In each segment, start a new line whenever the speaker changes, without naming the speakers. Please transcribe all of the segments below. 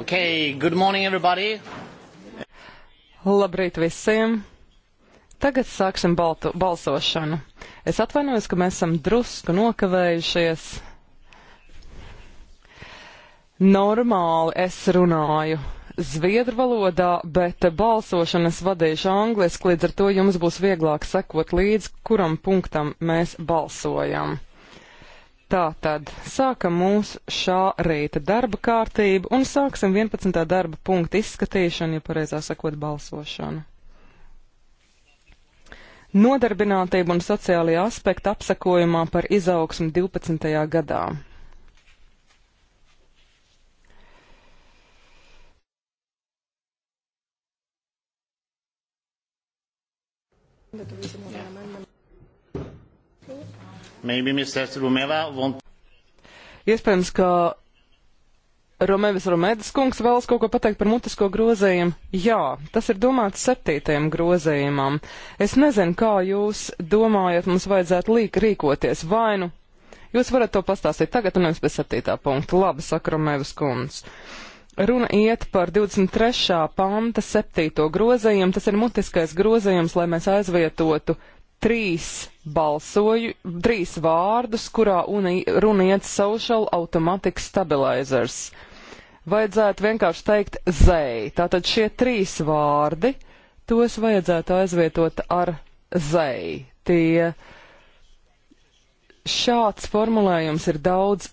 Okay, good morning everybody. Labrīt visiem. Tagad sāksim baltu, balsošanu. Es atvainojos, ka mēs esam drusku nokavējušies. Normāli es runāju zviedru valodā, bet balsošanu es vadīšu angliski, līdz ar to jums būs vieglāk sekot līdz, kuram punktam mēs balsojam. Tātad sākam mūsu šā rīta darba kārtību un sāksim 11. darba punktu izskatīšanu, ja pareizā sakot balsošanu. Nodarbinātība un sociālajā aspekta apsakojumā par izaugsmu 12. gadā.
That
reason why
Want...
Iespējams, ka Romēvis Romēdas kungs vēlas kaut ko pateikt par mutisko grozījumu. Jā, tas ir domāts septītajam grozījumam. Es nezinu, kā jūs domājat, mums vajadzētu līk rīkoties vainu. Jūs varat to pastāstīt tagad un nevis pēc septītā punkta. Labi, saka Romēvis kungs. Runa iet par 23. panta septīto grozījumu. Tas ir mutiskais grozījums, lai mēs aizvietotu trīs balsoju, trīs vārdus, kurā runiet social automatic stabilizers. Vajadzētu vienkārši teikt zēj. Tātad šie trīs vārdi, tos vajadzētu aizvietot ar zēj. Tie šāds formulējums ir daudz,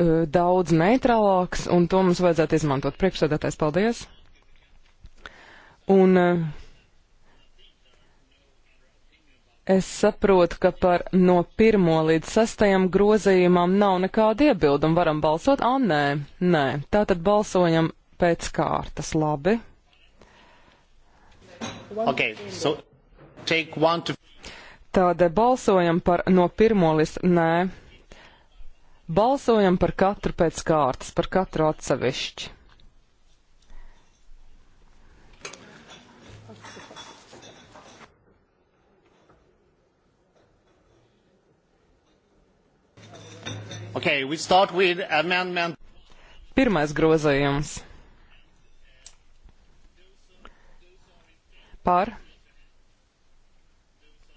e, daudz neitrālāks, un to mums vajadzētu izmantot. Priekšsēdētājs, paldies! Un uh, Es saprotu, ka par no 1 līdz 6 grozījumam nav nekāda iebilduma. Varam balsot? Ā, nē, nē. Tātad balsojam pēc kārtas. Labi.
Okay, so to...
Tātad balsojam par no 1 līdz. Nē. Balsojam par katru pēc kārtas, par katru atsevišķi.
Okay, we start with amendment. Pirmais grozījums. Par.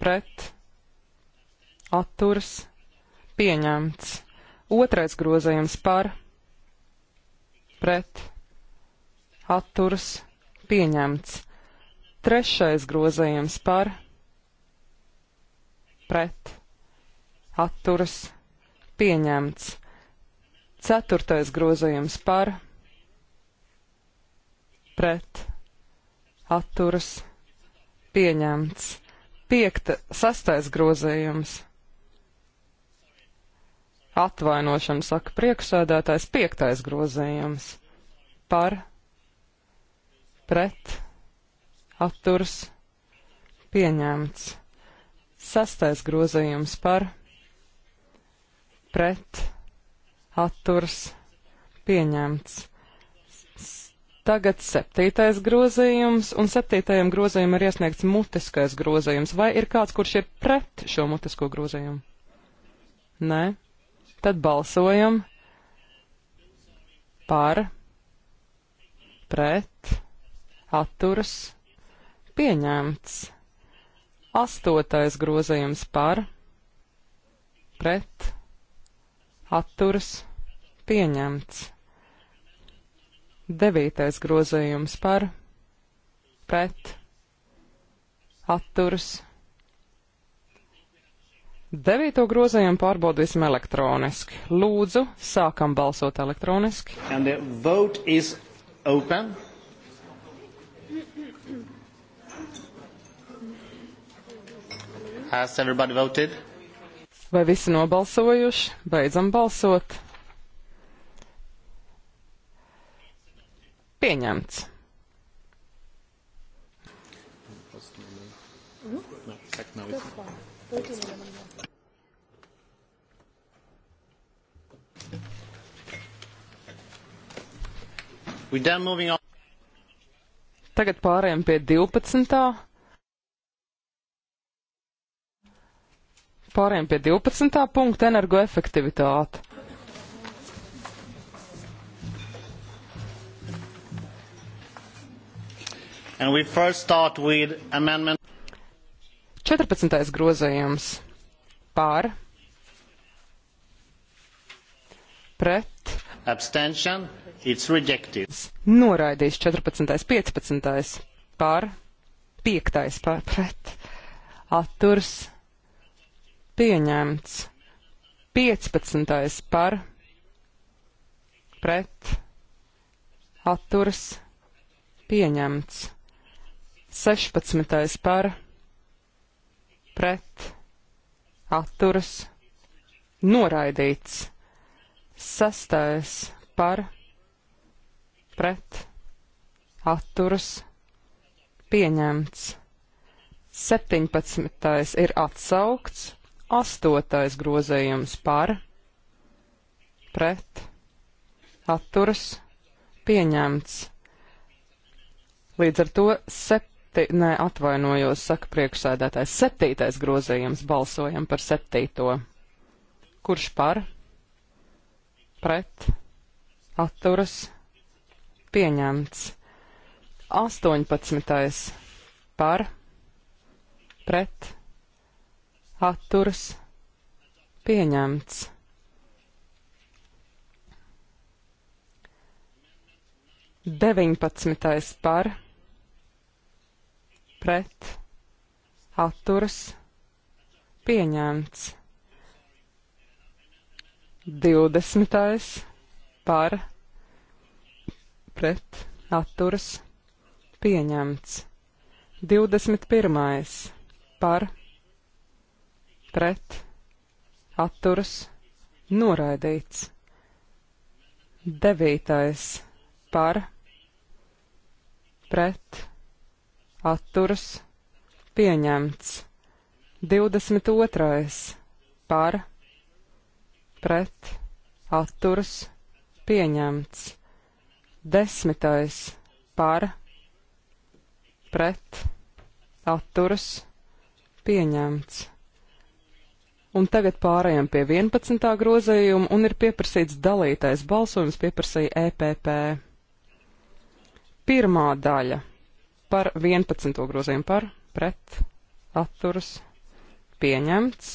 Pret. Atturs. Pieņemts. Otrais grozījums par. Pret. Atturs. Pieņemts. Trešais grozījums par. Pret. Atturs. Pieņemts pieņemts. Ceturtais grozījums par, pret, atturas, pieņemts. Piekta, sastais grozījums. Atvainošana saka priekšsēdētājs piektais grozījums par, pret, atturs, pieņemts. Sastais grozījums par, pret pret atturs pieņemts. Tagad septītais grozījums, un septītajam grozījumam ir iesniegts mutiskais grozījums. Vai ir kāds, kurš ir pret šo mutisko grozījumu? Nē. Tad balsojam par, pret, atturas, pieņemts. Astotais grozījums par, pret, atturas pieņemts. Devītais grozījums par pret atturas. Devīto grozījumu pārbaudīsim elektroniski. Lūdzu, sākam balsot elektroniski.
And the vote is open. Has everybody voted?
Vai visi nobalsojuši? Beidzam balsot. Pieņemts. Tagad pārējām pie 12. Pāriem pie 12. punkta - energoefektivitāte.
And we first start with amendment.
14. grozījums par pret
abstention it's rejected.
Noraidīs 14. 15. par 5. par pret atturs pieņemts. 15. par pret atturas pieņemts. 16. par pret atturas noraidīts. 6. par pret atturas pieņemts. 17. ir atsaukts. Astotais grozējums par, pret, atturas, pieņemts. Līdz ar to septi, nē, atvainojos, saka priekšsēdētājs, septītais grozējums balsojam par septīto. Kurš par, pret, atturas, pieņemts. 18. par, pret, atturas pieņemts. Deviņpadsmitais par, pret, atturas, pieņemts. Divdesmitais par, pret, atturas, pieņemts. Divdesmit pirmais par, pret pret, atturas, noraidīts. Devītais par, pret, atturas, pieņemts. Divdesmit otrais par, pret, atturas, pieņemts. Desmitais par, pret, atturas, pieņemts. Un tagad pārējām pie 11. grozējuma un ir pieprasīts dalītais balsojums, pieprasīja EPP. Pirmā daļa par 11. grozējumu par, pret, atturas, pieņemts.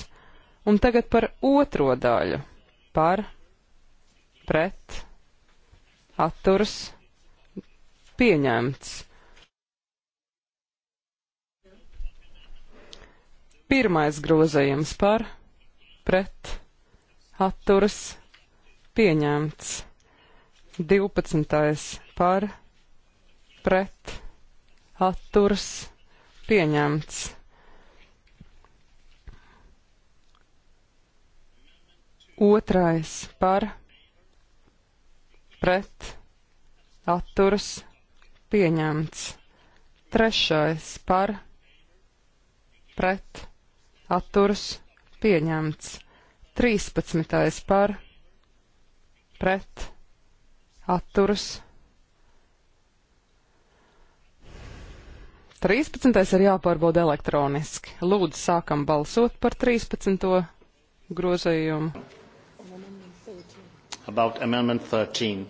Un tagad par otro daļu par, pret, atturas, pieņemts. Pirmais grozējums par, pret atturas pieņemts. 12. par pret atturas pieņemts. Otrais par pret atturas pieņemts. Trešais par pret atturas pieņemts pieņemts. 13. par pret atturas. 13. ir jāpārbauda elektroniski. Lūdzu, sākam balsot par 13. grozījumu.
About amendment 13.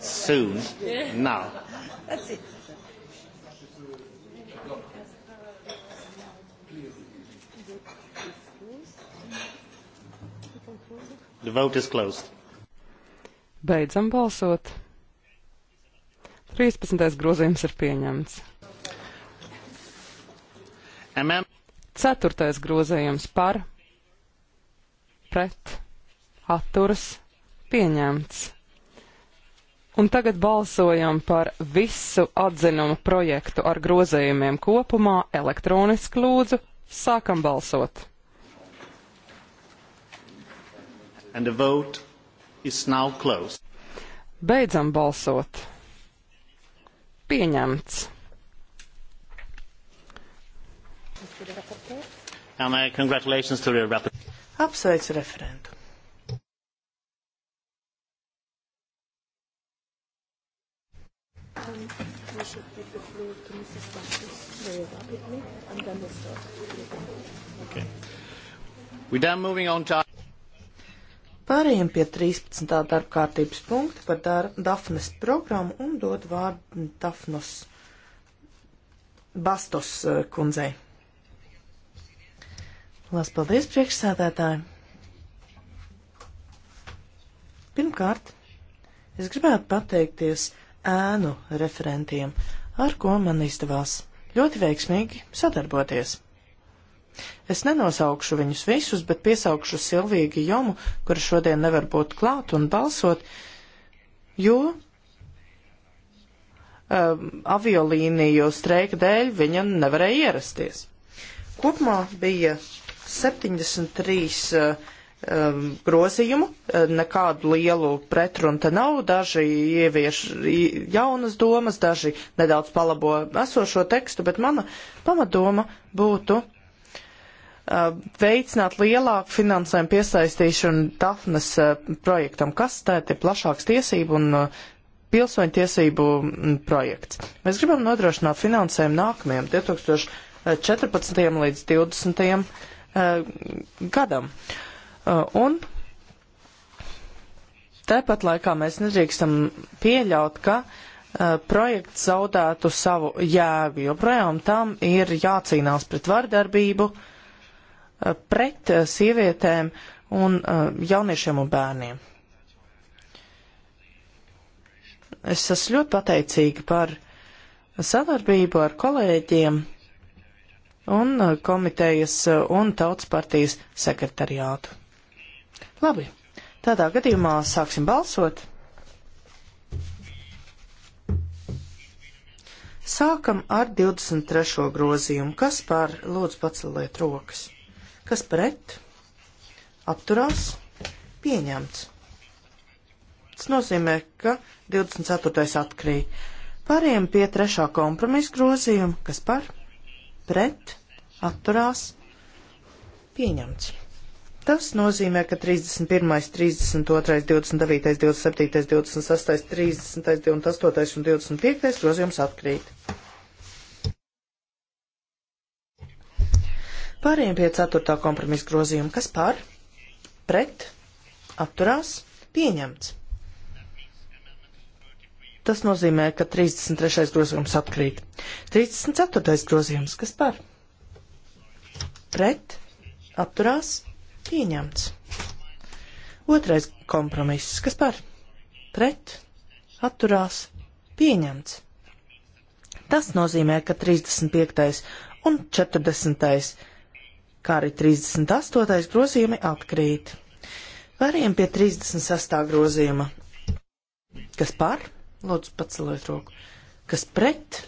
soon. Yeah. Now. That's it. The vote is closed.
Beidzam balsot. 13. grozījums ir pieņemts. MM. 4. grozījums par, pret, atturas, pieņemts. Un tagad balsojam par visu atzinumu projektu ar grozījumiem kopumā elektroniski lūdzu. Sākam balsot!
and the vote is now closed.
Beidzam balsot.
Pieņemts.
And uh, congratulations to the rapporteur.
Apsveicu referentu. we should give the floor to Mrs. Bastos very rapidly, and then we'll start.
Okay. We're then moving on to... Pārējiem
pie 13. darba kārtības punkta par dar Dafnes programmu un dod vārdu Dafnos Bastos eh, kundzei. Lās paldies priekšsēdētāji. Pirmkārt, es gribētu pateikties ēnu referentiem, ar ko man izdevās ļoti veiksmīgi sadarboties. Es nenosaukšu viņus visus, bet piesaukšu Silviju Gijomu, kura šodien nevar būt klāt un balsot, jo um, aviolīniju streika dēļ viņa nevarēja ierasties. Kopumā bija 73 uh, um, grozījumu, uh, nekādu lielu pretrunu te nav, daži ievieš jaunas domas, daži nedaudz palabo esošo tekstu, bet mana pamatdoma būtu Uh, veicināt lielāku finansējumu piesaistīšanu Dafnes uh, projektam, kas tēt ir plašāks tiesību un uh, pilsoņu tiesību mm, projekts. Mēs gribam nodrošināt finansējumu nākamajam 2014. līdz 2020. gadam. Un tāpat laikā mēs nedrīkstam pieļaut, ka projekts zaudētu savu jēgu, jo projām tam ir jācīnās pret vardarbību, uh, pret eh, sievietēm un eh, jauniešiem un bērniem. Es esmu ļoti pateicīga par sadarbību ar kolēģiem un eh, komitejas un tautas partijas sekretariātu. Labi, tādā gadījumā sāksim balsot. Sākam ar 23. grozījumu. Kas par lūdzu paceliet rokas? kas pret, apturās, pieņemts. Tas nozīmē, ka 24. atkrīt. Pāriem pie trešā kompromisa grozījuma, kas par, pret, atturās, pieņemts. Tas nozīmē, ka 31., 32., 29., 27., 28., 30., 28. un 25. grozījums atkrīt. Pārējiem pie 4. kompromisa grozījuma. Kas par? Pret? Atturās? Pieņemts. Tas nozīmē, ka 33. grozījums atkrīt. 34. grozījums. Kas par? Pret? Atturās? Pieņemts. Otrais kompromiss. Kas par? Pret? Atturās? Pieņemts. Tas nozīmē, ka 35. un 40 kā arī 38. grozījumi atkrīt. Variem pie 36. grozījuma. Kas par? Lūdzu, paceliet roku. Kas pret?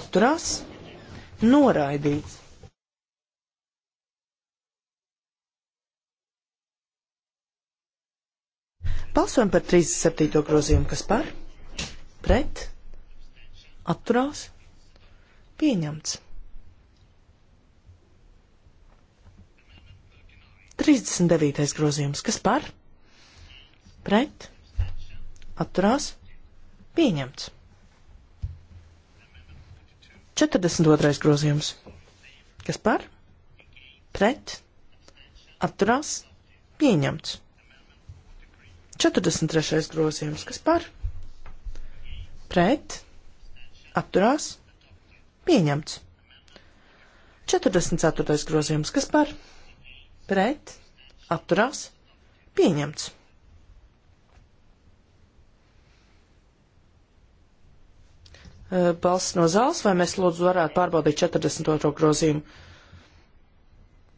Atturās? Noraidīts. Balsojam par 37. grozījumu. Kas par? Pret? Atturās? Pieņemts. 39. grozījums. Kas par? Pret? Atturās? Pieņemts. 42. grozījums. Kas par? Pret? Atturās? Pieņemts. 43. grozījums. Kas par? Pret? Atturās? Pieņemts. 44. grozījums. Kas par? pret, atturās, pieņemts. Balsts no zāles, vai mēs lūdzu varētu pārbaudīt 42. grozījumu?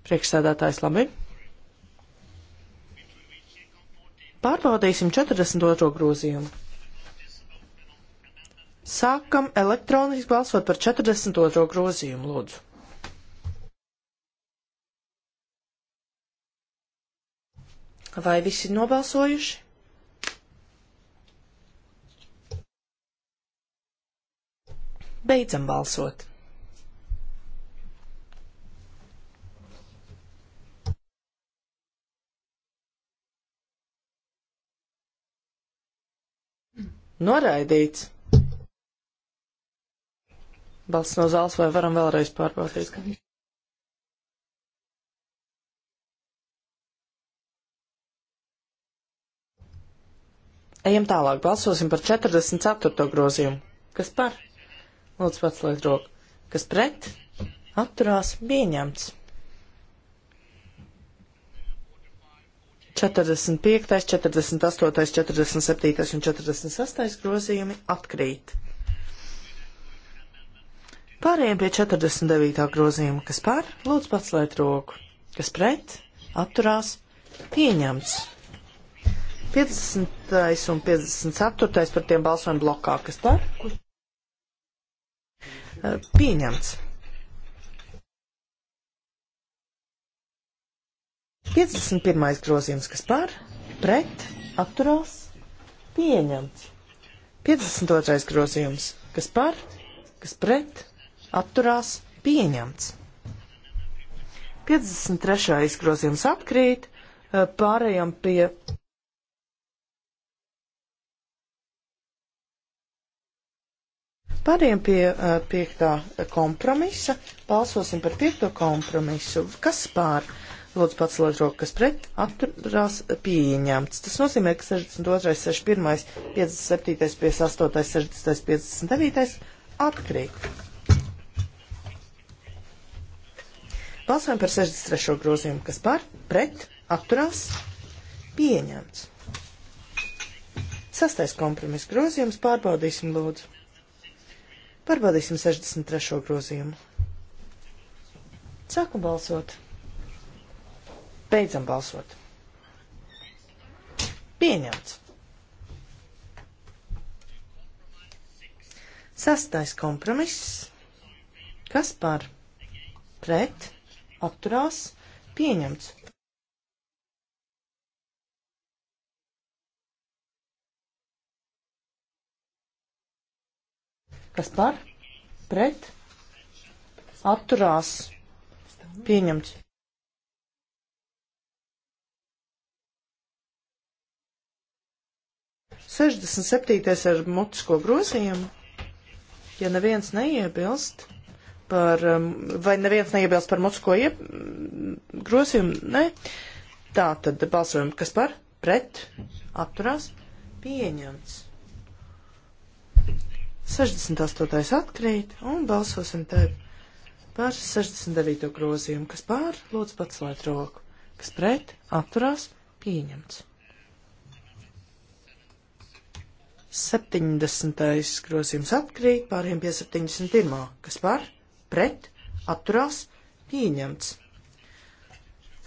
Priekšsēdētājs labi. Pārbaudīsim 42. grozījumu. Sākam elektroniski balsot par 42. grozījumu, lūdzu. Vai visi ir nobalsojuši? Beidzam balsot. Noraidīts. Balsts no zāles vai varam vēlreiz pārbaudīt? Ejam tālāk, balsosim par 44. grozījumu. Kas par? Lūdzu, pats liet roku. Kas pret? Atturās pieņemts. 45., 48., 47. un 46. grozījumi atkrīt. Pārējiem pie 49. grozījuma, kas par, lūdzu pats lēt roku, kas pret, atturās, pieņemts. 50. un 54. par tiem balsojumu blokā, kas par? Eh, pieņemts. 51. grozījums, kas par, pret, atturās, pieņemts. 52. grozījums, kas par, kas pret, atturās, pieņemts. 53. grozījums atkrīt, eh, pārējām pie Pāriem pie uh, piektā kompromisa. Balsosim par piekto kompromisu. Kas pār? Lūdzu, pats lūdzu roku, kas pret atturās eh, pieņemts. Tas nozīmē, ka 62, 61, 57, 58, 60, 59 atkrīt. Balsojam par 63. grozījumu, kas par, pret, atturās, pieņemts. Sastais kompromiss grozījums pārbaudīsim lūdzu. Pārbaudīsim 63. grozījumu. Sāku balsot. Beidzam balsot. Pieņemts. Sastais kompromiss. Kas par? Pret. Atturās. Pieņemts. Kas par? Pret? Atturās. Pieņemts. Sešdesmit septītais ar mutisko grozījumu. Ja neviens neiebilst par, um, vai neviens neiebilst par mutisko iep... Mm, grozījumu, ne. Tā tad balsojam, kas par? Pret? Atturās? Pieņemts. 68. atkrīt un balsosim tad par 69. grozījumu, kas pār, lūdzu paceliet roku, kas pret, atturās, pieņemts. 70. grozījums atkrīt, pāriem pie 71. kas pār, pret, atturās, pieņemts.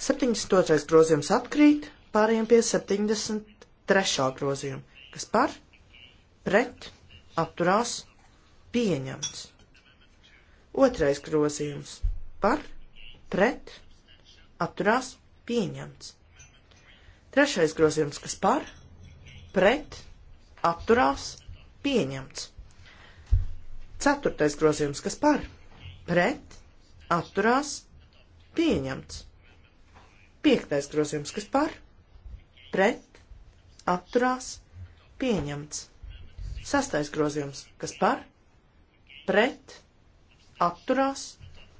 72. grozījums atkrīt, pāriem pie 73. grozījuma, kas par, pret, atturās pieņemts. Otrais grozījums par, pret, atturās pieņemts. Trešais grozījums, kas par, pret, atturās pieņemts. Ceturtais grozījums, kas par, pret, atturās pieņemts. Piektais grozījums, kas par, pret, atturās pieņemts. Sastais grozījums, kas par, pret, atturās,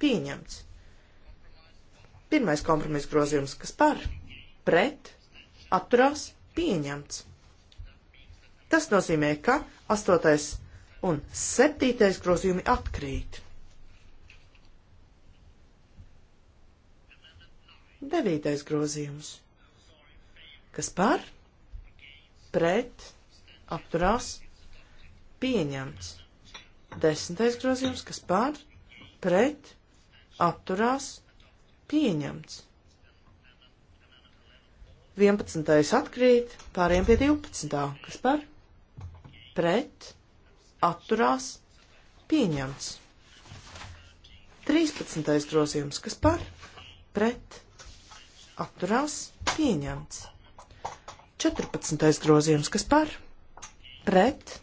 pieņemts. Pirmais kompromiss grozījums, kas par, pret, atturās, pieņemts. Tas nozīmē, ka astotais un septītais grozījumi atkrīt. Devītais grozījums, kas par, pret, atturās, pieņemts pieņemts. Desmitais grozījums, kas par, pret, atturās, pieņemts. 11. atkrīt, pāriem pie 12. kas par, pret, atturās, pieņemts. 13. grozījums, kas par, pret, atturās, pieņemts. 14. grozījums, kas par, pret,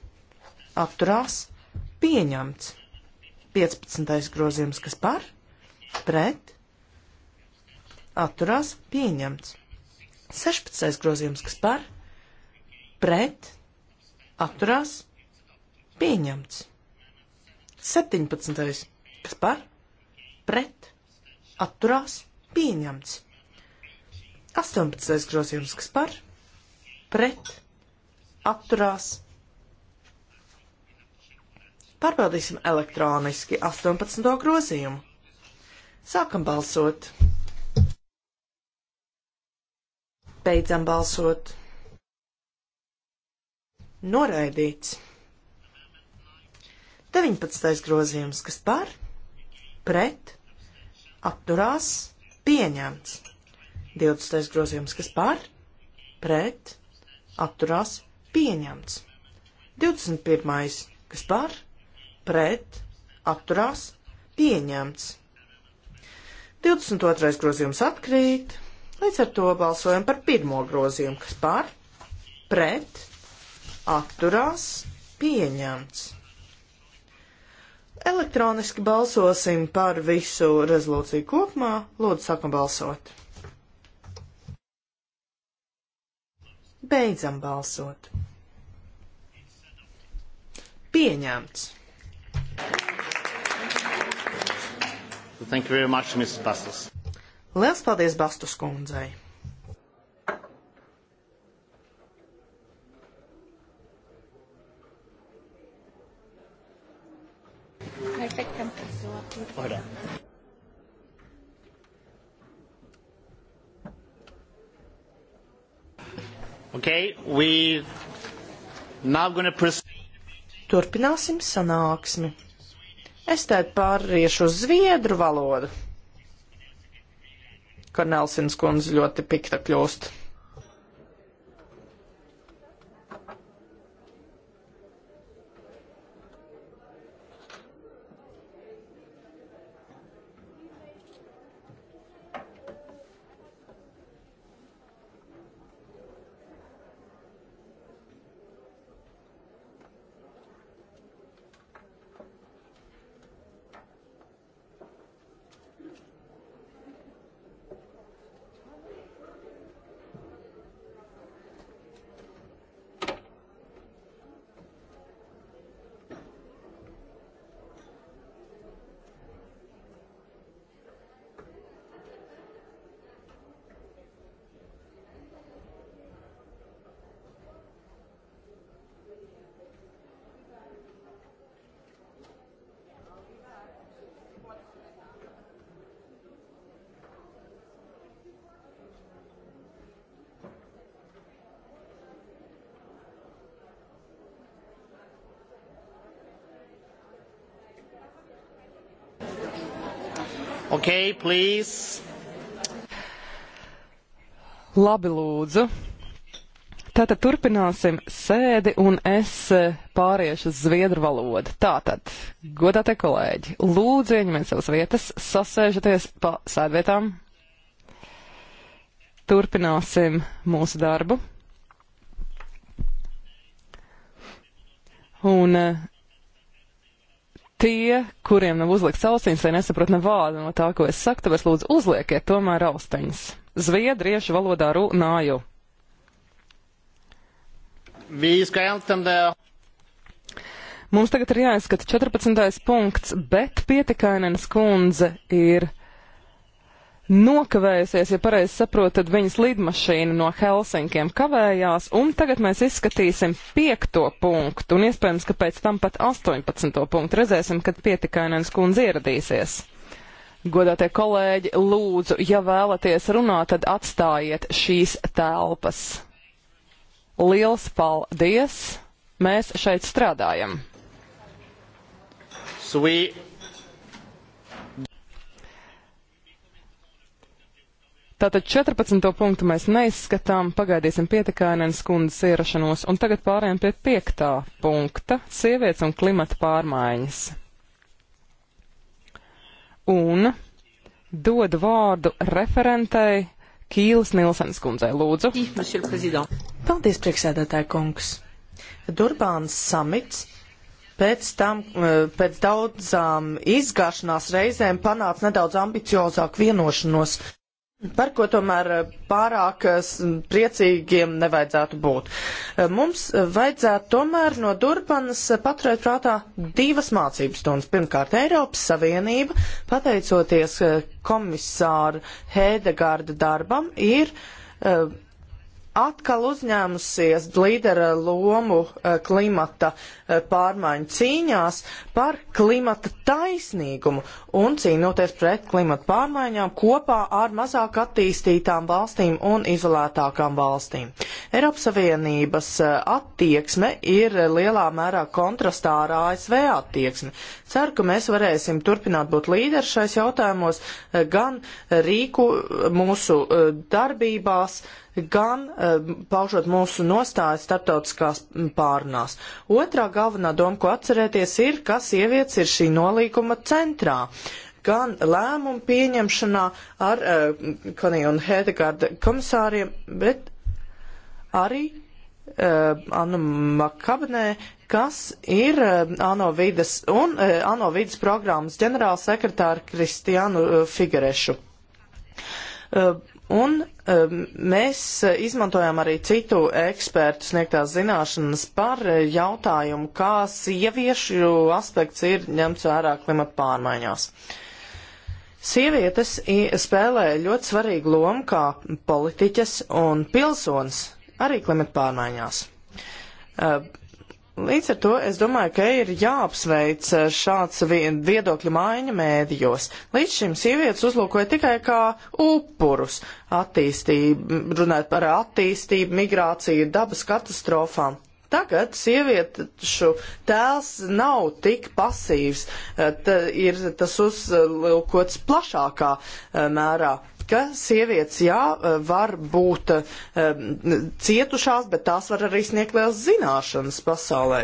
atturās, pieņemts. 15. grozījums, kas par, pret, atturās, pieņemts. 16. grozījums, kas par, pret, atturās, pieņemts. 17. kas par, pret, atturās, pieņemts. 18. grozījums, kas par, pret, atturās, pieņemts Pārbaudīsim elektroniski 18. grozījumu. Sākam balsot. Beidzam balsot. Noraidīts. 19. grozījums, kas par, pret, atturās, pieņemts. 20. grozījums, kas par, pret, atturās, pieņemts. 21. kas par, pret, atturās, pieņemts. 22. grozījums atkrīt, līdz ar to balsojam par pirmo grozījumu, kas par, pret, atturās, pieņemts. Elektroniski balsosim par visu rezolūciju kopumā. Lūdzu, sākam balsot. Beidzam balsot.
Pieņemts. Thank you very much, Mrs. Bastos.
Liels paldies Bastus kundzei!
Perfekta.
Okay, we now gonna proceed. Turpināsim
sanāksmi. Es tad pāriešu uz zviedru valodu. Kornelsins kundze ļoti pikta kļūst.
Okay, please. Labi, lūdzu.
Tātad turpināsim sēdi un es eh, pāriešu uz zviedru valodu. Tātad, godātie kolēģi, lūdzu ieņemiet savas vietas, sasēžaties pa sēdvietām. Turpināsim mūsu darbu. Un eh, tie, kuriem nav uzlikts austiņas, lai nesaprot ne vārdu no tā, ko es saku, tāpēc lūdzu uzliekiet tomēr austiņas. Zviedriešu valodā runāju. Mums tagad ir jāizskata 14. punkts, bet pietikainens kundze ir nokavējusies, ja pareizi saprotu, tad viņas lidmašīna no Helsinkiem kavējās, un tagad mēs izskatīsim piekto punktu, un iespējams, ka pēc tam pat 18. punktu redzēsim, kad pietikainens kundze ieradīsies. Godātie kolēģi, lūdzu, ja vēlaties runāt, tad atstājiet šīs telpas. Liels paldies! Mēs šeit strādājam. So we Tātad 14. punktu mēs neizskatām, pagaidīsim pietekainens kundas ierašanos, un tagad pārējām pie 5. punkta - sievietes un klimata pārmaiņas. Un dod
vārdu referentei Kīlas Nilsens kundzei, lūdzu. Paldies, priekšsēdētāja kungs. Durbāns samits pēc tam, eh, pēc daudzām izgāšanās reizēm panāca nedaudz ambiciozāku vienošanos Par ko tomēr eh, pārāk eh, priecīgiem nevajadzētu būt. Eh, mums vajadzētu tomēr no Durbanas paturēt prātā divas mācības stundas. Pirmkārt, Eiropas Savienība, pateicoties komisāru Hēdegarda darbam, ir uh, atkal uzņēmusies līdera lomu eh, klimata eh, pārmaiņu cīņās par klimata taisnīgumu un cīnoties pret klimata pārmaiņām kopā ar mazāk attīstītām valstīm un izolētākām valstīm. Eiropas Savienības eh, attieksme ir lielā mērā kontrastā ar ASV attieksmi. Ceru, ka mēs varēsim turpināt būt līderi šais jautājumos gan rīku mūsu darbībās, gan Um, paužot mūsu nostājas starptautiskās pārnās. Otrā galvenā doma, ko atcerēties, ir, ka sievietes ir šī nolīguma centrā gan lēmumu pieņemšanā ar uh, Koniju un Hedegarda komisāriem, bet arī uh, Annu Makabnē, kas ir uh, ANO vidas un uh, ANO vidas programmas ģenerālsekretāra Kristiānu uh, Figarešu. Uh, Un um, mēs uh, izmantojām arī citu ekspertu sniegtās zināšanas par uh, jautājumu, kā sieviešu aspekts ir ņemts vērā klimata pārmaiņās. Sievietes spēlē ļoti svarīgu lomu kā politiķas un pilsonis arī klimata pārmaiņās. Uh, Līdz ar to es domāju, ka ir jāapsveic eh, šāds viedokļu maiņa mēdījos. Līdz šim sievietes uzlūkoja tikai kā upurus attīstību, runājot par attīstību, migrāciju, dabas katastrofām. Tagad sieviešu tēls nav tik pasīvs, eh, ir tas uzlūkots plašākā eh, mērā ka sievietes, jā, var būt eh, cietušās, bet tās var arī sniegt liels zināšanas pasaulē.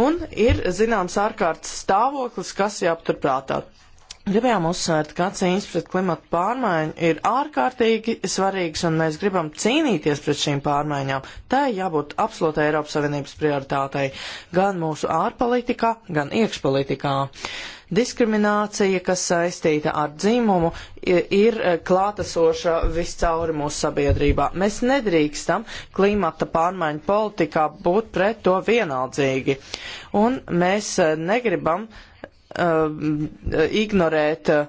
Un ir zināms ārkārtas stāvoklis, kas jāpaturprātā. Gribējām uzsvērt, ka cīņas pret klimatu pārmaiņu ir ārkārtīgi svarīgas, un mēs gribam cīnīties pret šīm pārmaiņām. Tā jābūt absolūtai Eiropas Savienības prioritātei gan mūsu ārpolitikā, gan iekšpolitikā. Uh, Diskriminācija, kas saistīta ar dzimumu, ir e, klātesoša viscauri mūsu sabiedrībā. Mēs nedrīkstam klimata pārmaiņu politikā būt pret to vienaldzīgi. Un mēs e, negribam uh, ignorēt uh,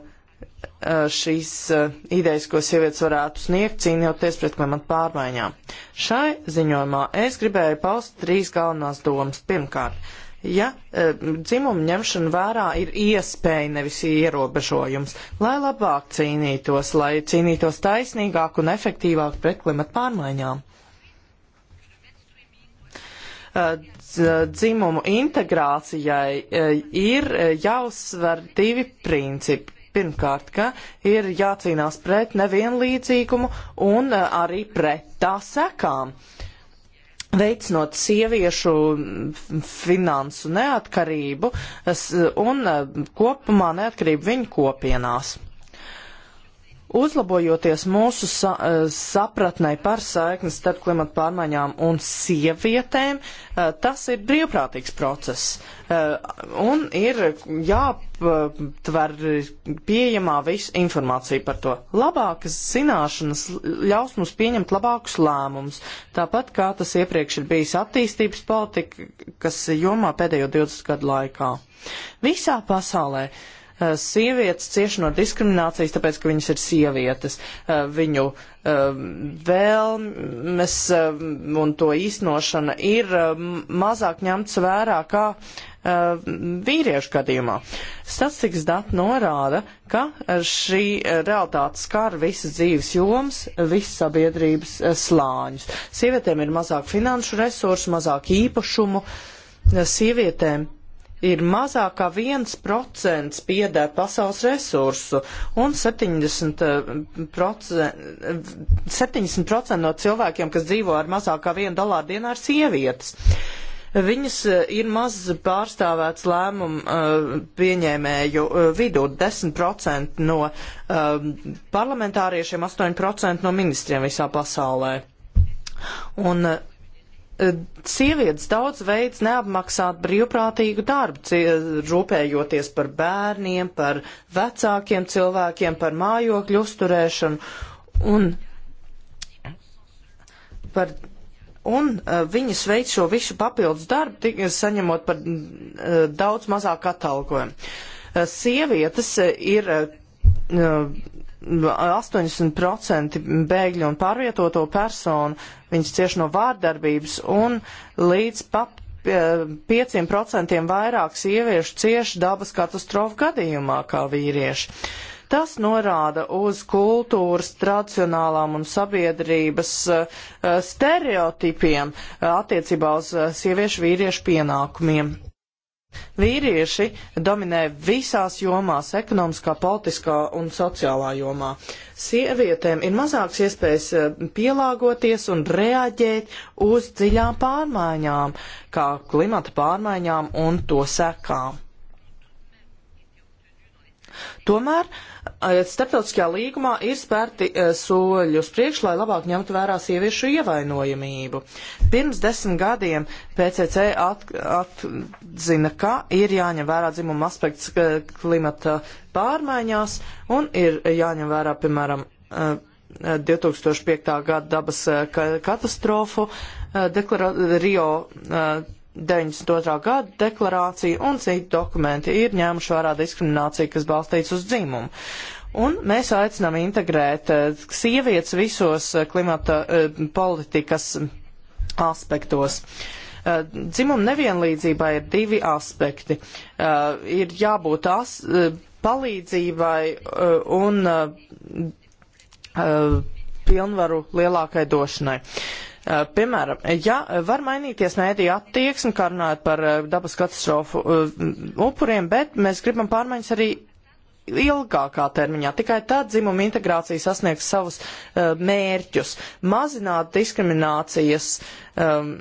šīs uh, idejas, ko sievietes varētu sniegt, cīnīties pret klimata pārmaiņām. Šai ziņojumā es gribēju paust trīs galvenās domas. Pirmkārt, ja e, dzimumu ņemšana vērā ir iespēja, nevis ierobežojums, lai labāk cīnītos, lai cīnītos taisnīgāk un efektīvāk pret klimatu pārmaiņām e, dzimumu integrācijai e, ir jāuzsver divi principi. Pirmkārt, ka ir jācīnās pret nevienlīdzīgumu un arī pret tā sekām. Uh, veicinot sieviešu finansu neatkarību un eh, kopumā neatkarību viņu kopienās. Uzlabojoties mūsu sa eh, sapratnei par saiknes starp klimatu pārmaiņām un sievietēm, eh, tas ir brīvprātīgs process eh, un ir jāaptver pieejamā visa informācija par to. Labākas zināšanas ļaus mums pieņemt labākus lēmumus, tāpat kā tas iepriekš ir bijis attīstības politikas jomā pēdējo 20 gadu laikā. Visā pasaulē uh, Uh, sievietes cieši no diskriminācijas, tāpēc, ka viņas ir sievietes. Uh, viņu um, vēlmes um, un to īstenošana ir um, mazāk ņemts vērā kā uh, vīriešu gadījumā. Statistikas dati norāda, ka šī realitāte skar visas dzīves jomas, visas sabiedrības slāņus. Sievietēm ir mazāk finanšu resursu, mazāk īpašumu. Sievietēm ir mazāk kā 1% piedēta pasaules resursu, un 70%, 70 no cilvēkiem, kas dzīvo ar mazāk kā 1 dolāru dienā, ir sievietes. Viņas eh, ir maz pārstāvēts lēmumu eh, pieņēmēju eh, vidū - 10% no parlamentāriešiem, 8% no ministriem visā pasaulē. Un Eh, sievietes daudz veids neapmaksāt brīvprātīgu darbu, eh, rūpējoties par bērniem, par vecākiem cilvēkiem, par mājokļu uzturēšanu un par. Un uh, viņas veic šo visu papildus darbu, tik, saņemot par uh, daudz mazāk atalgojumu. Uh, sievietes uh, ir uh, 80% bēgļu un pārvietoto personu, viņas cieši no vārdarbības un līdz pat 5% eh, vairāk sieviešu cieši dabas katastrofu gadījumā kā vīrieši. Tas norāda uz kultūras, tradicionālām un sabiedrības eh, stereotipiem eh, attiecībā uz sieviešu vīriešu pienākumiem. Vīrieši dominē visās jomās - ekonomiskā, politiskā un sociālā jomā. Sievietēm ir mazāks iespējas eh, pielāgoties un reaģēt uz dziļām pārmaiņām, kā klimata pārmaiņām un to sekām. Tomēr eh, starptautiskajā līgumā ir spērti eh, soļi uz priekšu, lai labāk ņemtu vērā sieviešu ievainojamību. Pirms desmit gadiem PCC at, atzina, ka ir jāņem vērā dzimuma aspekts eh, klimata pārmaiņās un ir jāņem vērā, piemēram, 2005. gada dabas katastrofu deklara Rio 92. gada deklarācija un citi dokumenti ir ņēmuši vērā diskrimināciju, kas balstīts uz dzimumu. Un mēs aicinām integrēt eh, sievietes visos eh, klimata eh, politikas aspektos. Dzimuma nevienlīdzībai ir divi aspekti. Ir jābūt as, palīdzībai un pilnvaru lielākai došanai. Uh, Eh, piemēram, ja var mainīties mēdīja attieksme, kā runājot par eh, dabas katastrofu eh, upuriem, bet mēs gribam pārmaiņas arī ilgākā termiņā. Tikai tad dzimuma integrācija sasniegs savus uh, mērķus. Mazināt diskriminācijas, um,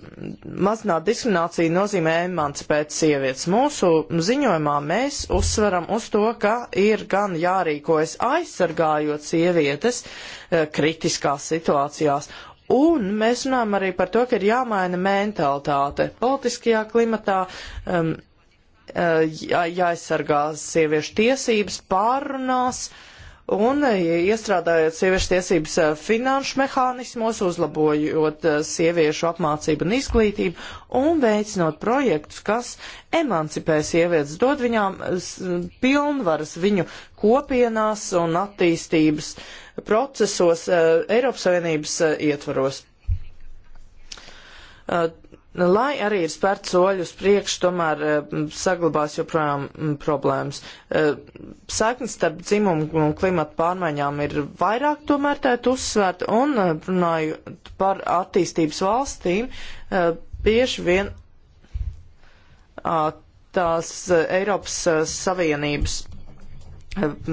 mazināt diskrimināciju nozīmē emancipēt sievietes. Mūsu ziņojumā mēs uzsveram uz to, ka ir gan jārīkojas aizsargājot sievietes uh, kritiskās situācijās Un mēs runājam arī par to, ka ir jāmaina mentalitāte politiskajā klimatā. Um, uh, Jā, jāaizsargā sieviešu tiesības, pārunās un uh, iestrādājot sieviešu tiesības uh, finanšu mehānismos, uzlabojot sieviešu apmācību un izglītību un veicinot projektus, kas emancipē sievietes, dod viņām pilnvaras viņu kopienās un attīstības uh, procesos eh, Eiropas Savienības eh, ietvaros. Eh, lai arī ir spērts soļi uz priekšu, tomēr saglabās joprojām problēmas. Saknes starp dzimumu un klimatu pārmaiņām ir vairāk tomēr tēt uzsvērt un runājot par attīstības valstīm, bieži vien tās Eiropas Savienības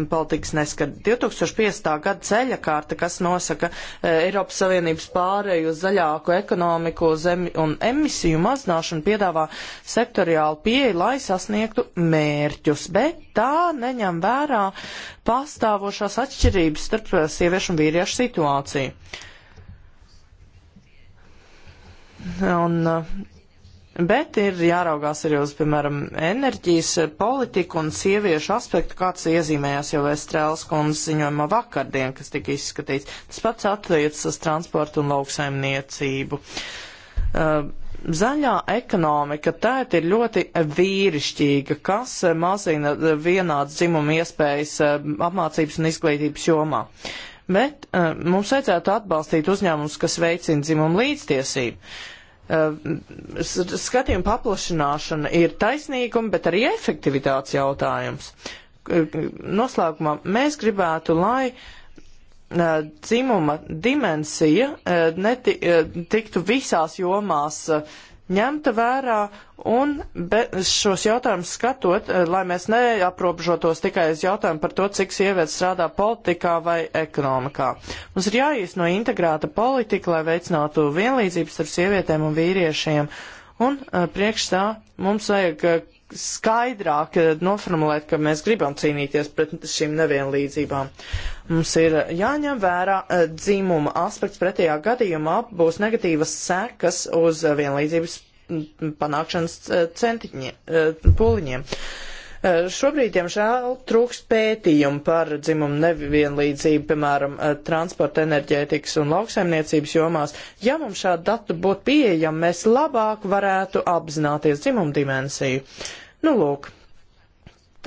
politikas neskata. 2050. gada ceļa kārta, kas nosaka e, Eiropas Savienības pārēju uz zaļāku ekonomiku zemi un emisiju mazināšanu, piedāvā sektoriālu pieeju, lai sasniegtu mērķus, bet tā neņem vērā pastāvošās atšķirības starp e, sieviešu un vīriešu situāciju. Un e, Bet ir jāraugās arī uz, piemēram, enerģijas eh, politiku un sieviešu aspektu, kāds iezīmējās jau Estrēlas kundzes ziņojumā vakardien, kas tika izskatīts. Tas pats attiecas uz transportu un lauksaimniecību. Uh, zaļā ekonomika tēt ir ļoti vīrišķīga, kas eh, mazina vienādas dzimuma iespējas apmācības un izglītības jomā. Bet uh, mums vajadzētu atbalstīt uzņēmumus, kas veicina dzimumu līdztiesību. Uh, Eh, skatījuma paplašināšana ir taisnīguma, bet arī efektivitātes jautājums. Eh, noslēgumā mēs gribētu, lai eh, dzimuma dimensija neti, tiktu visās jomās ņemta vērā un šos jautājumus skatot, eh, lai mēs neaprobežotos tikai uz jautājumu par to, cik sievietes strādā politikā vai ekonomikā. Mums ir jāīsno integrēta politika, lai veicinātu vienlīdzības ar sievietēm un vīriešiem. Un eh, priekš tā mums vajag eh, skaidrāk noformulēt, ka mēs gribam cīnīties pret šīm nevienlīdzībām. Mums ir jāņem vērā eh, dzimuma aspekts, pretējā gadījumā būs negatīvas sekas uz eh, vienlīdzības panākšanas eh, centiņiem, pūliņiem. Uh, Eh, šobrīd, diemžēl, trūkst pētījumu par dzimumu nevienlīdzību, piemēram, eh, transporta, enerģētikas un lauksaimniecības jomās. Ja mums šādi dati būtu pieejami, mēs labāk varētu apzināties dzimumu dimensiju. Nu, lūk,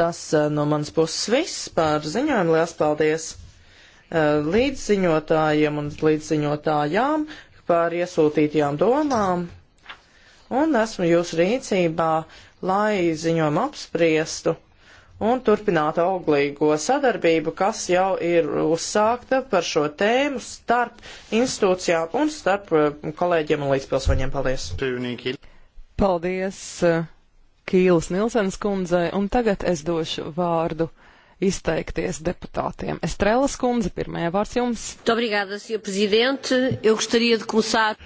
tas eh, no manas puses viss par ziņojumu. Lielas paldies līdziņotājiem un līdziņotājām par iesūtītajām domām. Un esmu jūsu rīcībā lai ziņojumu apspriestu un turpinātu auglīgo sadarbību, kas jau ir uzsākta par šo tēmu starp institūcijām un starp eh, kolēģiem un līdzpilsoņiem.
Paldies!
Paldies eh, Kīlas Nilsens kundzei, un tagad es došu vārdu izteikties deputātiem. Estrēlas kundze, pirmajā vārds
jums. Obrigada, senhor presidente. Eu gostaria de começar.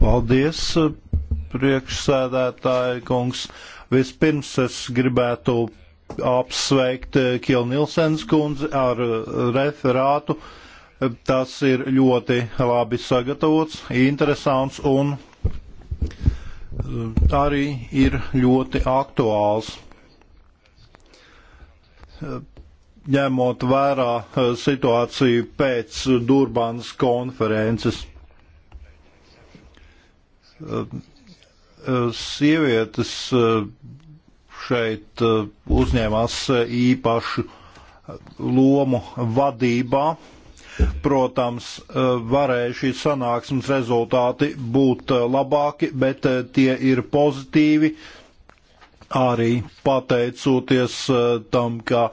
Paldies, priekšsēdētāji kungs. Uh, Vispirms es gribētu apsveikt eh, Kilnilsens kundzi ar eh, referātu. Tas ir ļoti labi sagatavots, interesants un eh, arī ir ļoti aktuāls. Ņemot vērā situāciju pēc Durbanas konferences Eh, sievietes eh, šeit eh, uzņēmās īpašu lomu vadībā. Protams, varēja šīs sanāksmes rezultāti būt labāki, bet tie ir pozitīvi arī pateicoties tam, ka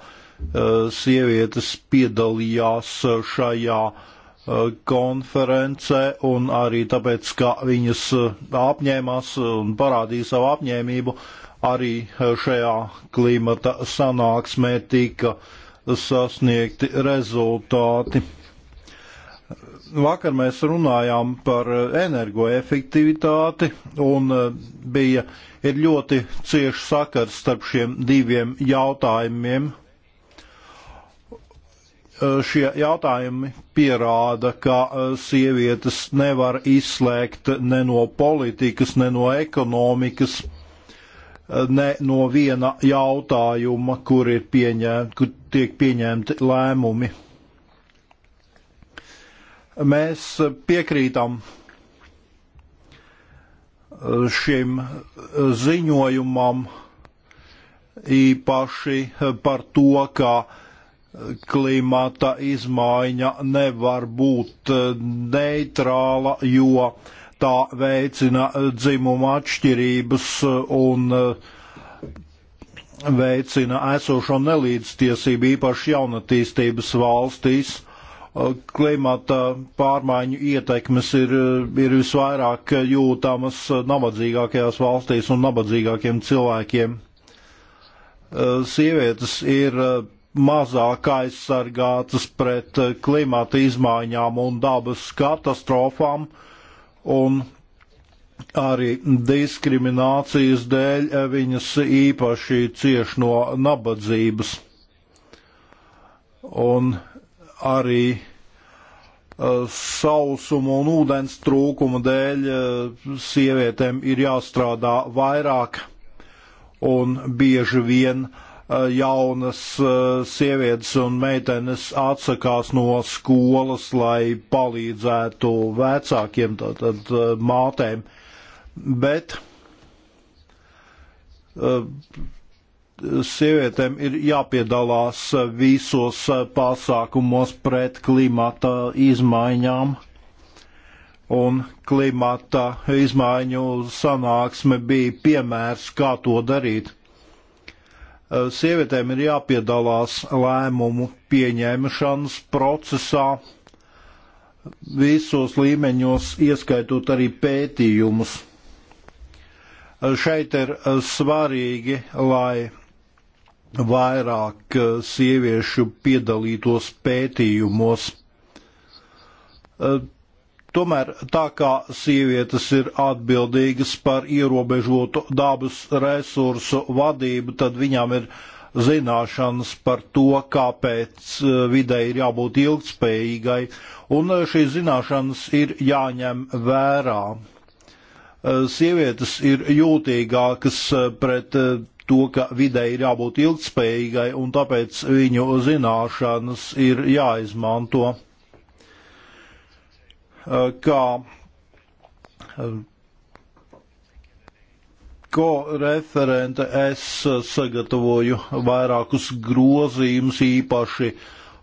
sievietes piedalījās šajā uh, Eh, konferencē un arī tāpēc, ka viņas eh, apņēmās un parādīja savu apņēmību, arī eh, šajā klimata sanāksmē tika sasniegti rezultāti. Vakar mēs runājām par energoefektivitāti un bija, ir ļoti cieši sakars starp šiem diviem jautājumiem. Eh, šie jautājumi pierāda, ka eh, sievietes nevar izslēgt ne no politikas, ne no ekonomikas, eh, ne no viena jautājuma, kur, ir pieņēm, kur tiek pieņemti lēmumi. Mēs piekrītam šim ziņojumam īpaši par to, ka uh, klimata izmaiņa nevar būt eh, neitrāla, jo tā veicina eh, dzimuma atšķirības eh, un veicina esošo nelīdztiesību īpaši jaunatīstības valstīs. Klimata pārmaiņu ietekmes ir, ir visvairāk jūtamas nabadzīgākajās valstīs un nabadzīgākiem cilvēkiem. Sievietes ir mazāk aizsargātas pret eh, klimata izmaiņām un dabas katastrofām, un arī diskriminācijas dēļ eh, viņas īpaši cieš no nabadzības. Un arī eh, sausuma un ūdens trūkuma dēļ sievietēm ir jāstrādā vairāk un bieži vien uh, Eh, jaunas eh, sievietes un meitenes atsakās no skolas, lai palīdzētu vecākiem, tātad eh, mātēm. Bet sievietēm ir jāpiedalās visos pasākumos pret klimata izmaiņām. Un klimata izmaiņu sanāksme bija piemērs, kā to darīt. Eh, sievietēm ir jāpiedalās lēmumu pieņemšanas procesā visos līmeņos, ieskaitot arī pētījumus. Eh, šeit ir eh, svarīgi, lai vairāk sieviešu piedalītos pētījumos. Tomēr tā kā sievietes ir atbildīgas par ierobežotu dabas resursu vadību, tad viņām ir zināšanas par to, kāpēc eh, videi ir jābūt ilgspējīgai, un eh, šīs zināšanas ir jāņem vērā. Eh, sievietes ir jūtīgākas pret to, ka videi ir jābūt ilgspējīgai, un tāpēc viņu zināšanas ir jāizmanto kā ko referente es sagatavoju vairākus grozījumus īpaši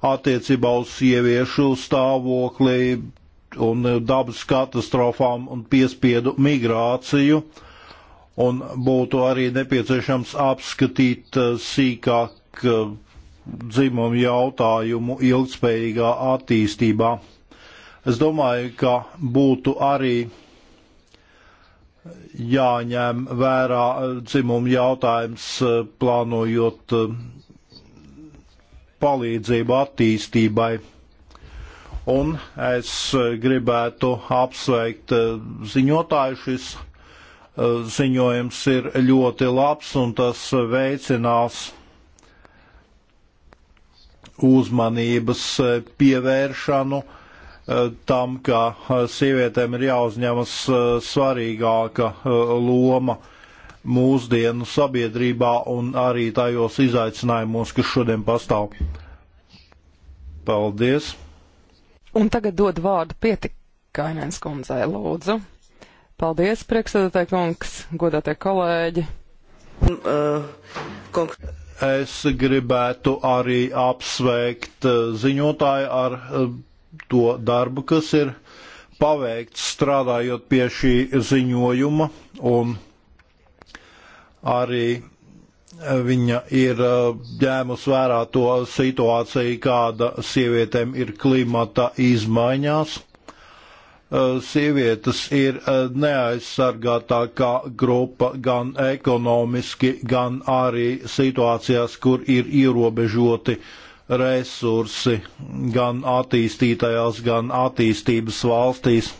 attiecībā uz sieviešu stāvokli un dabas katastrofām un piespiedu migrāciju. Un būtu arī nepieciešams apskatīt eh, sīkāk eh, dzimumu jautājumu ilgspējīgā attīstībā. Es domāju, ka būtu arī jāņem vērā eh, dzimuma jautājums, eh, plānojot eh, palīdzību attīstībai. Un es gribētu apsveikt ziņotāju. Šis ziņojums ir ļoti labs un tas veicinās uzmanības pievēršanu Eh, tam, ka eh, sievietēm ir jāuzņemas eh, svarīgāka loma mūsdienu sabiedrībā un arī tajos izaicinājumos, kas šodien pastāv. Paldies!
Un tagad dod vārdu pietikainēns kundzei, lūdzu. Paldies, priekšsēdētāji kungs, godātie kolēģi.
Uh, mm, kungs es gribētu arī apsveikt ziņotāju ar to darbu, kas ir paveikts strādājot pie šī ziņojuma, un arī viņa ir uh, ņēmus vērā to situāciju, kāda sievietēm ir klimata izmaiņās. Uh, sievietes ir uh, neaizsargātākā grupa gan ekonomiski, gan arī situācijās, kur ir ierobežoti uh, resursi gan attīstītajās, gan attīstības valstīs.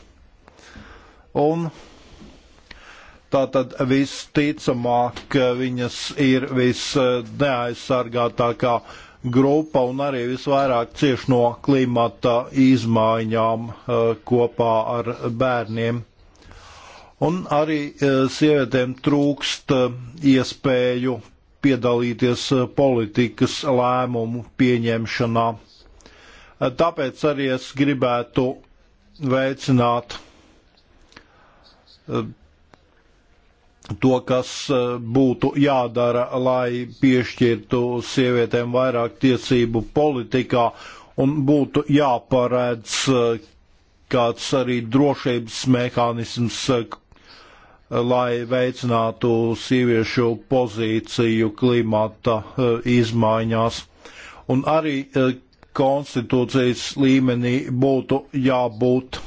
Un tātad visticamāk viņas ir visneaizsargātākā grupa un arī visvairāk cieš no klimata izmaiņām eh, kopā ar bērniem. Un arī eh, sievietēm trūkst eh, iespēju piedalīties eh, politikas lēmumu pieņemšanā. Eh, tāpēc arī es gribētu veicināt eh, to, kas būtu jādara, lai piešķirtu sievietēm vairāk tiesību politikā un būtu jāparēdz kāds arī drošības mehānisms Eh, lai veicinātu sieviešu pozīciju klimata eh, izmaiņās. Un arī eh, konstitūcijas līmenī būtu jābūt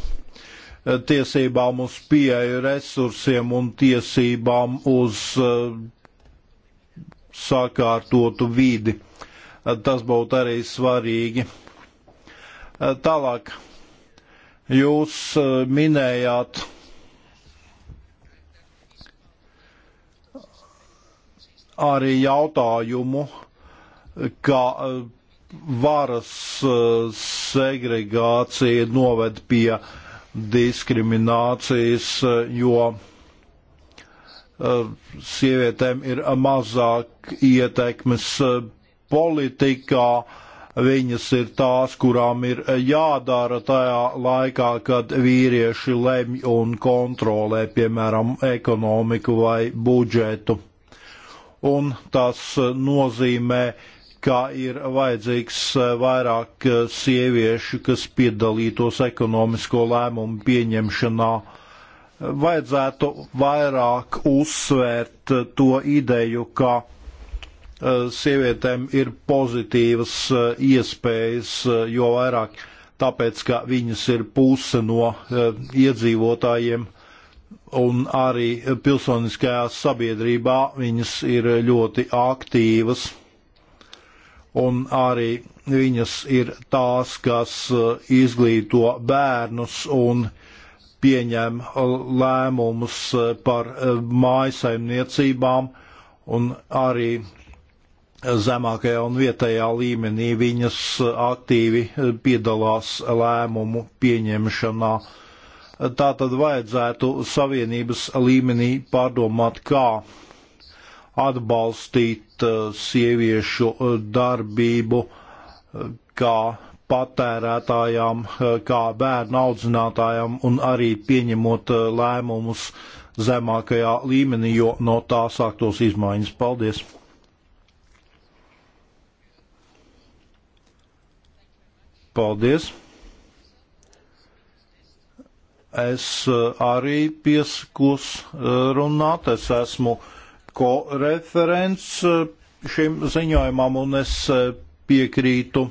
tiesībām uz pieeju resursiem un tiesībām uz sakārtotu vidi. Tas būtu arī svarīgi. Tālāk, jūs minējāt, arī jautājumu, ka eh, varas eh, segregācija noved pie diskriminācijas, eh, jo sievietēm ir mazāk ietekmes politikā, viņas ir tās, kurām ir jādara tajā laikā, kad vīrieši lemj un kontrolē, piemēram, ekonomiku vai budžetu un tas eh, nozīmē, ka ir vajadzīgs eh, vairāk eh, sieviešu, kas piedalītos ekonomisko lēmumu pieņemšanā. Vajadzētu vairāk uzsvērt to ideju, ka sievietēm ir pozitīvas iespējas, jo vairāk tāpēc, ka viņas ir puse no iedzīvotājiem un arī pilsoniskajā sabiedrībā viņas ir ļoti aktīvas, un arī viņas ir tās, kas uh, izglīto bērnus un pieņem lēmumus uh, par uh, mājasaimniecībām, un arī zemākajā un vietējā līmenī viņas aktīvi piedalās lēmumu pieņemšanā. Uh, Tā tad vajadzētu savienības līmenī pārdomāt, kā atbalstīt uh, sieviešu uh, darbību, uh, kā patērētājām, kā bērnu audzinātājām un arī pieņemot lēmumus zemākajā līmenī, jo no tā sāktos izmaiņas. Paldies! Paldies! es eh, arī pieskus eh, runāt. Es esmu koreferents eh, šim ziņojumam un es piekrītu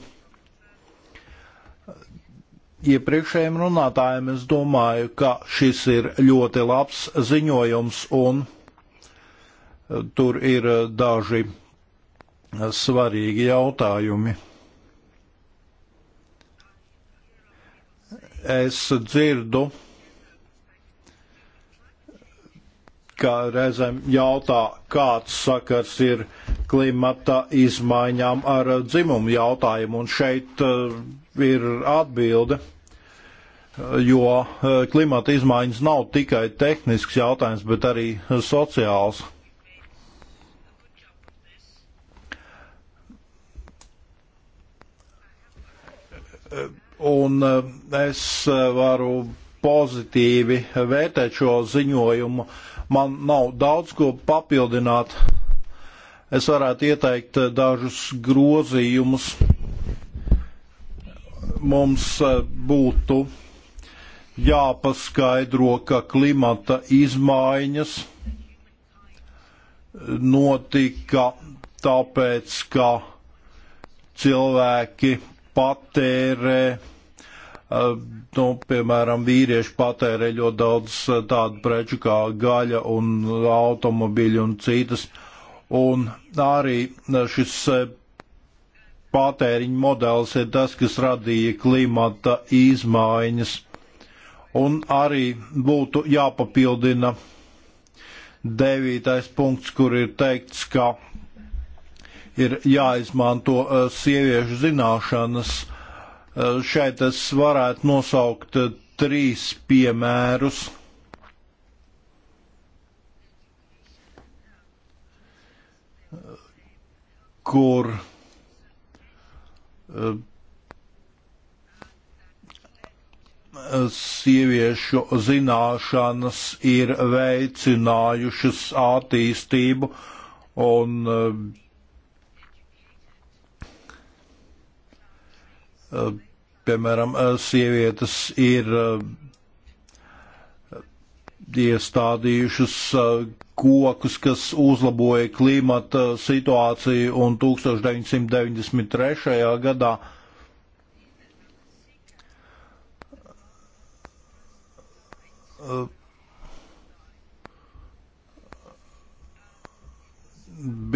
iepriekšējiem runātājiem. Es domāju, ka šis ir ļoti labs ziņojums un tur ir daži svarīgi jautājumi. es dzirdu ka reizēm jautā, kāds sakars ir klimata izmaiņām ar dzimumu jautājumu, un šeit uh, ir atbilde, jo uh, klimata izmaiņas nav tikai tehnisks jautājums, bet arī sociāls. Un uh, es varu pozitīvi vērtēt šo ziņojumu, uh, Man nav daudz ko papildināt. Es varētu ieteikt eh, dažus grozījumus. Mums eh, būtu jāpaskaidro, ka klimata izmaiņas eh, notika tāpēc, ka cilvēki patērē Nu, piemēram, vīrieši patērē ļoti daudz tādu preču kā gaļa un automobiļi un citas. Un arī šis patēriņa modelis ir tas, kas radīja klimata izmaiņas. Un arī būtu jāpapildina devītais punkts, kur ir teikts, ka ir jāizmanto sieviešu zināšanas Eh, šeit es varētu nosaukt eh, trīs piemērus. Eh, kur sieviešu zināšanas ir veicinājušas attīstību un uh, Piemēram, eh, sievietes ir eh, iestādījušas eh, kokus, kas uzlaboja klimata situāciju, un 1993. gadā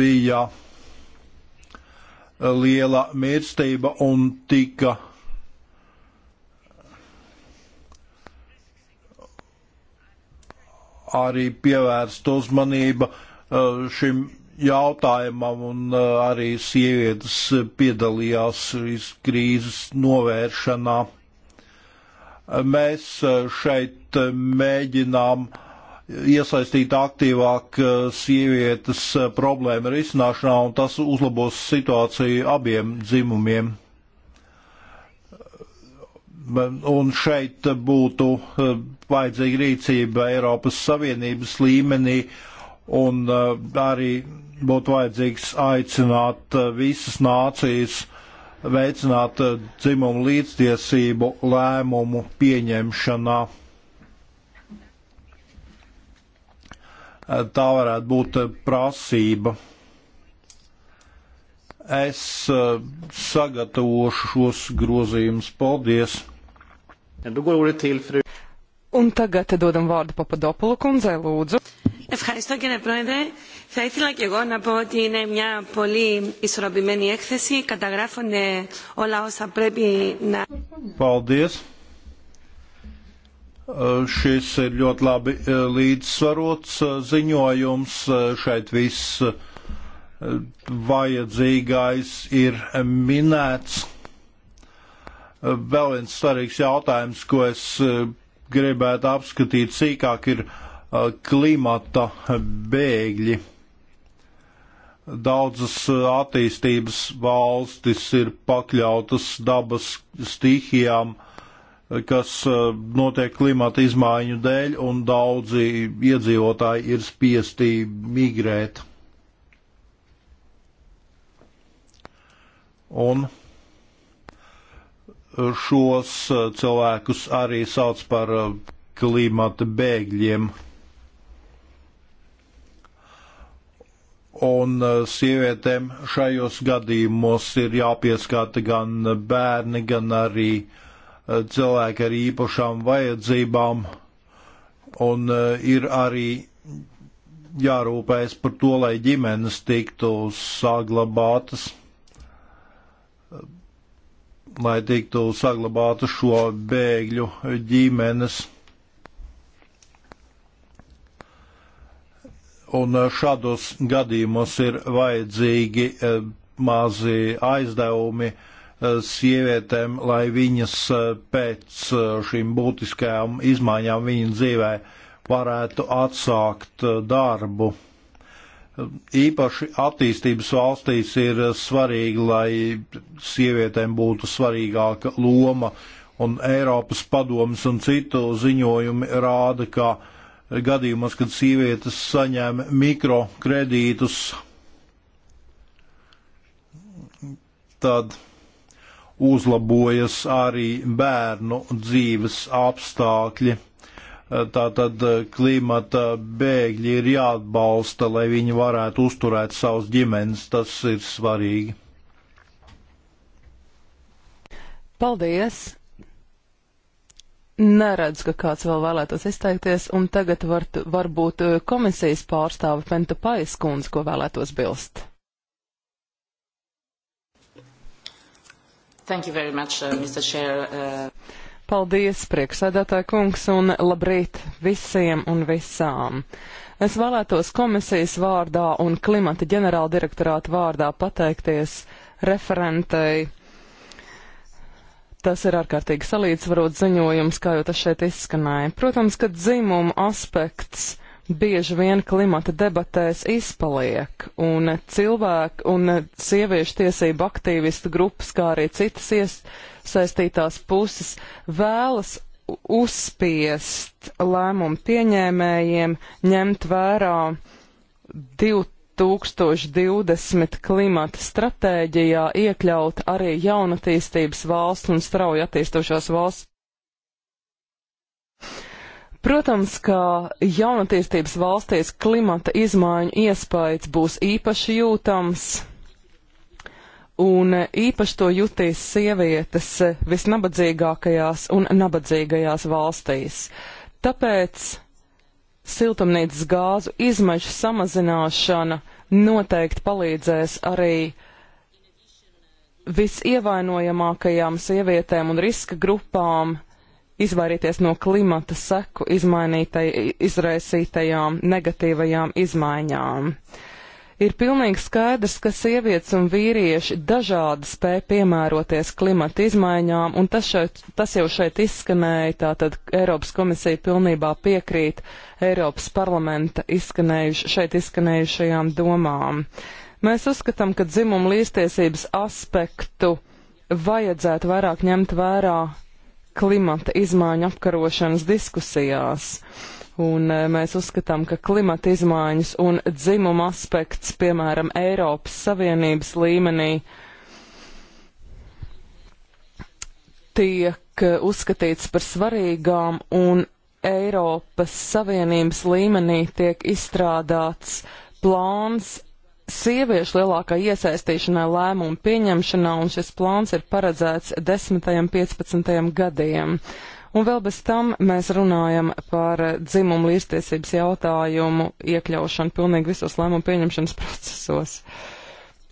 bija liela mirstība un tika arī pievērsta uzmanība uh, šim jautājumam, un uh, arī sievietes piedalījās krīzes novēršanā. Uh, mēs šeit mēģinām iesaistīt aktīvāk sievietes problēmu risināšanā, un tas uzlabos situāciju abiem dzimumiem. Un šeit būtu eh, vajadzīga rīcība Eiropas Savienības līmenī, un eh, arī būtu vajadzīgs aicināt eh, visas nācijas veicināt dzimumu līdztiesību lēmumu pieņemšanā. Tā varētu būt prasība. Es eh, sagatavošu šos grozījumus. Paldies! Un tagad dodam vārdu Papadopulu kundzei, lūdzu.
Ευχαριστώ κύριε Πρόεδρε. Θα ήθελα και εγώ να πω ότι είναι μια πολύ ισορροπημένη
έκθεση. Καταγράφονται όλα όσα πρέπει να...
Paldies. Šis ir ļoti labi līdzsvarots ziņojums. Šeit viss vajadzīgais ir minēts. Vēl viens svarīgs jautājums, ko es e, gribētu apskatīt sīkāk, ir e, klimata bēgļi. Daudzas e, attīstības valstis ir pakļautas dabas stihijām, kas notiek klimata izmaiņu dēļ, un daudzi iedzīvotāji ir spiesti migrēt. Un šos uh, cilvēkus arī sauc par uh, klimata bēgļiem. Un uh, sievietēm šajos gadījumos ir jāpieskata gan bērni, gan arī cilvēki ar īpašām vajadzībām. Un ir arī jārūpējas par to, lai ģimenes tiktu saglabātas lai tiktu saglabātu šo bēgļu ģimenes. Un eh, šādos gadījumos ir vajadzīgi eh, mazi aizdevumi eh, sievietēm, lai viņas pēc šīm būtiskajām izmaiņām viņa dzīvē varētu atsākt darbu īpaši attīstības valstīs ir svarīgi, lai sievietēm būtu svarīgāka loma, un Eiropas padomas un citu ziņojumi rāda, ka gadījumos, kad sievietes saņēma mikrokredītus, tad uzlabojas arī bērnu dzīves apstākļi Tātad eh, klimata bēgļi ir jāatbalsta, lai viņi varētu uzturēt savus ģimenes. Tas ir svarīgi.
Paldies! Neredz, ka kāds vēl vēlētos izteikties, un tagad var, varbūt eh, komisijas pārstāve Penta Paiskundze, ko vēlētos bilst.
Thank you very much, uh, Mr. Chair. Uh...
Paldies, priekšsēdētāja kungs, un labrīt visiem un visām! Es vēlētos komisijas vārdā un klimata ģenerāla direktorāta vārdā pateikties referentei. Tas ir ārkārtīgi salīdzvarot ziņojums, kā jau tas šeit izskanēja. Protams, ka dzimumu aspekts bieži vien klimata debatēs izpaliek, un cilvēku un sieviešu tiesību aktīvistu grupas, kā arī citas iesaistītās puses, vēlas uzspiest lēmumu pieņēmējiem ņemt vērā 2020 klimata stratēģijā iekļaut arī jaunatīstības valsts un strauji attīstošās valsts Protams, ka jaunatīstības valstīs klimata izmaiņu iespējas būs īpaši jūtams, un īpaši to jutīs sievietes visnabadzīgākajās un nabadzīgajās valstīs. Tāpēc siltumnīcas gāzu izmešu samazināšana noteikti palīdzēs arī visievainojamākajām sievietēm un riska grupām izvairīties no klimata seku izraisītajām negatīvajām izmaiņām. Ir pilnīgi skaidrs, ka sievietes un vīrieši dažādi spēj piemēroties klimata izmaiņām, un tas, šeit, tas jau šeit izskanēja, tātad Eiropas komisija pilnībā piekrīt Eiropas parlamenta izskanējuš, šeit izskanējušajām domām. Mēs uzskatām, ka dzimuma līstiesības aspektu vajadzētu vairāk ņemt vērā klimata izmaiņu apkarošanas diskusijās. Un e, mēs uzskatām, ka klimata izmaiņas un dzimuma aspekts, piemēram, Eiropas Savienības līmenī, tiek uzskatīts par svarīgām un Eiropas Savienības līmenī tiek izstrādāts plāns sieviešu lielākā iesaistīšanai lēmumu pieņemšanā, un šis plāns ir paredzēts 10. un 15. gadiem. Un vēl bez tam mēs runājam par dzimumu līdztiesības jautājumu iekļaušanu pilnīgi visos lēmumu pieņemšanas procesos. Uh,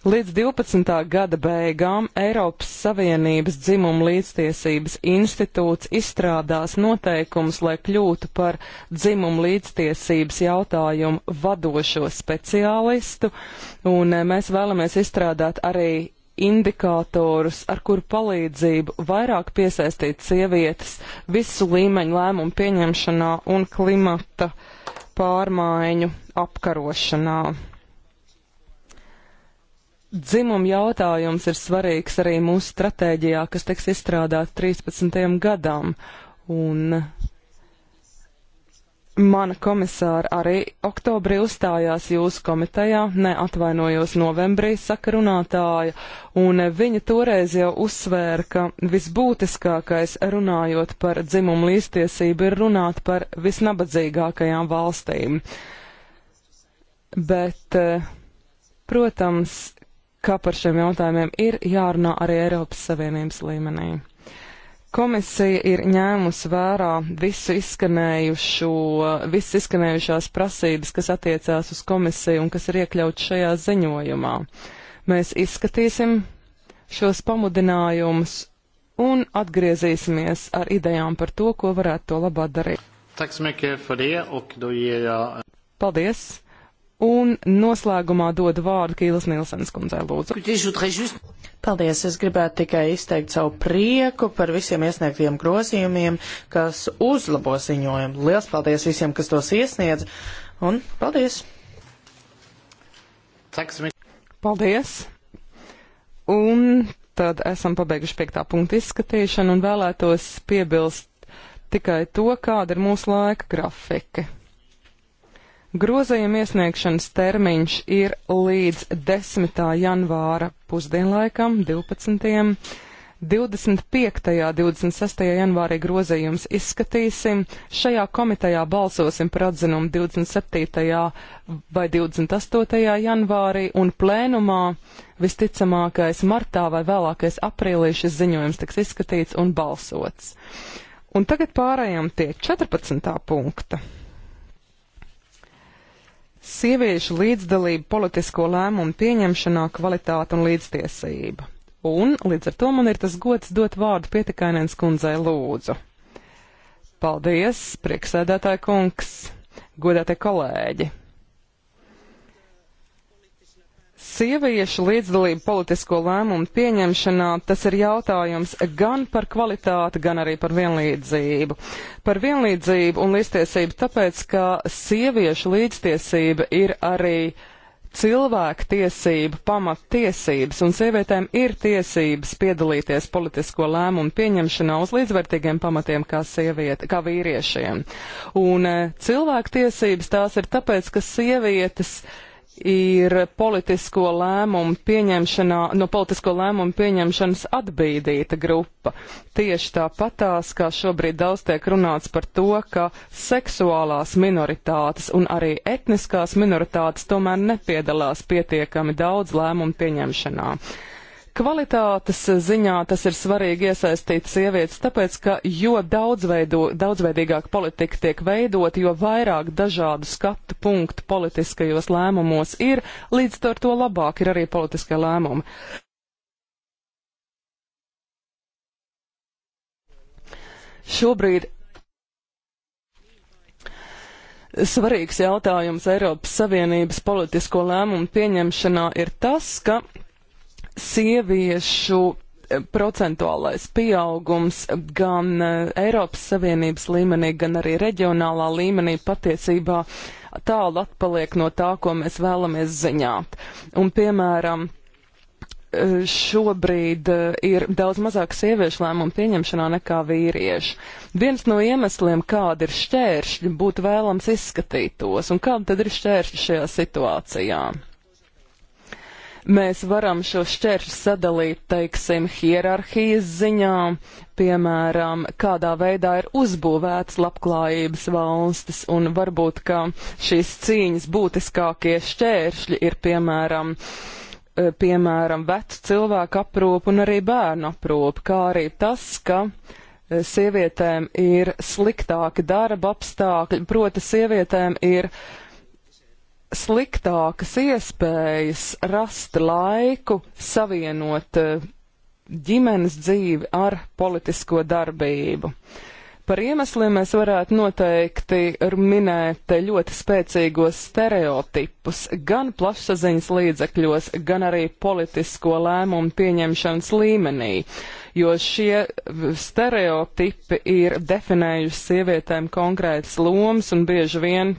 Līdz 12. gada beigām Eiropas Savienības dzimuma līdztiesības institūts izstrādās noteikums, lai kļūtu par dzimuma līdztiesības jautājumu vadošo speciālistu, un eh, mēs vēlamies izstrādāt arī indikātorus, ar kuru palīdzību vairāk piesaistīt sievietes visu līmeņu lēmumu pieņemšanā un klimata pārmaiņu apkarošanā. Dzimuma jautājums ir svarīgs arī mūsu stratēģijā, kas tiks izstrādāta 13. gadam. Un mana komisāra arī oktobrī uzstājās jūsu komitejā, neatvainojos novembrī sakarunātāja, un viņa toreiz jau uzsvēra, ka visbūtiskākais runājot par dzimumu līstiesību ir runāt par visnabadzīgākajām valstīm. Bet, eh, protams, ka par šiem jautājumiem ir jārunā arī Eiropas Savienības līmenī. Komisija ir ņēmusi vērā visu izskanējušo, visu izskanējušās prasības, kas attiecās uz komisiju un kas ir iekļauts šajā ziņojumā. Mēs izskatīsim šos pamudinājumus un atgriezīsimies ar idejām par to, ko varētu to labāk darīt. Paldies! Un noslēgumā dodu vārdu Kīlas Nilsenes kundzei lūdzu.
Paldies, es gribētu tikai izteikt savu prieku par visiem iesniegtiem grozījumiem, kas uzlabo ziņojumu. Liels paldies visiem, kas tos iesniedz, un paldies! Paldies!
Un tad esam pabeiguši piektā punktu izskatīšanu un vēlētos piebilst tikai to, kāda ir mūsu laika grafika. Grozījuma iesniegšanas termiņš ir līdz 10. janvāra pusdienlaikam, 12. 25. 26. janvārī grozījums izskatīsim. Šajā komitejā balsosim par atzinumu 27. vai 28. janvārī un plēnumā visticamākais martā vai vēlākais aprīlī šis ziņojums tiks izskatīts un balsots. Un tagad pārējām pie 14. punkta sieviešu līdzdalība politisko lēmumu pieņemšanā, kvalitāte un līdztiesība. Un līdz ar to man ir tas gods dot vārdu pietikainēns kundzei lūdzu. Paldies, prieksēdētāja kungs, godētie kolēģi! sieviešu līdzdalību politisko lēmumu pieņemšanā, tas ir jautājums gan par kvalitāti, gan arī par vienlīdzību. Par vienlīdzību un līdztiesību tāpēc, ka sieviešu līdztiesība ir arī cilvēku tiesība, pamattiesības, un sievietēm ir tiesības piedalīties politisko lēmumu pieņemšanā uz līdzvērtīgiem pamatiem kā, sievieti, kā vīriešiem. Un eh, cilvēku tiesības tās ir tāpēc, ka sievietes uh, ir politisko lēmumu pieņemšanā, no politisko lēmumu pieņemšanas atbīdīta grupa. Tieši tāpatās, kā šobrīd daudz tiek runāts par to, ka seksuālās minoritātes un arī etniskās minoritātes tomēr nepiedalās pietiekami daudz lēmumu pieņemšanā. Kvalitātes ziņā tas ir svarīgi iesaistīt sievietes, tāpēc, ka jo daudzveido, daudzveidīgāk politika tiek veidot, jo vairāk dažādu skatu punktu politiskajos lēmumos ir, līdz ar to labāk ir arī politiskie lēmumi. Šobrīd svarīgs jautājums Eiropas Savienības politisko lēmumu pieņemšanā ir tas, ka sieviešu eh, procentuālais pieaugums gan eh, Eiropas Savienības līmenī, gan arī reģionālā līmenī patiesībā tālu atpaliek no tā, ko mēs vēlamies ziņāt. Un, piemēram, eh, šobrīd ir daudz mazāk sieviešu lēmumu pieņemšanā nekā vīriešu. Viens no iemesliem, kāda ir šķēršļi, būtu vēlams izskatītos, un kāda tad ir šķēršļi šajā situācijā? Mēs varam šo šķēršļu sadalīt, teiksim, hierarhijas ziņā, piemēram, kādā veidā ir uzbūvēts labklājības valstis, un varbūt, ka šīs cīņas būtiskākie šķēršļi ir, piemēram, e, piemēram, vecu cilvēku aprūpu un arī bērnu aprūpu, kā arī tas, ka e, sievietēm ir sliktāki darba apstākļi, proti sievietēm ir uh, sliktākas iespējas rast laiku savienot eh, ģimenes dzīvi ar politisko darbību. Par iemesliem mēs varētu noteikti minēt ļoti spēcīgos stereotipus gan plašsaziņas līdzekļos, gan arī politisko lēmumu pieņemšanas līmenī, jo šie stereotipi ir definējuši sievietēm konkrētas lomas un bieži vien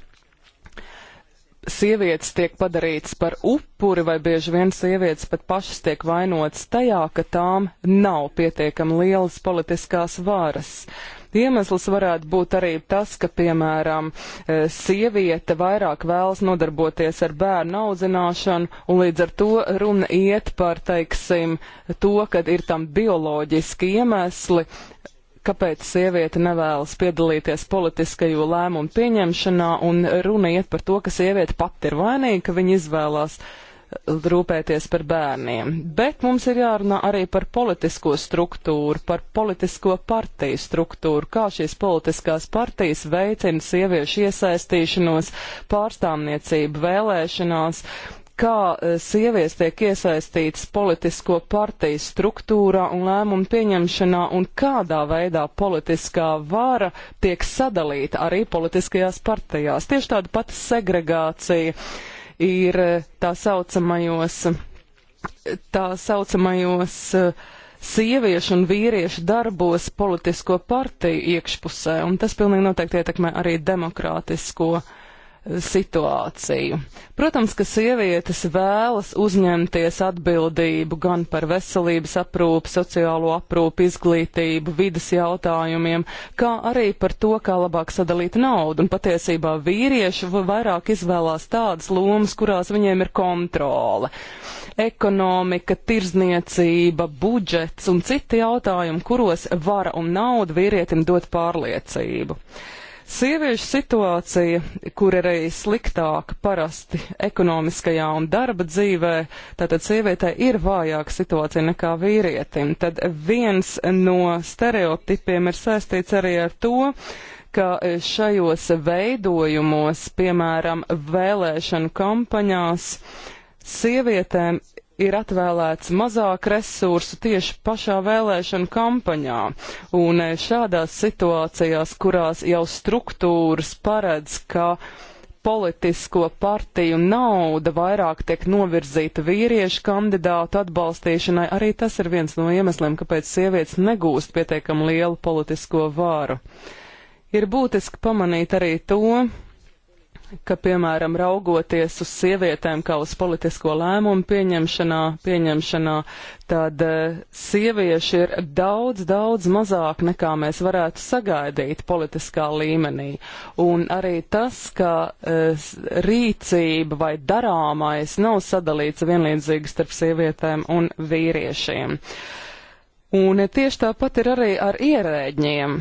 sievietes tiek padarītas par upuri, vai bieži vien sievietes pat pašas tiek vainotas tajā, ka tām nav pietiekami lielas politiskās varas. Iemesls varētu būt arī tas, ka, piemēram, e, sieviete vairāk vēlas nodarboties ar bērnu audzināšanu, un līdz ar to runa iet par, teiksim, to, ka ir tam bioloģiski iemesli, kāpēc sieviete nevēlas piedalīties politiskajo lēmumu pieņemšanā, un runa iet par to, ka sieviete pati ir vainīga, ka viņa izvēlās eh, rūpēties par bērniem. Bet mums ir jārunā arī par politisko struktūru, par politisko partiju struktūru, kā šīs politiskās partijas veicina sieviešu iesaistīšanos, pārstāvniecību vēlēšanās, kā eh, sievietes tiek iesaistītas politisko partiju struktūrā un lēmumu pieņemšanā un kādā veidā politiskā vara tiek sadalīta arī politiskajās partijās. Tieši tāda pati segregācija ir eh, tā saucamajos, tā saucamajos eh, sieviešu un vīriešu darbos politisko partiju iekšpusē, un tas pilnīgi noteikti ietekmē arī demokrātisko uh, situāciju. Protams, ka sievietes vēlas uzņemties atbildību gan par veselības aprūpu, sociālo aprūpu, izglītību, vidas jautājumiem, kā arī par to, kā labāk sadalīt naudu. Un patiesībā vīrieši vairāk izvēlās tādas lomas, kurās viņiem ir kontrole. Ekonomika, tirzniecība, budžets un citi jautājumi, kuros vara un nauda vīrietim dot pārliecību. Sieviešu situācija, kur ir arī sliktāka parasti ekonomiskajā un darba dzīvē, tātad sievietē ir vājāka situācija nekā vīrietim, tad viens no stereotipiem ir saistīts arī ar to, ka šajos veidojumos, piemēram, vēlēšanu kampaņās, sievietēm ir atvēlēts mazāk resursu tieši pašā vēlēšana kampaņā. Un e, šādās situācijās, kurās jau struktūras paredz, ka politisko partiju nauda vairāk tiek novirzīta vīriešu kandidātu atbalstīšanai, arī tas ir viens no iemesliem, kāpēc sievietes negūst pietiekam lielu politisko vāru. Ir būtiski pamanīt arī to, ka, piemēram, raugoties uz sievietēm kā uz politisko lēmumu pieņemšanā, pieņemšanā tad eh, sievieši ir daudz, daudz mazāk nekā mēs varētu sagaidīt politiskā līmenī. Un arī tas, ka uh, rīcība vai darāmais nav sadalīts vienlīdzīgi starp sievietēm un vīriešiem. Un tieši tāpat ir arī ar ierēģiem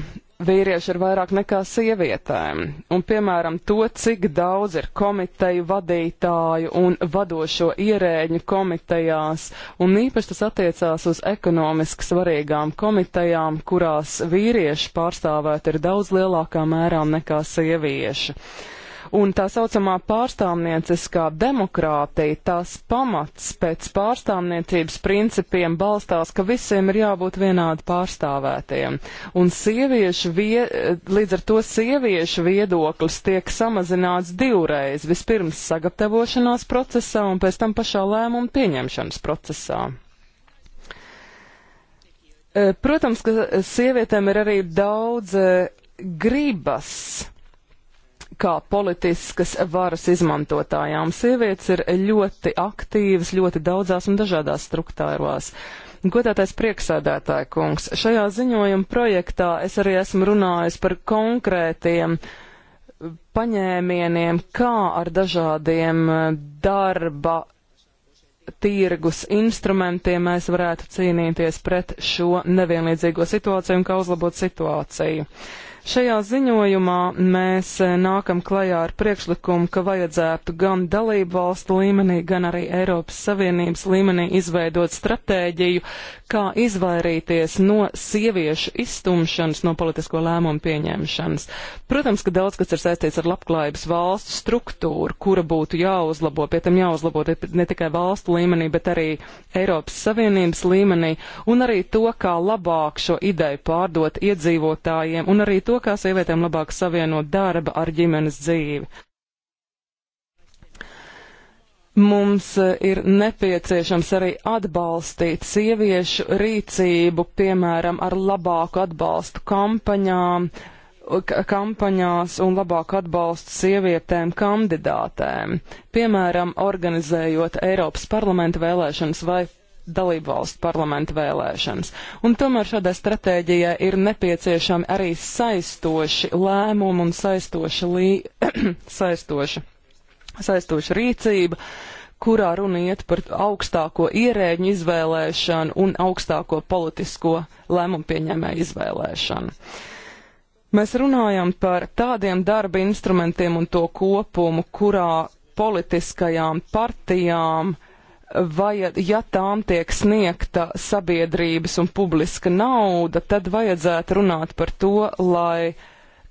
vīrieši ir vairāk nekā sievietēm. Un, piemēram, to, cik daudz ir komiteju vadītāju un vadošo ierēģu komitejās, un īpaši tas attiecās uz ekonomiski svarīgām komitejām, kurās vīrieši pārstāvēt ir daudz lielākā mērā nekā sievieši. Uh, un tā saucamā pārstāvnieciskā demokrātija, tās pamats pēc pārstāvniecības principiem balstās, ka visiem ir jābūt vienādi pārstāvētiem. Un sieviešu, vie, līdz ar to sieviešu viedoklis tiek samazināts divreiz, vispirms sagatavošanās procesā un pēc tam pašā lēmuma pieņemšanas procesā. E, protams, ka sievietēm ir arī daudz e, gribas kā politiskas varas izmantotājām. Sievietes ir ļoti aktīvas, ļoti daudzās un dažādās struktūrās. Godātais prieksēdētāja kungs, šajā ziņojuma projektā es arī esmu runājis par konkrētiem paņēmieniem, kā ar dažādiem eh, darba tirgus instrumentiem mēs varētu cīnīties pret šo nevienlīdzīgo situāciju un kā uzlabot situāciju. Šajā ziņojumā mēs eh, nākam klajā ar priekšlikumu, ka vajadzētu gan dalību valstu līmenī, gan arī Eiropas Savienības līmenī izveidot stratēģiju, kā izvairīties no sieviešu izstumšanas no politisko lēmumu pieņemšanas. Protams, ka daudz kas ir saistīts ar labklājības valstu struktūru, kura būtu jāuzlabo, pie tam jāuzlabo ne tikai valstu līmenī, bet arī Eiropas Savienības līmenī, un arī to, kā labāk šo ideju pārdot iedzīvotājiem, un arī to, kā sievietēm labāk savienot darba ar ģimenes dzīvi. Mums eh, ir nepieciešams arī atbalstīt sieviešu rīcību, piemēram, ar labāku atbalstu kampaņām, uh, kampaņās un labāk atbalstu sievietēm kandidātēm, piemēram, organizējot Eiropas parlamenta vēlēšanas vai dalību valstu parlamentu vēlēšanas. Un tomēr šādai stratēģijai ir nepieciešami arī saistoši lēmumi un saistoši, lī... saistoši, saistoši rīcība, kurā runa iet par augstāko ierēģu izvēlēšanu un augstāko politisko lēmumu pieņēmēju izvēlēšanu. Uh, Mēs runājam par tādiem darba instrumentiem un to kopumu, kurā politiskajām partijām, vai, ja tām tiek sniegta sabiedrības un publiska nauda, tad vajadzētu runāt par to, lai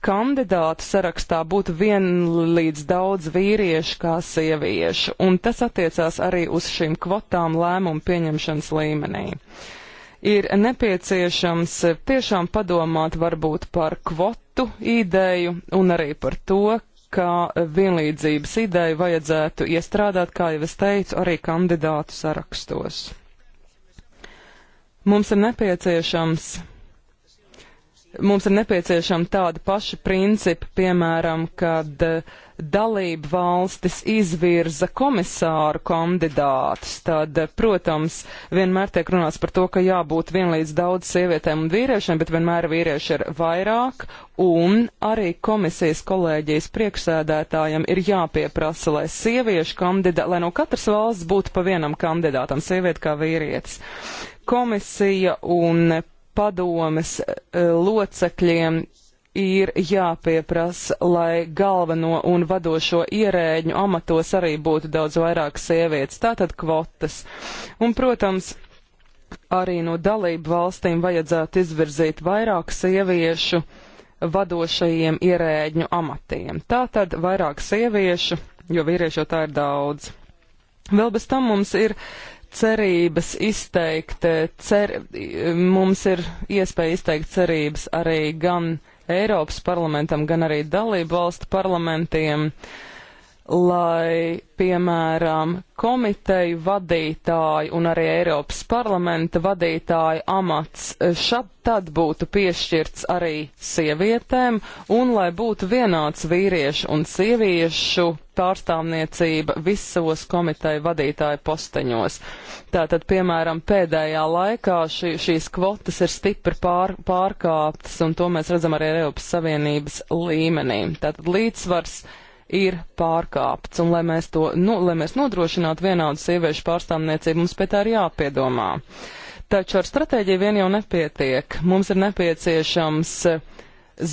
kandidātu sarakstā būtu vienlīdz daudz vīriešu kā sieviešu, un tas attiecās arī uz šīm kvotām lēmumu pieņemšanas līmenī. Uh, ir nepieciešams tiešām padomāt varbūt par kvotu ideju un arī par to, ka vienlīdzības ideju vajadzētu iestrādāt, kā jau es teicu, arī kandidātu sarakstos. Mums ir nepieciešams mums ir nepieciešami tādi paši principi, piemēram, kad uh, dalību valstis izvirza komisāru kandidātus, tad, eh, protams, vienmēr tiek runāts par to, ka jābūt vienlīdz daudz sievietēm un vīriešiem, bet vienmēr vīrieši ir vairāk, un arī komisijas kolēģijas priekšsēdētājam ir jāpieprasa, lai sieviešu kandidāti, lai no katras valsts būtu pa vienam kandidātam, sievieti kā vīrietis. Komisija un padomes eh, locekļiem ir jāpieprasa, lai galveno un vadošo ierēģu amatos arī būtu daudz vairāk sievietes, tātad kvotas. Un, protams, arī no dalību valstīm vajadzētu izvirzīt vairāk sieviešu vadošajiem ierēģu amatiem. Tātad vairāk sieviešu, jo vīriešu jau tā ir daudz. Vēl bez tam mums ir cerības izteikt, eh, cer, mums ir iespēja izteikt cerības arī gan Eiropas parlamentam, gan arī dalību valstu parlamentiem. Uh, lai, piemēram, komiteju vadītāji un arī Eiropas parlamenta vadītāji amats šad tad būtu piešķirts arī sievietēm un lai būtu vienāds vīriešu un sieviešu pārstāvniecība visos komiteju vadītāju posteņos. Tātad, piemēram, pēdējā laikā šī, šīs kvotas ir stipri pār, pārkāptas un to mēs redzam arī Eiropas Savienības līmenī. Tātad līdzsvars ir pārkāpts, un lai mēs, to, nu, lai mēs nodrošinātu vienādu sieviešu pārstāvniecību, mums pie tā ir jāpiedomā. Taču ar stratēģiju vien jau nepietiek. Mums ir nepieciešams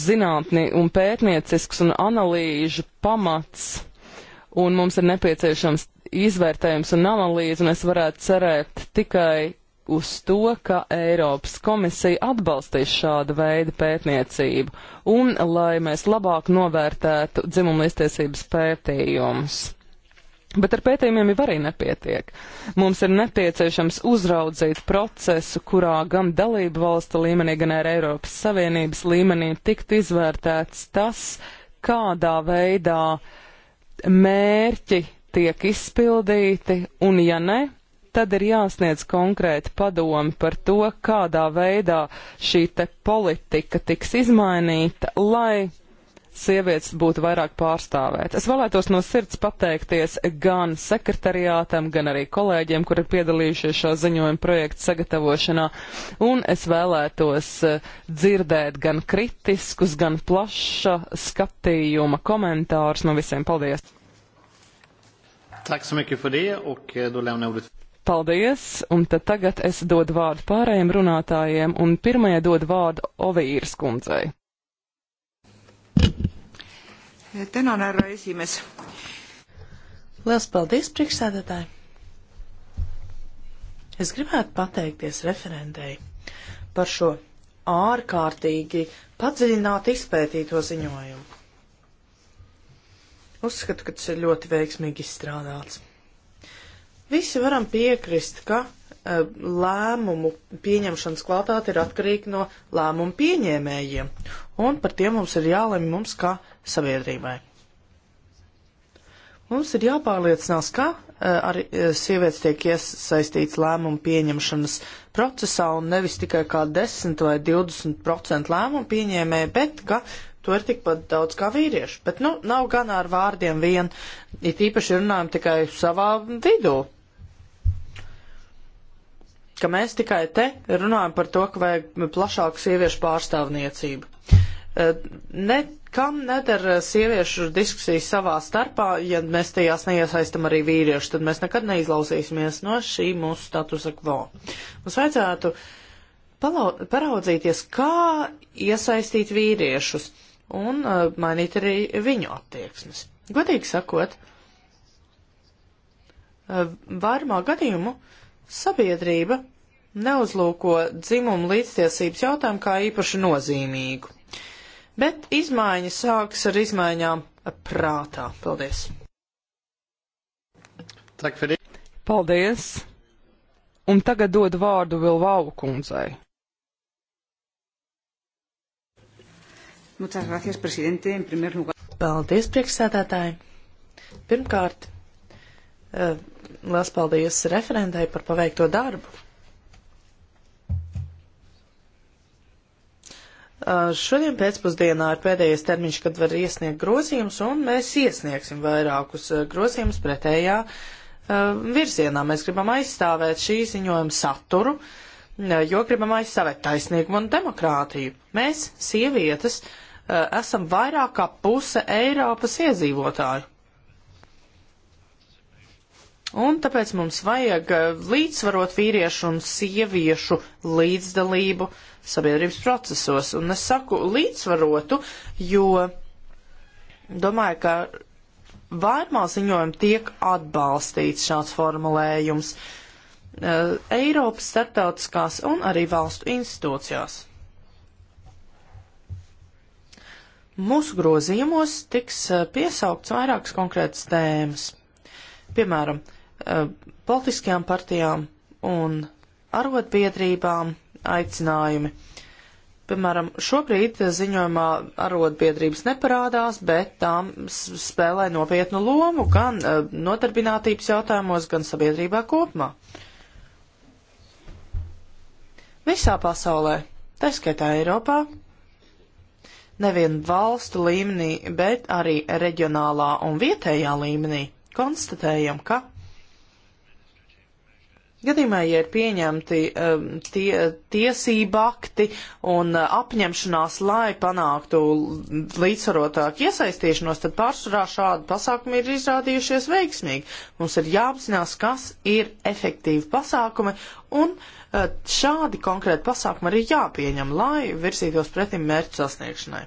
zinātni un pētniecisks un analīžu pamats, un mums ir nepieciešams izvērtējums un analīze, un es varētu cerēt tikai uz to, ka Eiropas komisija atbalstīs šādu veidu pētniecību un lai mēs labāk novērtētu dzimumlīstiesības pētījumus. Bet ar pētījumiem jau arī nepietiek. Mums ir nepieciešams uzraudzīt procesu, kurā gan dalību valstu līmenī, gan arī Eiropas Savienības līmenī tikt izvērtēts tas, kādā veidā mērķi tiek izpildīti, un ja ne, tad ir jāsniedz konkrēti padomi par to, kādā veidā šī te politika tiks izmainīta, lai sievietes būtu vairāk pārstāvēt. Es vēlētos no sirds pateikties gan sekretariātam, gan arī kolēģiem, kuri ir piedalījušies šā ziņojuma projekta sagatavošanā, un es vēlētos eh, dzirdēt gan kritiskus, gan plaša skatījuma komentārus no visiem. Paldies!
Tack så mycket för det och eh, då lämnar jag ordet.
Paldies, un tad tagad es dodu vārdu pārējiem runātājiem, un pirmajai dodu vārdu Ovīras kundzei. Tenon ärra esimees.
Liels paldies, priekšsēdētāji. Es gribētu pateikties referentei par šo ārkārtīgi padziļināti izpētīto ziņojumu. Uzskatu, ka tas ir ļoti veiksmīgi izstrādāts. Visi varam piekrist, ka uh, lēmumu pieņemšanas kvalitāte ir atkarīga no lēmumu pieņēmējiem, un par tiem mums ir jālemj mums kā sabiedrībai. Mums ir jāpārliecinās, ka uh, arī eh, sievietes tiek iesaistīts lēmumu pieņemšanas procesā un nevis tikai kā 10 vai 20% lēmumu pieņēmēja, bet ka to ir tikpat daudz kā vīrieši. Bet, nu, nav gan ar vārdiem vien, it īpaši runājam tikai savā vidū ka mēs tikai te runājam par to, ka vajag plašāku sieviešu pārstāvniecību. Eh, Nekam nedara sieviešu diskusijas savā starpā, ja mēs tajās neiesaistam arī vīriešu, tad mēs nekad neizlausīsimies no šī mūsu statusa quo. Mums vajadzētu paraudzīties, kā iesaistīt vīriešus un uh, mainīt arī viņu attieksmes. Godīgi sakot, uh, vairumā gadījumu uh, Sabiedrība neuzlūko dzimumu līdztiesības jautājumu kā īpaši nozīmīgu, bet izmaiņas sāks ar izmaiņām prātā. Paldies! Paldies! Un tagad dod vārdu Vilvāvu kundzei. Muchas gracias,
presidente. En primer lugar.
Paldies, priekšsēdētāji. Pirmkārt, eh, Lielas paldies referentai par paveikto darbu. Uh, šodien pēcpusdienā ir pēdējais termiņš, kad var iesniegt grozījumus, un mēs iesniegsim vairākus uh, grozījumus pretējā uh, virzienā. Mēs gribam aizstāvēt šī ziņojuma saturu, jo gribam aizstāvēt taisnīgumu un demokrātiju. Mēs, sievietes, esam vairāk kā puse Eiropas iedzīvotāju. Un tāpēc mums vajag eh, līdzsvarot vīriešu un sieviešu līdzdalību sabiedrības procesos. Un es saku līdzsvarotu, jo domāju, ka Vārmā ziņojumā tiek atbalstīts šāds formulējums eh, Eiropas starptautiskās un arī valstu institūcijās. Mūsu grozījumos tiks eh, piesaukts vairākas konkrētas tēmas. Piemēram, Eh, politiskajām partijām un arotbiedrībām aicinājumi. Piemēram, šobrīd ziņojumā arotbiedrības neparādās, bet tām spēlē nopietnu lomu gan eh, notarbinātības jautājumos, gan sabiedrībā kopumā. Visā pasaulē, tā skaitā Eiropā, nevien valstu līmenī, bet arī reģionālā un vietējā līmenī, konstatējam, ka Gadījumā, ja ir pieņemti um, tie, tiesība akti un uh, apņemšanās, lai panāktu līdzsvarotāku iesaistīšanos, tad pārsvarā šādi pasākumi ir izrādījušies veiksmīgi. Mums ir jāapzinās, kas ir efektīvi pasākumi, un uh, šādi konkrēti pasākumi arī jāpieņem, lai virsītos pretim mērķu sasniegšanai.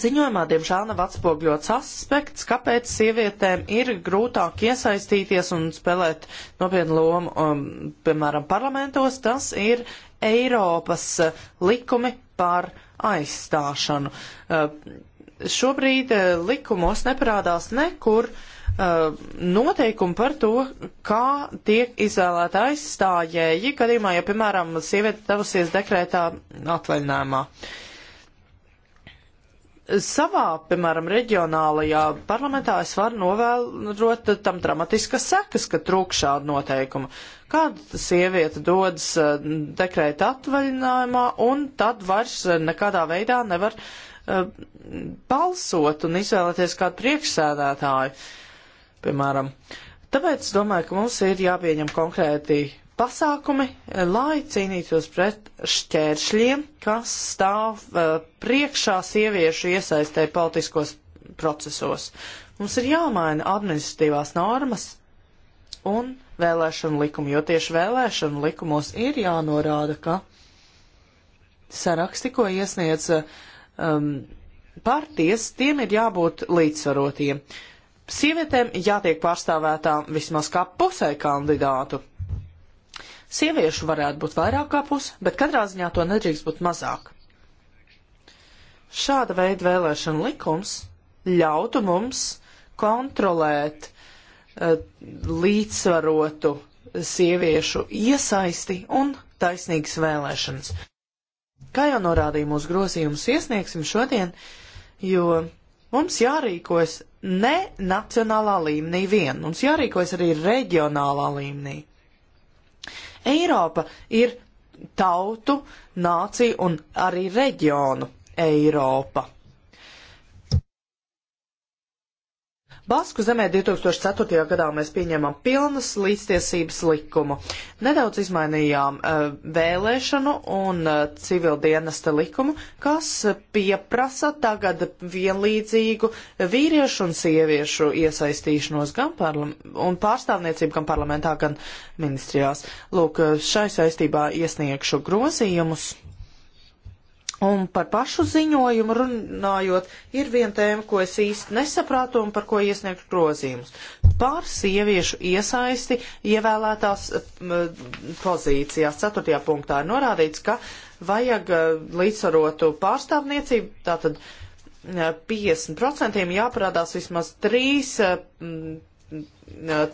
Ziņojumā, diemžēl, nav atspogļots aspekts, kāpēc sievietēm ir grūtāk iesaistīties un spēlēt nopietnu lomu, um, piemēram, parlamentos. Tas ir Eiropas uh, likumi par aizstāšanu. Uh, šobrīd uh, likumos neparādās nekur uh, noteikumi par to, kā tiek izvēlēta aizstājēji, gadījumā, ja, piemēram, sieviete devusies dekrētā atvaļinājumā. Uh, Savā, piemēram, reģionālajā parlamentā es varu novērot tam dramatiskas sekas, ka trūk šādu noteikumu. Kāda sieviete dodas eh, dekrēta atvaļinājumā un tad vairs eh, nekādā veidā nevar uh, balsot un izvēlēties kādu priekšsēdētāju, piemēram. Tāpēc domāju, ka mums ir jāpieņem konkrēti pasākumi, eh, lai cīnītos pret šķēršļiem, kas stāv uh, priekšā sieviešu iesaistē politiskos procesos. Mums ir jāmaina administratīvās normas un vēlēšanu likumu, jo tieši vēlēšanu likumos ir jānorāda, ka saraksti, ko iesniedz eh, um, partijas, tiem ir jābūt līdzsvarotiem. Sievietēm jātiek pārstāvētām vismaz kā pusē kandidātu Sieviešu varētu būt vairāk kā puse, bet katrā ziņā to nedrīkst būt mazāk. Šāda veida vēlēšana likums ļautu mums kontrolēt uh, līdzsvarotu sieviešu iesaisti un taisnīgas vēlēšanas. Kā jau norādīja mūsu grozījumus, iesniegsim šodien, jo mums jārīkojas ne nacionālā līmenī vien, mums jārīkojas arī reģionālā līmenī. Eiropa ir tautu, nāciju un arī reģionu Eiropa. Basku zemē 2004. gadā mēs pieņēmām pilnas līdztiesības likumu. Nedaudz izmainījām uh, vēlēšanu un uh, eh, civildienesta likumu, kas pieprasa tagad vienlīdzīgu vīriešu un sieviešu iesaistīšanos gan un pārstāvniecību gan parlamentā, gan ministrijās. Lūk, šai saistībā iesniegšu grozījumus. Un par pašu ziņojumu runājot, ir viena tēma, ko es īsti nesaprātu un par ko iesniegšu grozījumus. Par sieviešu iesaisti ievēlētās pozīcijās. Ceturtajā punktā ir norādīts, ka vajag eh, līdzsvarotu pārstāvniecību, tātad 50% eh, jāparādās vismaz trīs eh,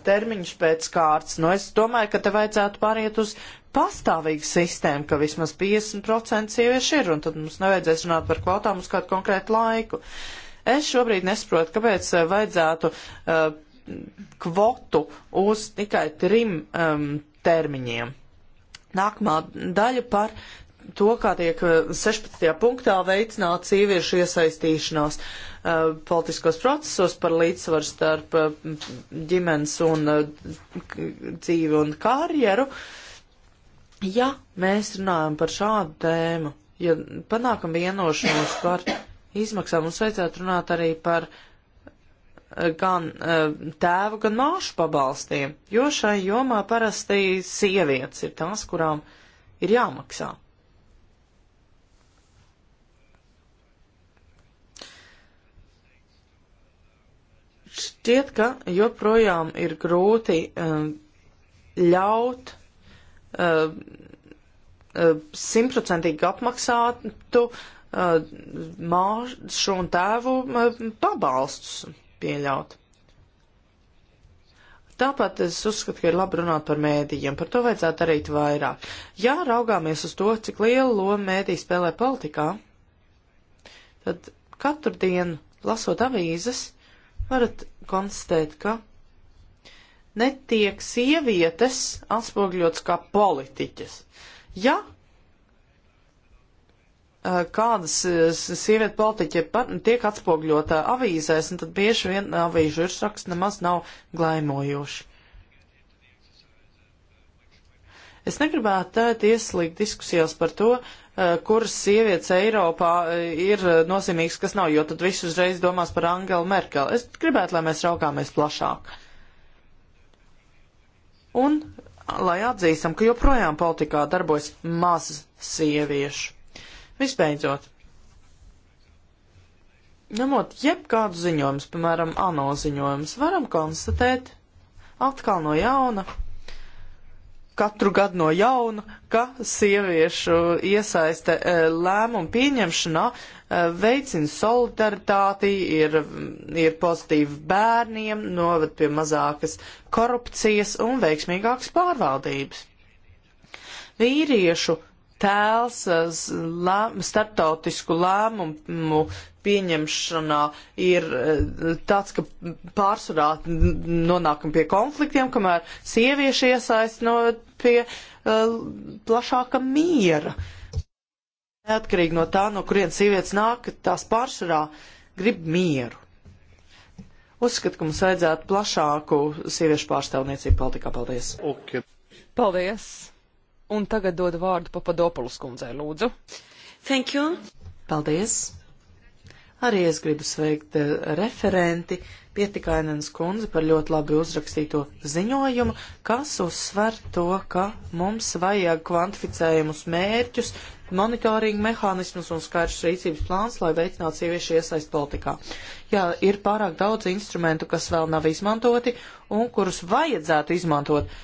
termiņš pēc kārtas. Nu, es domāju, ka te vajadzētu pāriet uz pastāvīga sistēma, ka vismaz 50% sieviešu ir, un tad mums nevajadzēs runāt par kvotām uz kādu konkrētu laiku. Es šobrīd nesaprotu, kāpēc eh, vajadzētu uh, kvotu uz tikai trim um, termiņiem. Nākamā daļa par to, kā tiek 16. Eh, punktā veicināt sieviešu iesaistīšanās uh, politiskos procesos par līdzsvaru starp uh, ģimenes un dzīvi un karjeru. Uh, Ja mēs runājam par šādu tēmu, ja panākam vienošanos par izmaksām, mums vajadzētu runāt arī par eh, gan eh, tēvu, gan māšu pabalstiem, jo šai jomā parasti sievietes ir tās, kurām ir jāmaksā. Šķiet, ka joprojām ir grūti eh, ļaut Uh, uh, simtprocentīgi apmaksātu uh, māšu un tēvu pabalstus pieļaut. Tāpat es uzskatu, ka ir labi runāt par mēdījiem, par to vajadzētu darīt vairāk. Jā, raugāmies uz to, cik lielu lomu mēdīji spēlē politikā, tad katru dienu, lasot avīzes, varat konstatēt, ka netiek sievietes atspogļots kā politiķas. Ja kādas sievietes politiķi tiek atspogļota avīzēs, tad bieži vien avīžu virsraksts nemaz nav glaimojoši. Es negribētu ieslīgt diskusijās par to, kuras sievietes Eiropā ir nozīmīgas, kas nav, jo tad viss uzreiz domās par Angelu Merkeli. Es gribētu, lai mēs raugāmies plašāk. Uh, Un lai atzīstam, ka joprojām politikā darbojas maz sieviešu. Visbeidzot, ņemot jebkādu ziņojumus, piemēram, ANO ziņojumus, varam konstatēt atkal no jauna, katru gadu no jauna, ka sieviešu iesaiste eh, lēmumu pieņemšanā Eh, veicina solidaritāti, ir, ir pozitīvi bērniem, novad pie mazākas korupcijas un veiksmīgākas pārvaldības. Vīriešu tēls eh, starptautisku lēmumu pieņemšanā ir eh, tāds, ka pārsvarā nonākam pie konfliktiem, kamēr sievieši iesaist no pie uh, plašāka miera. Uh, Neatkarīgi no tā, no kurienes sievietes nāk, tās pārsvarā grib mieru. Uzskatu, ka mums vajadzētu plašāku sieviešu pārstāvniecību politikā. Paldies! Okay. Paldies! Un tagad dodu vārdu Papadopulus kundzei, lūdzu. Thank you! Paldies! Arī es gribu sveikt eh, referenti Pietikainens kundzi par ļoti labi uzrakstīto ziņojumu, kas uzsver to, ka mums vajag kvantificējumus mērķus, monitoringa mehānismus un skaidrs rīcības plāns, lai veicinātu sieviešu iesaist politikā. Jā, ir pārāk daudz instrumentu, kas vēl nav izmantoti un kurus vajadzētu izmantot,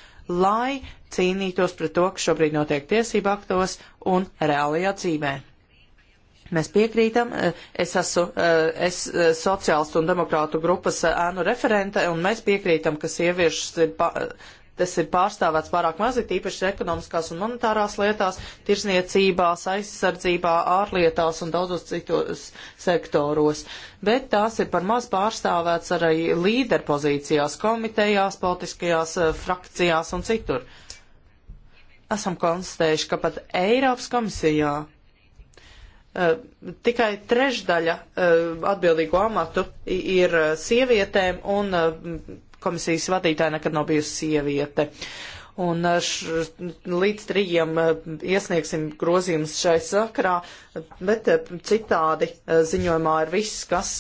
lai cīnītos pret to, kas šobrīd notiek tiesību aktos un reālajā dzīvē. Mēs piekrītam, eh, es esmu eh, es eh, sociālistu un demokrātu grupas ēnu referente, un mēs piekrītam, ka sieviešas ir. Pa, Tas ir pārstāvēts pārāk mazi, tīpaši ekonomiskās un monetārās lietās, tirsniecībās, aizsardzībā, ārlietās un daudzos citos sektoros. Bet tās ir par maz pārstāvēts arī līderpozīcijās, komitejās, politiskajās frakcijās un citur esam konstatējuši, ka pat Eiropas komisijā Eh, tikai trešdaļa eh, atbildīgo amatu ir eh, sievietēm, un komisijas vadītāja nekad nav bijusi sieviete. Un š, līdz trījiem iesniegsim grozījumus šai sakrā, bet citādi ziņojumā ir viss, kas,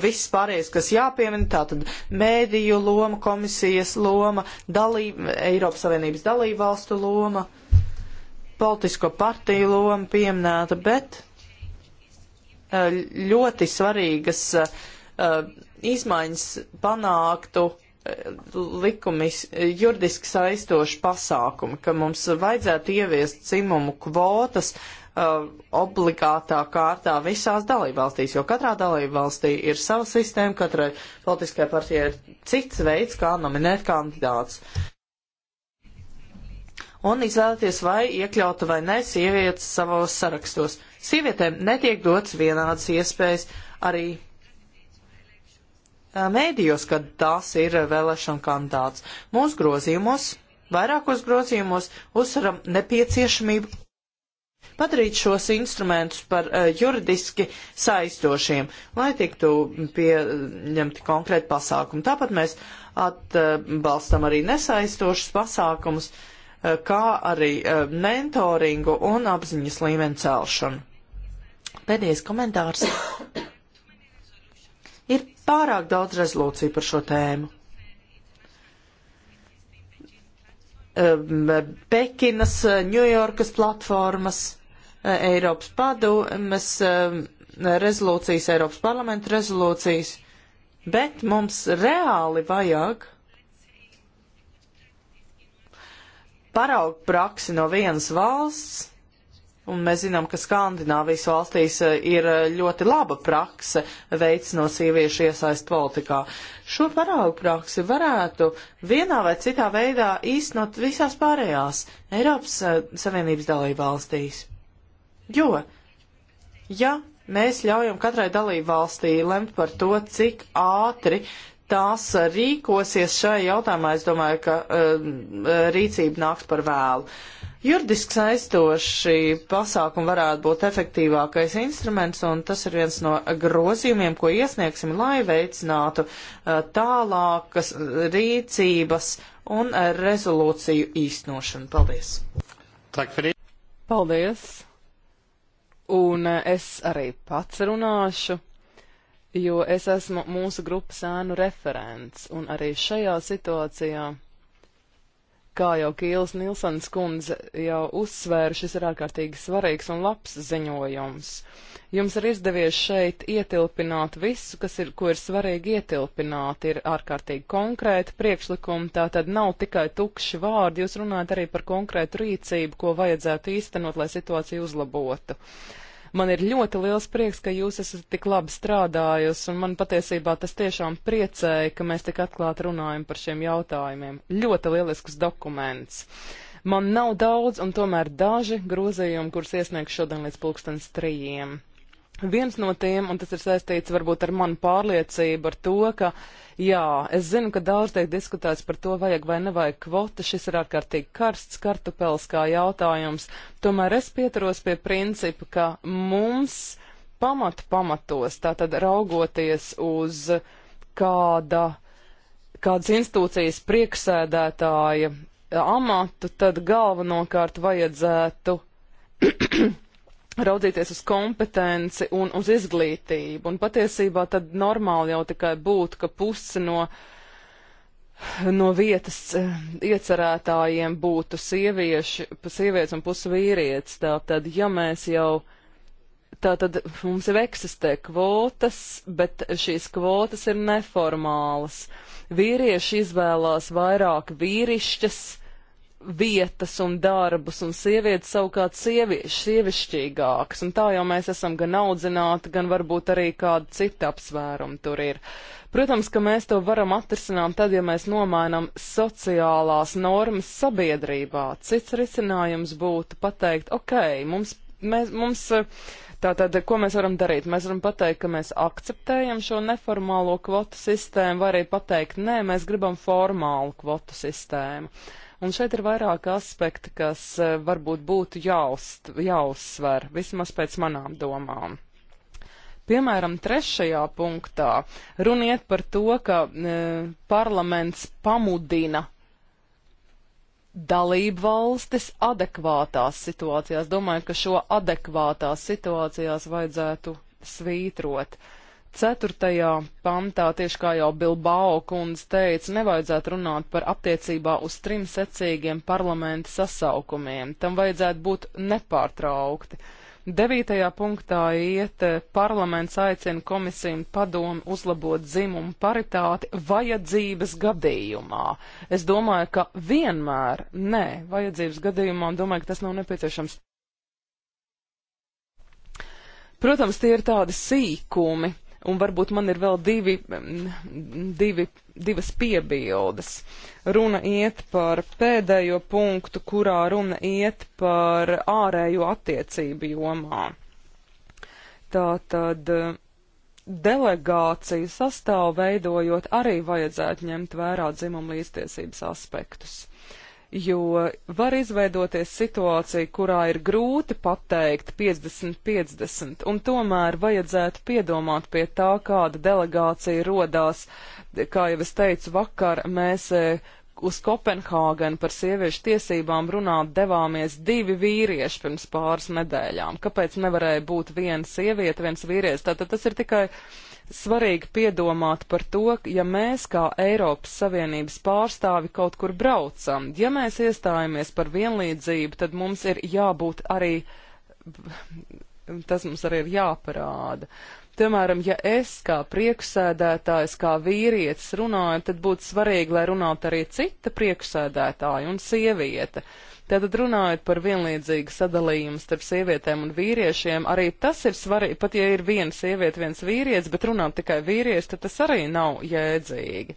viss pārējais, kas jāpiemina, tātad mēdīju loma, komisijas loma, dalība, Eiropas Savienības dalību valstu loma, politisko partiju loma pieminēta, bet Eh, ļoti svarīgas eh, izmaiņas panāktu eh, likumis, juridiski saistoši pasākumi, ka mums vajadzētu ieviest cimumu kvotas uh, obligātā kārtā visās dalībvalstīs, jo katrā dalībvalstī ir sava sistēma, katrai politiskajai partijai ir cits veids, kā nominēt kandidātus un izvēlēties, vai iekļauta vai ne sievietes savos sarakstos. Sievietēm netiek dots vienādas iespējas arī mēdījos, kad tās ir vēlēšana kandidāts. Mūsu grozījumos, vairākos grozījumos, uzsveram nepieciešamību padarīt šos instrumentus par uh, juridiski saistošiem, lai tiktu pieņemti konkrēti pasākumi. Tāpat mēs atbalstam arī nesaistošus pasākumus, uh, kā arī eh, mentoringu un apziņas līmeni celšanu. Pēdējais komentārs. Ir pārāk daudz rezolūciju par šo tēmu. Ehm, Pekinas, Ņujorkas eh, platformas, eh, Eiropas padomes ehm, rezolūcijas, Eiropas parlamenta rezolūcijas, bet mums reāli vajag paraugu praksi no vienas valsts, un mēs zinām, ka Skandināvijas valstīs e, ir e, ļoti laba prakse veicinot sieviešu iesaist politikā. Šo paraugu praksi varētu vienā vai citā veidā īstenot visās pārējās Eiropas e, Savienības dalību valstīs. Jo, ja mēs ļaujam katrai dalību valstī lemt par to, cik ātri tās eh, rīkosies šai jautājumā, es domāju, ka uh, rīcība nāks par vēlu. Juridiski saistoši pasākumi varētu būt efektīvākais instruments, un tas ir viens no grozījumiem, ko iesniegsim, lai veicinātu uh, tālākas rīcības un rezolūciju īstenošanu. Paldies! Paldies!
Un es arī pats runāšu jo es esmu mūsu grupas ēnu referents, un arī šajā situācijā, kā jau Kīls Nilsons kundze jau uzsvēra, šis ir ārkārtīgi svarīgs un labs ziņojums. Jums ir izdevies šeit ietilpināt visu, kas ir, ko ir svarīgi ietilpināt, ir ārkārtīgi konkrēti priekšlikumi, tā tad nav tikai tukši vārdi, jūs runājat arī par konkrētu rīcību, ko vajadzētu īstenot, lai situāciju uzlabotu. Uh, Man ir ļoti liels prieks, ka jūs esat tik labi strādājusi, un man patiesībā tas tiešām priecēja, ka mēs tik atklāti runājam par šiem jautājumiem. Ļoti lielisks dokuments. Man nav daudz, un tomēr daži grozījumi, kurus iesniegšu šodien līdz pulkstens trījiem. Viens no tiem, un tas ir saistīts varbūt ar manu pārliecību, ar to, ka, jā, es zinu, ka daudz tiek diskutēts par to, vajag vai nevajag kvota, šis ir ārkārtīgi karsts kartupels kā jautājums, tomēr es pieturos pie principa, ka mums pamatu pamatos, tātad raugoties uz kāda, kādas institūcijas priekšsēdētāja amatu, tad galvenokārt vajadzētu raudzīties uz kompetenci un uz izglītību. Un patiesībā tad normāli jau tikai būtu, ka pusi no, no vietas eh, iecerētājiem būtu sievieši, sievietes un pusi vīrietis. Tātad, ja mēs jau. Tātad mums jau eksistē kvotas, bet šīs kvotas ir neformālas. Vīrieši izvēlās vairāk vīrišķas vietas un darbus, un sievietes savukārt sievi, sievišķīgākas, un tā jau mēs esam gan audzināti, gan varbūt arī kāda cita apsvēruma tur ir. Protams, ka mēs to varam atrisināt tad, ja mēs nomainam sociālās normas sabiedrībā. Cits risinājums būtu pateikt, ok, mums, mēs, mums Tātad, ko mēs varam darīt? Mēs varam pateikt, ka mēs akceptējam šo neformālo kvotu sistēmu, vai arī pateikt, nē, mēs gribam formālu kvotu sistēmu. Un šeit ir vairāki aspekti, kas e, varbūt būtu jāuzst, jāuzsver, vismaz pēc manām domām. Piemēram, trešajā punktā runiet par to, ka e, parlaments pamudina dalību valstis adekvātās situācijās. Domāju, ka šo adekvātās situācijās vajadzētu svītrot. Uh, Ceturtajā pantā, tieši kā jau Bilbao kundze teica, nevajadzētu runāt par attiecībā uz trim secīgiem parlamenta sasaukumiem. Tam vajadzētu būt nepārtraukti. Devītajā punktā iet parlaments aicina komisiju un padomu uzlabot dzimumu paritāti vajadzības gadījumā. Es domāju, ka vienmēr, nē, vajadzības gadījumā, un domāju, ka tas nav nepieciešams. Protams, tie ir tādi sīkumi, Un varbūt man ir vēl divi, mm, divi, divas piebildes. Runa iet par pēdējo punktu, kurā runa iet par ārējo attiecību jomā. Tā tad eh, delegāciju sastāvu veidojot arī vajadzētu ņemt vērā dzimumu līdztiesības aspektus jo var izveidoties situācija, kurā ir grūti pateikt 50-50, un tomēr vajadzētu piedomāt pie tā, kāda delegācija rodās. Kā jau es teicu, vakar mēs e, uz Kopenhāgenu par sieviešu tiesībām runāt devāmies divi vīrieši pirms pāris nedēļām. Kāpēc nevarēja būt viena sieviete, viens vīrietis? Tātad tas ir tikai svarīgi piedomāt par to, ja mēs kā Eiropas Savienības pārstāvi kaut kur braucam, ja mēs iestājamies par vienlīdzību, tad mums ir jābūt arī, tas mums arī ir jāparāda. Piemēram, ja es kā priekšsēdētājs, kā vīrietis runāju, tad būtu svarīgi, lai runātu arī cita priekšsēdētāja un sieviete. Uh, Tātad runājot par vienlīdzīgu sadalījumu starp sievietēm un vīriešiem, arī tas ir svarīgi, pat ja ir viena sieviete, viens vīrietis, bet runāt tikai vīrieši, tad tas arī nav jēdzīgi.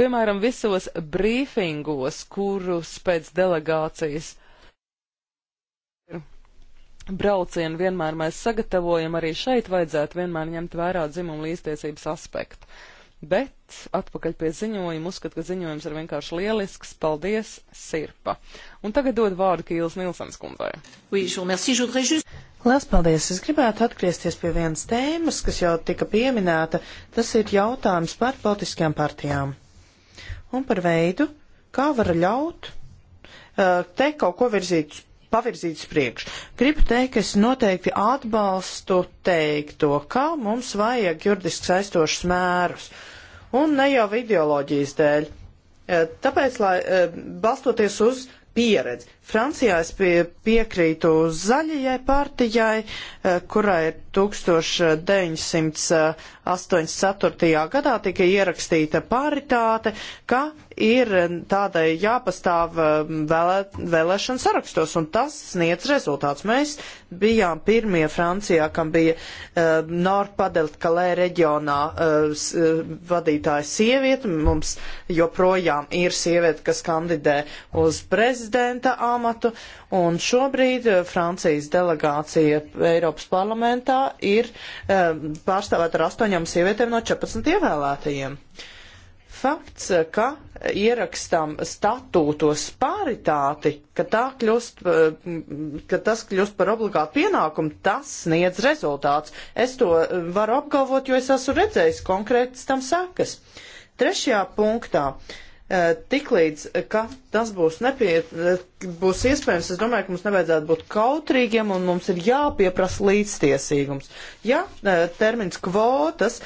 Piemēram, visos brīfingos, kurus pēc delegācijas braucienu vienmēr mēs sagatavojam, arī šeit vajadzētu vienmēr ņemt vērā dzimumu līdztiesības aspektu. Bet atpakaļ pie ziņojuma, uzskat, ka ziņojums ir vienkārši lielisks. Paldies, Sirpa. Un tagad dod vārdu Kīlas Nilsens kundzei. Lielas
paldies! Es gribētu atgriezties pie vienas tēmas, kas jau tika pieminēta. Tas ir jautājums par politiskajām partijām. Un par veidu, kā var ļaut uh, te kaut ko virzīt pavirzīts priekš. Gribu teikt, ka es noteikti atbalstu teikto, ka mums vajag juridiski saistošus mērus. Uh, un ne jau ideoloģijas dēļ. E, tāpēc, lai e, balstoties uz pieredzi, Francijā es pie, piekrītu zaļajai partijai, eh, kurai 1984. gadā tika ierakstīta paritāte, ka ir tādai jāpastāv eh, vēlē, vēlēšanu sarakstos, un tas sniedz rezultāts. Mēs bijām pirmie Francijā, kam bija uh, eh, Nordpadeltkalē reģionā uh, vadītāja sieviete. Mums joprojām ir sieviete, kas kandidē uz prezidenta amatu pamatu, un šobrīd eh, Francijas delegācija Eiropas parlamentā ir eh, pārstāvēta ar astoņām sievietēm no 14 ievēlētajiem fakts, eh, ka ierakstam statūtos paritāti, ka, kļūst, ka tas kļūst par obligātu pienākumu, tas sniedz rezultāts. Es to varu apgalvot, jo es esmu redzējis konkrētas tam sekas. Trešajā punktā uh, Eh, tiklīdz, ka tas būs, nepie, eh, būs iespējams, es domāju, ka mums nevajadzētu būt kautrīgiem un mums ir jāpieprasa līdztiesīgums. Ja eh, termins kvotas,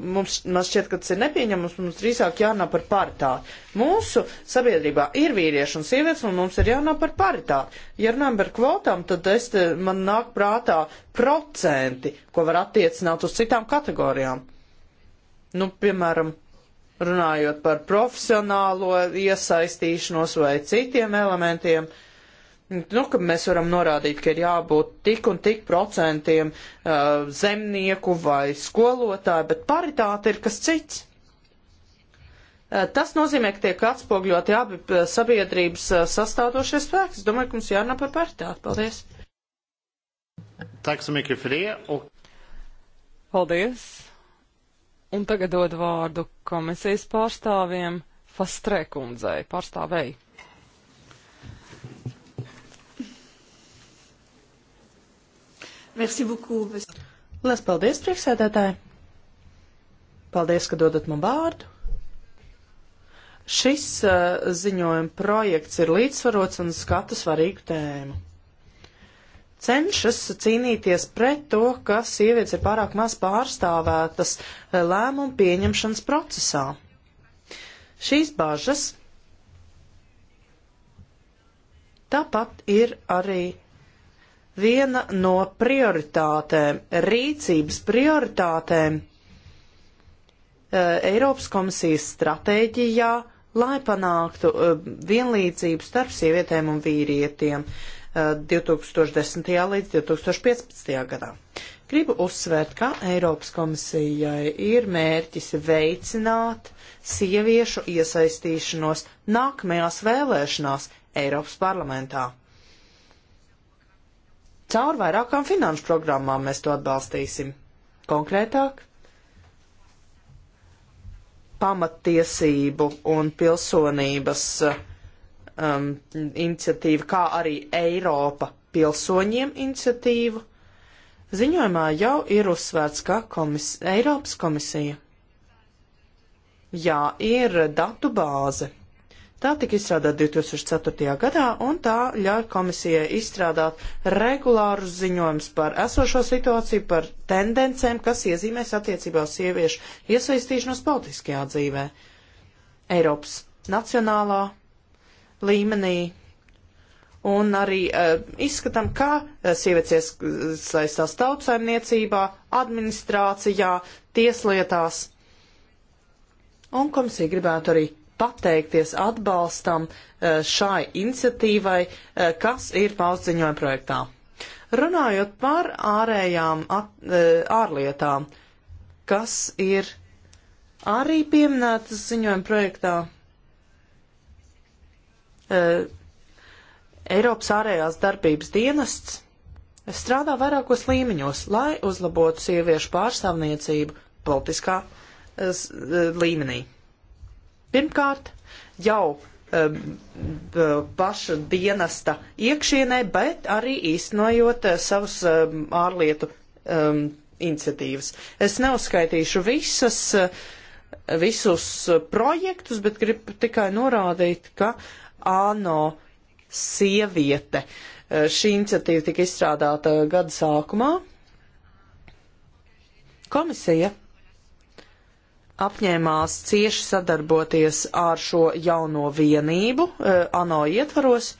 mums, man šķiet, ka tas ir nepieņemams, mums drīzāk jārunā par paritāti. Mūsu sabiedrībā ir vīrieši un sievietes, un mums ir jārunā par paritāti. Ja runājam par kvotām, tad es, te, man nāk prātā procenti, ko var attiecināt uz citām kategorijām. Nu, piemēram, runājot par profesionālo iesaistīšanos vai citiem elementiem, nu, ka mēs varam norādīt, ka ir jābūt tik un tik procentiem uh, zemnieku vai skolotāju, bet paritāte ir kas cits. Uh, tas nozīmē, ka tiek atspogļoti abi uh, sabiedrības uh, sastādošie spēki. Es domāju, ka mums jārunā par paritāti. Paldies!
Tack så mycket för det. Och...
Paldies! Un tagad dod vārdu komisijas pārstāvjiem Fastrēkundzei, pārstāvēji.
Merci beaucoup. Lielas paldies, priekšsēdētāji. Paldies, ka dodat man vārdu. Šis uh, ziņojuma projekts ir līdzsvarots un skata svarīgu tēmu cenšas cīnīties pret to, ka sievietes ir pārāk maz pārstāvētas eh, lēmumu pieņemšanas procesā. Šīs bažas tāpat ir arī viena no prioritātēm, rīcības prioritātēm eh, Eiropas komisijas stratēģijā, lai panāktu eh, vienlīdzību starp sievietēm un vīrietiem. Uh, 2010. līdz 2015. gadā. Gribu uzsvērt, ka Eiropas komisijai ir mērķis veicināt sieviešu iesaistīšanos nākamajās vēlēšanās Eiropas parlamentā. Caur vairākām finanšu programmām mēs to atbalstīsim. Konkrētāk, pamattiesību un pilsonības uh, um, iniciatīva, kā arī Eiropa pilsoņiem iniciatīva. Ziņojumā jau ir uzsvērts, ka komis Eiropas komisija. Jā, ir datu bāze. Tā tika izstrādāta 2004. gadā, un tā ļauj komisijai izstrādāt regulārus ziņojumus par esošo situāciju, par tendencēm, kas iezīmēs attiecībā uz sieviešu iesaistīšanos politiskajā dzīvē. Eiropas nacionālā līmenī. Un arī uh, izskatām, kā uh, eh, sievietes iesaistās tautsaimniecībā, administrācijā, tieslietās. Un komisija gribētu arī pateikties atbalstam uh, šai iniciatīvai, uh, kas ir pauzdziņojuma projektā. Runājot par ārējām at, uh, ārlietām, kas ir arī pieminētas ziņojuma projektā, Eh, Eiropas ārējās darbības dienests strādā vairākos līmeņos, lai uzlabotu sieviešu pārstāvniecību politiskā eh, eh, līmenī. Pirmkārt, jau paša dienesta iekšienē, bet arī īstenojot savus ārlietu iniciatīvas. Es neuzskaitīšu visas, visus projektus, bet gribu tikai norādīt, ka ANO sieviete. Eh, šī iniciatīva tika izstrādāta gada sākumā. Komisija apņēmās cieši sadarboties ar šo jauno vienību eh, ANO ietvaros,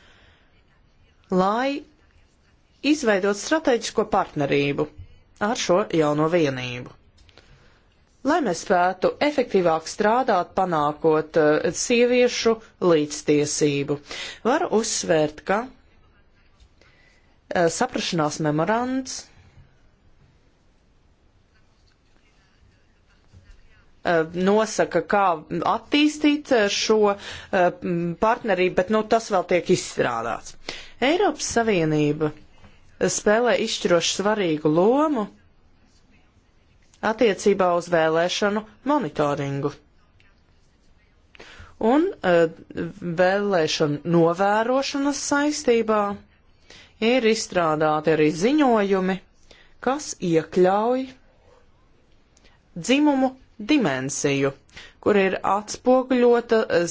lai izveidot strateģisko partnerību ar šo jauno vienību lai mēs spētu efektīvāk strādāt, panākot uh, sieviešu līdztiesību. Varu uzsvērt, ka uh, saprašanās memorands uh, nosaka, kā attīstīt šo partnerību, bet nu, tas vēl tiek izstrādāts. Eiropas Savienība spēlē izšķiroši svarīgu lomu attiecībā uz vēlēšanu monitoringu. Un uh, vēlēšanu novērošanas saistībā ir izstrādāti arī ziņojumi, kas iekļauj dzimumu dimensiju kur ir atspoguļota eh,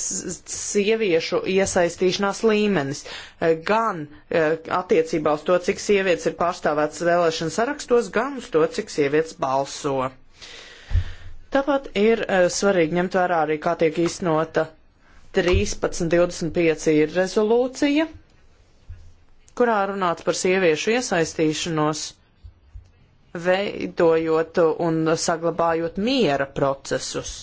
sieviešu iesaistīšanās līmenis. Eh, gan eh, attiecībā uz to, cik sievietes ir pārstāvētas vēlēšana sarakstos, gan uz to, cik sievietes balso. Tāpat ir svarīgi ņemt vērā arī, kā tiek īstenota 13.25 ir rezolūcija, kurā runāts par sieviešu iesaistīšanos veidojot un saglabājot miera procesus.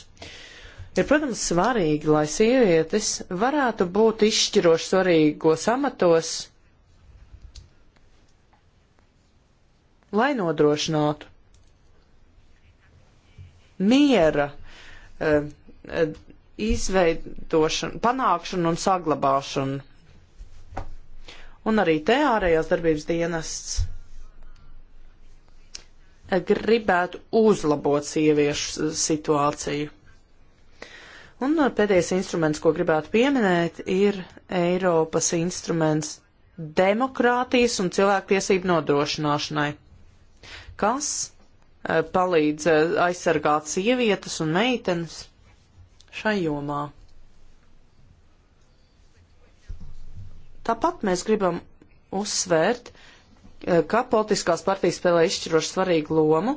Ir, protams, svarīgi, lai sievietes varētu būt izšķiroši svarīgos amatos, lai nodrošinātu miera eh, eh, izveidošanu, panākšanu un saglabāšanu. Un arī te ārējās darbības dienests eh, gribētu uzlabot sieviešu situāciju. Un uh, pēdējais instruments, ko gribētu pieminēt, ir Eiropas instruments demokrātijas un cilvēktiesību nodrošināšanai, kas uh, palīdz uh, aizsargāt sievietes un meitenes šai jomā. Tāpat mēs gribam uzsvērt, ka politiskās partijas spēlē izšķiroši svarīgu lomu,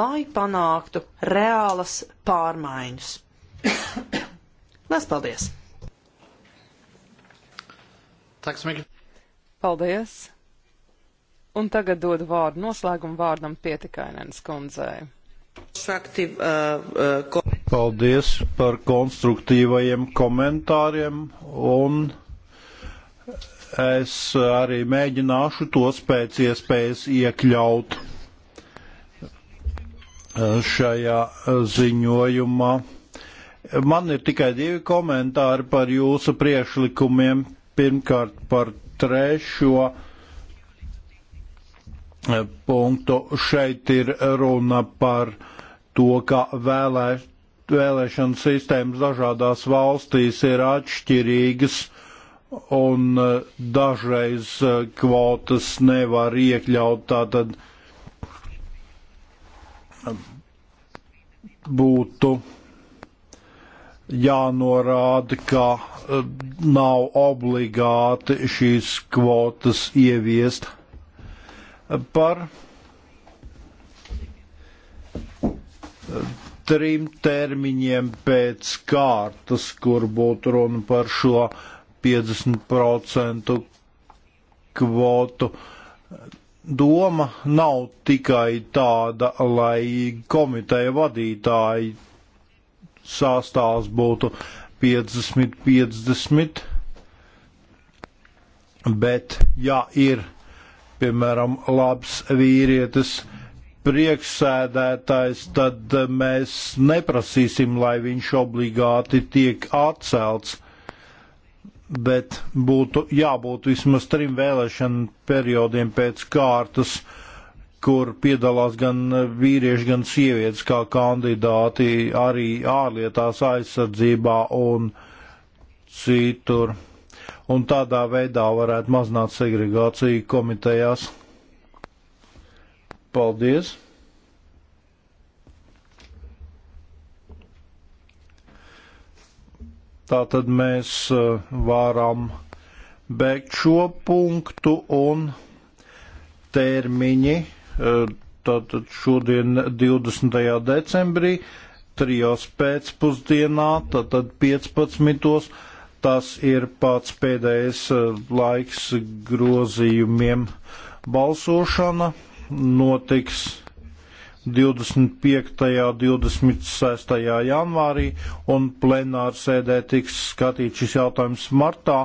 lai panāktu reālas pārmaiņas. Lās paldies!
Paldies! Un tagad dodu vārdu noslēgumu vārdam pietikainenes kundzei.
Uh, uh, paldies par konstruktīvajiem komentāriem un es arī mēģināšu tos pēc iespējas iekļaut uh, šajā ziņojumā. Man ir tikai divi komentāri par jūsu priekšlikumiem. Pirmkārt par trešo eh, punktu. Šeit ir runa par to, ka vēlē, vēlēšana sistēmas dažādās valstīs ir atšķirīgas un eh, dažreiz eh, kvotas nevar iekļaut. Tātad būtu jānorāda, ka eh, nav obligāti šīs kvotas ieviest eh, par eh, trim termiņiem pēc kārtas, kur būtu runa par šo 50% kvotu. Doma nav tikai tāda, lai komiteja vadītāji sastāvs būtu 50-50, bet ja ir, piemēram, labs vīrietis, priekšsēdētājs, tad eh, mēs neprasīsim, lai viņš obligāti tiek atcelts, bet būtu jābūt vismaz trim vēlēšanu periodiem pēc kārtas, uh, kur piedalās gan vīrieši, gan sievietes kā kandidāti arī ārlietās aizsardzībā un citur. Un tādā veidā varētu mazināt segregāciju komitejās. Paldies! Tātad mēs uh, varam beigt šo punktu un termiņi Eh, tātad šodien 20. decembrī, trijos pēcpusdienā, tātad 15. Tas ir pats pēdējais eh, laiks grozījumiem. Balsošana notiks 25. un 26. janvārī, un plenārsēdē tiks skatīts šis jautājums martā.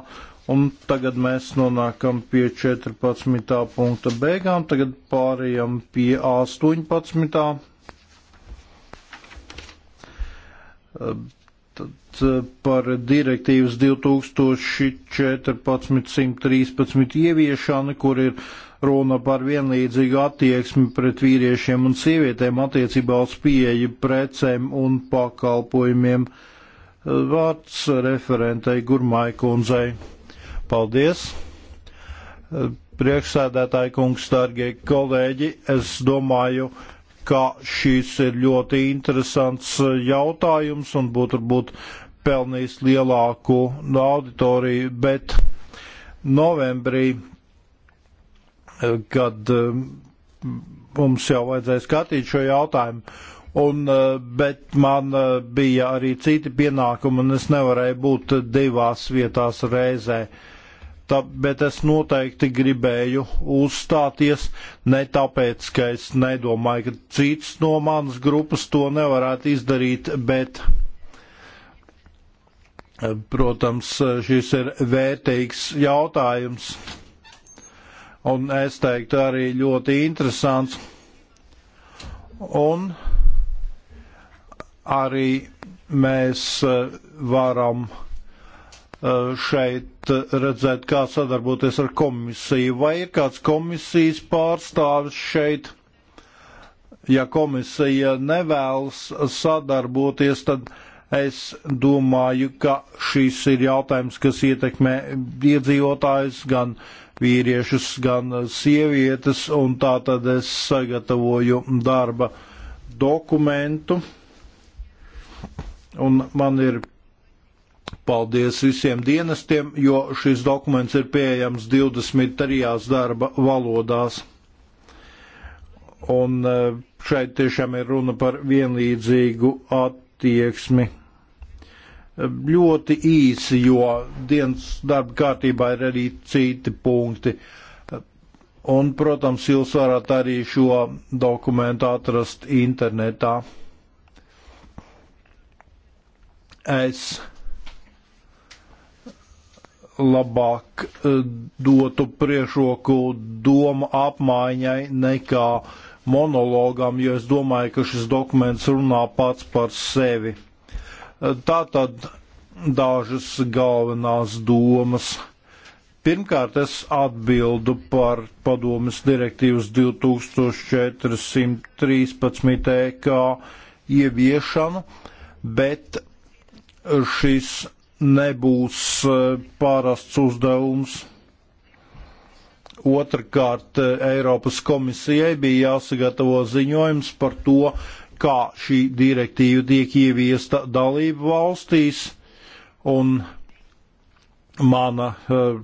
Un tagad mēs nonākam pie 14. punkta beigām, tagad pārējām pie 18. Tad eh, par direktīvas 2014.113 ieviešanu, kur ir runa par vienlīdzīgu attieksmi pret vīriešiem un sievietēm attiecībā uz pieeju precēm un pakalpojumiem. Eh, Vārds referentei Gurmai kundzei. Paldies! Priekšsēdētāji kungs, dārgie kolēģi, es domāju, ka šis ir ļoti interesants jautājums un būtu varbūt pelnījis lielāku auditoriju, bet novembrī, kad um, mums jau vajadzēja skatīt šo jautājumu, un, uh, bet man uh, bija arī citi pienākumi, un es nevarēju būt divās vietās reizē. Uh, tā, bet es noteikti gribēju uzstāties ne tāpēc, ka es nedomāju, ka cits no manas grupas to nevarētu izdarīt, bet, protams, šis ir vērtīgs jautājums. Un es teiktu arī ļoti interesants. Un arī mēs eh, varam uh, šeit redzēt, kā sadarboties ar komisiju. Vai ir kāds komisijas pārstāvis šeit? Ja komisija nevēlas sadarboties, tad es domāju, ka šis ir jautājums, kas ietekmē iedzīvotājus, gan vīriešus, gan sievietes, un tā tad es sagatavoju darba dokumentu. Un man ir Paldies visiem dienestiem, jo šis dokuments ir pieejams 23 darba valodās. Un e, šeit tiešām ir runa par vienlīdzīgu attieksmi. E, ļoti īsi, jo dienas darba kārtībā ir arī citi punkti. E, un, protams, jūs varat arī šo dokumentu atrast internetā. Es labāk e, dotu priekšroku domu apmaiņai nekā monologam, jo es domāju, ka šis dokuments runā pats par sevi. E, tātad dažas galvenās domas. Pirmkārt, es atbildu par padomas direktīvas 2413 EK ieviešanu, bet šis nebūs eh, pārasts uzdevums. Otrakārt, eh, Eiropas komisijai bija jāsagatavo ziņojums par to, kā šī direktīva tiek ieviesta dalību valstīs, un mana eh,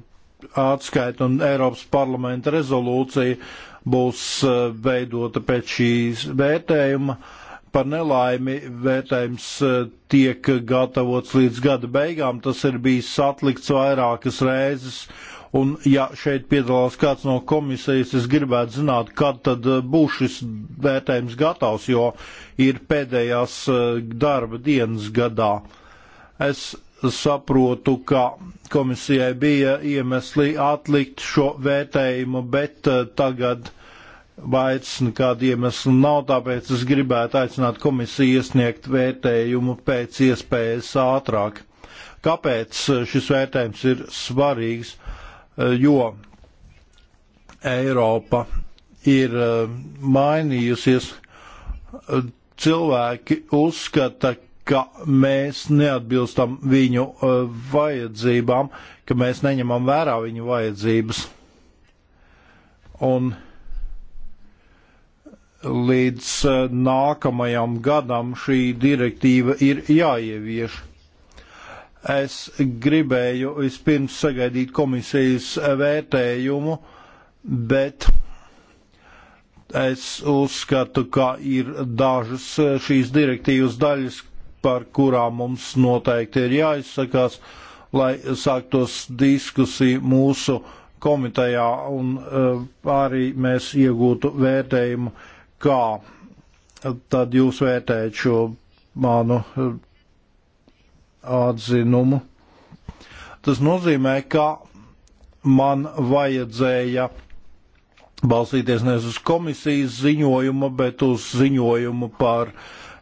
atskaita un Eiropas parlamenta rezolūcija būs veidota pēc šīs vērtējuma. Uh, Par nelaimi vērtējums eh, tiek gatavots līdz gada beigām, tas ir bijis atlikts vairākas reizes, un ja šeit piedalās kāds no komisijas, es gribētu zināt, kad tad eh, būs šis vērtējums gatavs, jo ir pēdējās eh, darba dienas gadā. Es saprotu, ka komisijai bija iemesli atlikt šo vērtējumu, bet tagad vaicni kādu iemeslu nav, tāpēc es gribētu aicināt komisiju iesniegt vērtējumu pēc iespējas ātrāk. Kāpēc šis vērtējums ir svarīgs? Jo Eiropa ir eh, mainījusies. Cilvēki uzskata, ka mēs neatbilstam viņu eh, vajadzībām, ka mēs neņemam vērā viņu vajadzības. Un uh, līdz eh, nākamajam gadam šī direktīva ir jāievieš. Es gribēju vispirms sagaidīt komisijas vērtējumu, bet es uzskatu, ka ir dažas šīs direktīvas daļas, par kurām mums noteikti ir jāizsakās, lai sāktos diskusija mūsu komitejā un eh, arī mēs iegūtu vērtējumu kā tad jūs vērtējat šo manu eh, atzinumu? Tas nozīmē, ka man vajadzēja balstīties nevis uz komisijas ziņojumu, bet uz ziņojumu par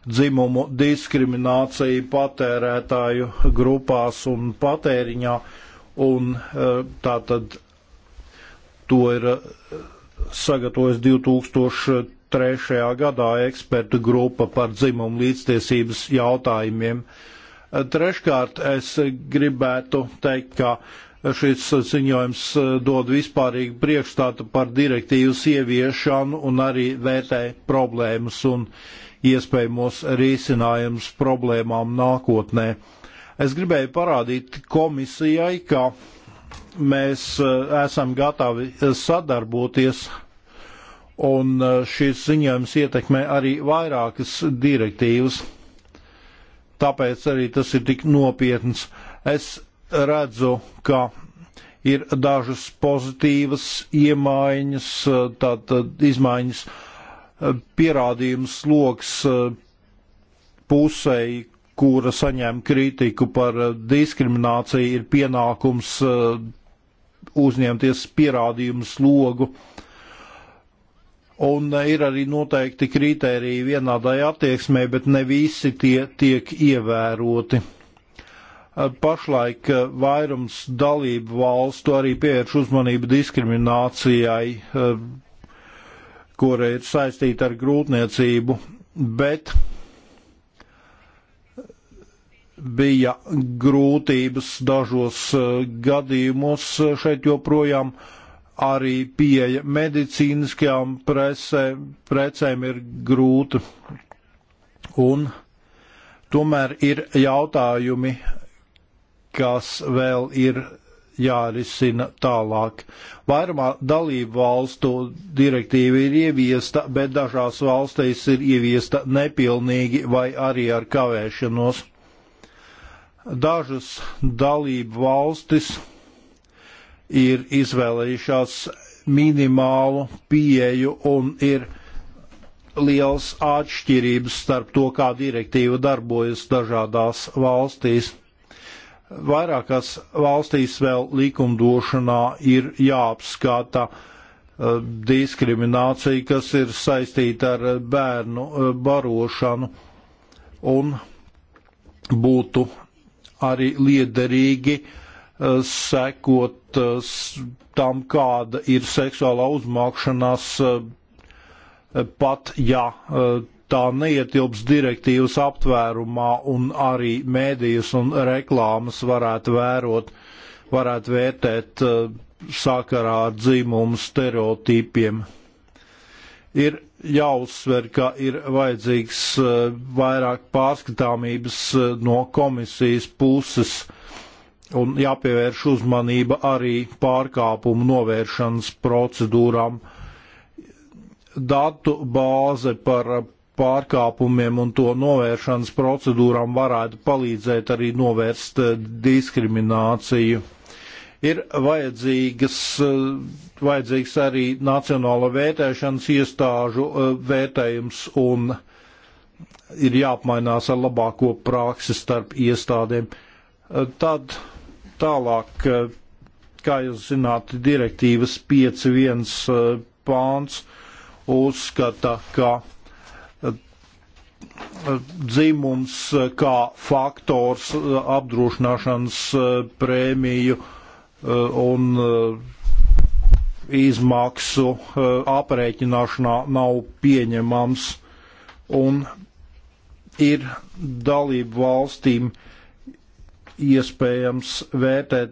dzimumu diskrimināciju patērētāju grupās un patēriņā. Un eh, tā tad to ir eh, sagatavojis 2000 gadā ekspertu grupa par dzimumu līdztiesības jautājumiem. Treškārt, es gribētu teikt, ka šis ziņojums dod vispārīgu priekšstātu par direktīvas ieviešanu un arī vērtē problēmas un iespējamos risinājumus problēmām nākotnē. Es gribēju parādīt komisijai, ka mēs eh, esam gatavi sadarboties un uh, šis ziņojums ietekmē arī vairākas direktīvas. Tāpēc arī tas ir tik nopietns. Es redzu, ka ir dažas pozitīvas iemaiņas, uh, tātad izmaiņas uh, pierādījums sloks pusēji, kura saņem kritiku par diskrimināciju, ir pienākums uzņemties pierādījumu slogu. Uh, Un ir arī noteikti kriteriji vienādai attieksmē, bet ne visi tie tiek ievēroti. Pašlaik eh, vairums dalību valstu arī pievērš uzmanību diskriminācijai, eh, kura ir saistīta ar grūtniecību, bet bija grūtības dažos eh, gadījumos šeit joprojām. Uh, arī pieeja medicīniskajām presē, precēm ir grūta. Un tomēr ir jautājumi, kas vēl ir jārisina tālāk. Vairumā dalību valstu direktīva ir ieviesta, bet dažās valstīs ir ieviesta nepilnīgi vai arī ar kavēšanos. Dažas dalību valstis ir izvēlējušās minimālu pieeju un ir liels atšķirības starp to, kā direktīva darbojas dažādās valstīs. Vairākās valstīs vēl likumdošanā ir jāapskata uh, diskriminācija, kas ir saistīta ar uh, bērnu uh, barošanu, un būtu arī liederīgi uh, sekot eh, tam, kāda ir seksuālā uzmākšanās, eh, pat ja eh, tā neietilps direktīvas aptvērumā un arī mēdījus un reklāmas varētu vērot, varētu vērtēt sakarā ar dzimumu stereotīpiem. Ir jāuzsver, ka ir vajadzīgs vairāk pārskatāmības no komisijas puses un jāpievērš uzmanība arī pārkāpumu novēršanas procedūrām. Datu bāze par pārkāpumiem un to novēršanas procedūrām varētu palīdzēt arī novērst eh, diskrimināciju. Ir vajadzīgas, eh, vajadzīgs arī nacionāla vērtēšanas iestāžu eh, vērtējums un ir jāapmainās ar labāko praksi starp iestādēm. Tad Tālāk, kā jūs zināt, direktīvas 5.1 eh, pāns uzskata, ka eh, dzimums eh, kā faktors apdrošināšanas prēmiju un izmaksu aprēķināšanā nav pieņemams un ir dalību valstīm uh, iespējams vērtēt,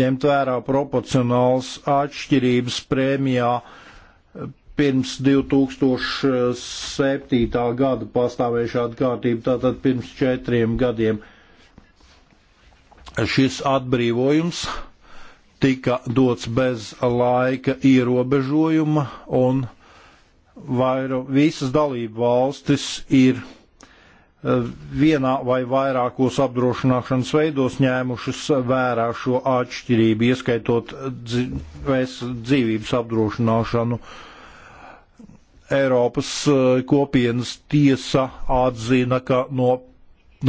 ņemt vērā proporcionāls atšķirības prēmijā eh, pirms 2007. gada pastāvēja šāda kārtība, tātad pirms četriem gadiem. Šis atbrīvojums tika dots bez laika ierobežojuma un vairo visas dalību valstis ir Eh, vienā vai vairākos apdrošināšanas veidos ņēmušas vērā šo atšķirību, ieskaitot dzīvības apdrošināšanu. Eiropas eh, kopienas tiesa atzina, ka no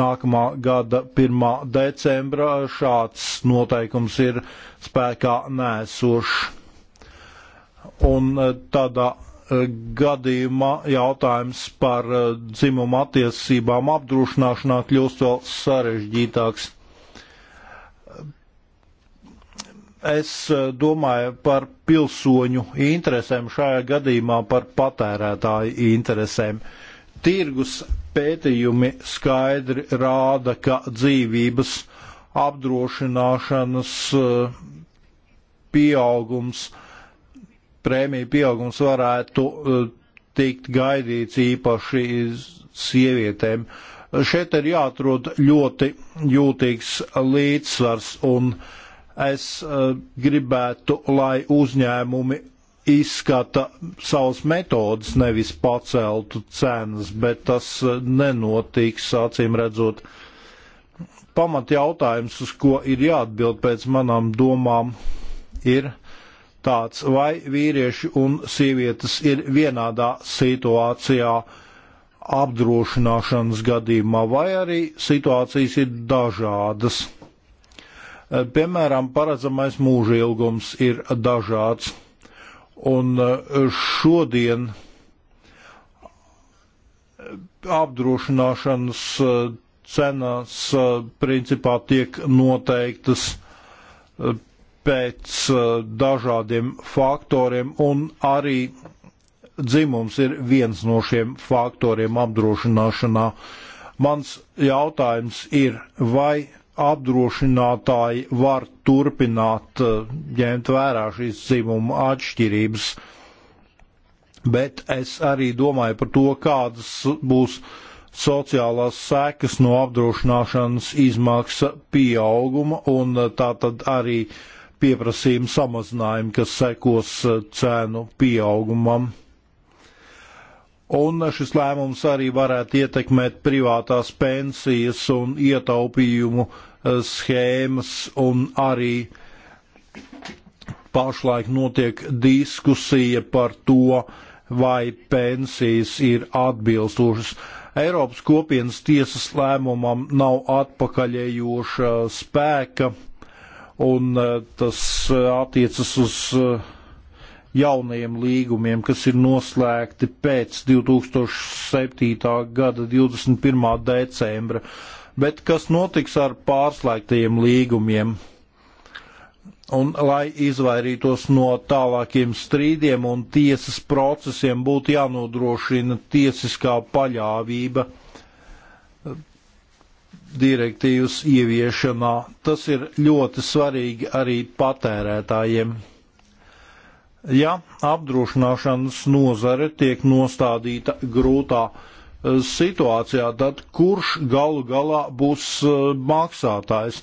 nākamā gada 1. decembra šāds noteikums ir spēkā nēsošs. Un eh, tādā Eh, gadījumā jautājums par eh, dzimumu attiecībām apdrošināšanā kļūst vēl sarežģītāks. Es eh, domāju par pilsoņu interesēm, šajā gadījumā par patērētāju interesēm. Tirgus pētījumi skaidri rāda, ka dzīvības apdrošināšanas pieaugums uh, prēmiju pieaugums varētu eh, tikt gaidīts īpaši sievietēm. Šeit ir jāatrod ļoti jūtīgs līdzsvars, un es eh, gribētu, lai uzņēmumi izskata savas metodas, nevis paceltu cenas, bet tas eh, nenotiks, acīm redzot. Pamat jautājums, uz ko ir jāatbild pēc manām domām, ir tāds, vai vīrieši un sievietes ir vienādā situācijā apdrošināšanas gadījumā, vai arī situācijas ir dažādas. Eh, piemēram, paredzamais mūža ilgums ir dažāds, un eh, šodien eh, apdrošināšanas cenas principā tiek noteiktas pēc uh, dažādiem faktoriem, un arī dzimums ir viens no šiem faktoriem apdrošināšanā. Mans jautājums ir, vai apdrošinātāji var turpināt uh, ņemt vērā šīs dzimuma atšķirības, bet es arī domāju par to, kādas būs sociālās sekas no apdrošināšanas izmaksa pieauguma un uh, tātad arī uh, pieprasījuma samazinājumu, kas sekos eh, cēnu pieaugumam. Un šis lēmums arī varētu ietekmēt privātās pensijas un ietaupījumu eh, schēmas, un arī pašlaik notiek diskusija par to, vai pensijas ir atbilstošas. Eiropas kopienas tiesas lēmumam nav atpakaļējoša spēka. Uh, un e, tas e, attiecas uz e, jaunajiem līgumiem, kas ir noslēgti pēc 2007. gada 21. decembra, bet kas notiks ar pārslēgtajiem līgumiem. Un, lai izvairītos no tālākiem strīdiem un tiesas procesiem, būtu jānodrošina tiesiskā paļāvība direktīvas ieviešanā. Tas ir ļoti svarīgi arī patērētājiem. Ja apdrošināšanas nozare tiek nostādīta grūtā e, situācijā, tad kurš galu galā būs e, maksātājs?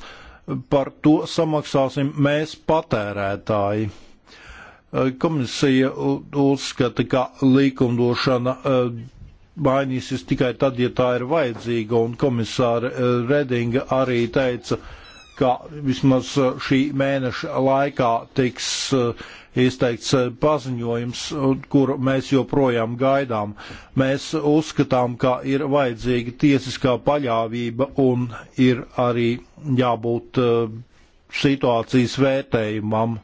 Par to samaksāsim mēs patērētāji. E, Komisija uzskata, ka likumdošana mainīsies tikai tad, ja tā ir vajadzīga, un komisāra eh, Redinga arī teica, ka vismaz eh, šī mēneša laikā tiks eh, izteikts paziņojums, kuru mēs joprojām gaidām. Mēs uzskatām, ka ir vajadzīga tiesiskā paļāvība un ir arī jābūt situācijas vērtējumam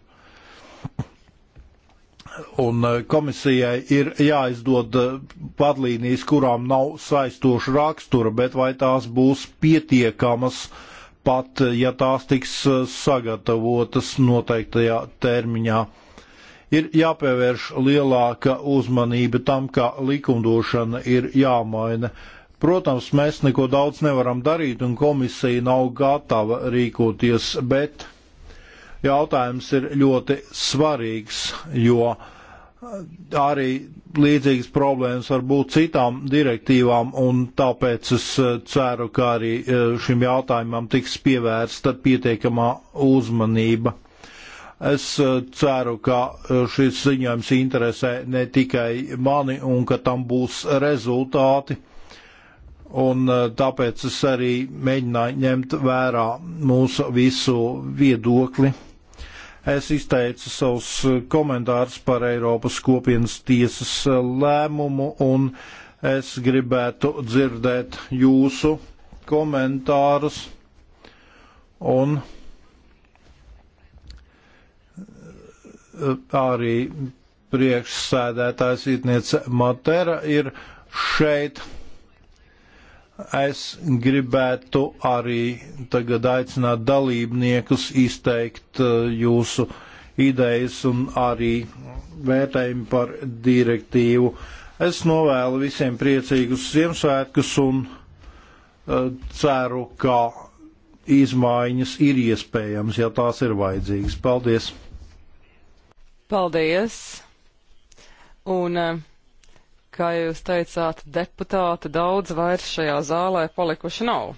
un eh, komisijai ir jāizdod padlīnijas, eh, kurām nav saistoša rakstura, bet vai tās būs pietiekamas, pat eh, ja tās tiks sagatavotas noteiktajā termiņā. Ir jāpievērš lielāka uzmanība tam, ka likumdošana ir jāmaina. Protams, mēs neko daudz nevaram darīt, un komisija nav gatava rīkoties, bet jautājums ir ļoti svarīgs, jo eh, arī līdzīgas problēmas var būt citām direktīvām, un tāpēc es eh, ceru, ka arī eh, šim jautājumam tiks pievērsta pietiekamā uzmanība. Es ceru, ka šis ziņojums interesē ne tikai mani un ka tam būs rezultāti un tāpēc es arī mēģināju ņemt vērā mūsu visu viedokli. Es izteicu savus eh, komentārus par Eiropas kopienas tiesas eh, lēmumu, un es gribētu dzirdēt jūsu komentārus. Un eh, arī priekšsēdētājs Itniece Matera ir šeit. Es gribētu arī tagad aicināt dalībniekus izteikt uh, jūsu idejas un arī vērtējumu par direktīvu. Es novēlu visiem priecīgus Ziemassvētkus un uh, ceru, ka izmaiņas ir iespējams, ja tās ir vajadzīgas. Paldies!
Paldies! Un uh, kā jūs teicāt, deputāti daudz vairs šajā zālē palikuši nav.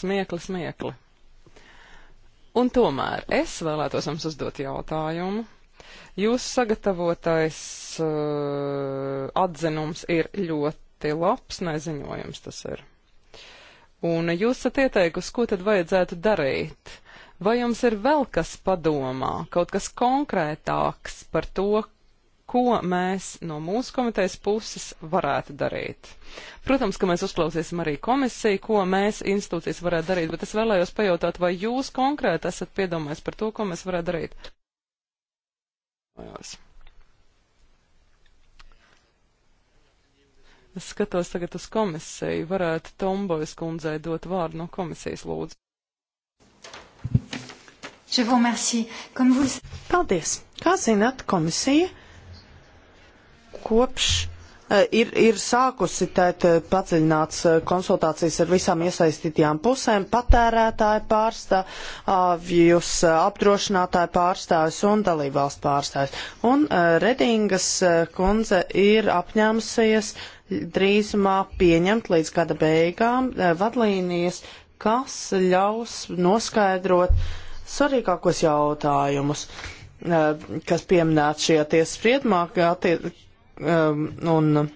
Smiekli, smiekli. Un tomēr es vēlētos jums uzdot jautājumu. Jūsu sagatavotais uh, atzinums ir ļoti labs, neziņojums tas ir. Un jūs esat ieteikusi, ko tad vajadzētu darīt? Vai jums ir vēl kas padomā, kaut kas konkrētāks par to, ko mēs no mūsu komitejas puses varētu darīt. Protams, ka mēs uzklausīsim arī komisiju, ko mēs institūcijas varētu darīt, bet es vēlējos pajautāt, vai jūs konkrēti esat piedomājis par to, ko mēs varētu darīt. Es skatos tagad uz komisiju. Varētu Tombojas kundzei dot vārdu no komisijas lūdzu.
Paldies! Kā zināt, komisija kopš eh, ir, ir sākusi tēt eh, padziļināts eh, konsultācijas ar visām iesaistītajām pusēm - patērētāju pārstāvjus, apdrošinātāju pārstāvjus un dalībvalstu pārstāvjus. Un Redingas kundze ir apņēmusies drīzumā pieņemt līdz gada beigām vadlīnijas, kas ļaus noskaidrot svarīgākos jautājumus kas pieminēts šajā tiesas spriedumā, Um, un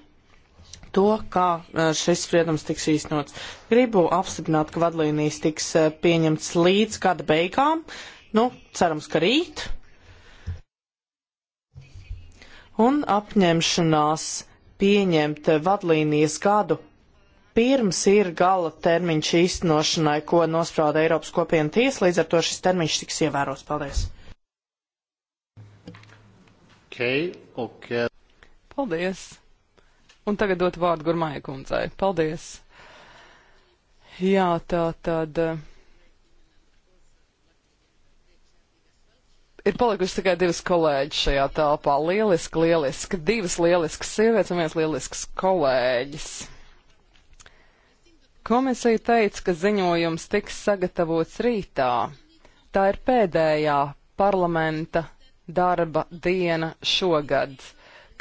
to, kā uh, šis spriedums tiks īstenots. Gribu apstiprināt, ka vadlīnijas tiks uh, pieņemts līdz gada beigām, nu, cerams, ka rīt. Un apņemšanās pieņemt uh, vadlīnijas gadu pirms ir gala termiņš īstenošanai, ko nosprauda Eiropas kopiena tiesa, līdz ar to šis termiņš tiks ievērots. Paldies!
Okay, okay. Paldies!
Un tagad dot vārdu Gurmai kundzei. Paldies! Jā, tā tad. Eh, ir palikusi tikai divas kolēģis šajā telpā. Lieliski, lieliski. Divas lieliskas sievietes un viens lielisks kolēģis. Komisija teica, ka ziņojums tiks sagatavots rītā. Tā ir pēdējā parlamenta darba diena šogad.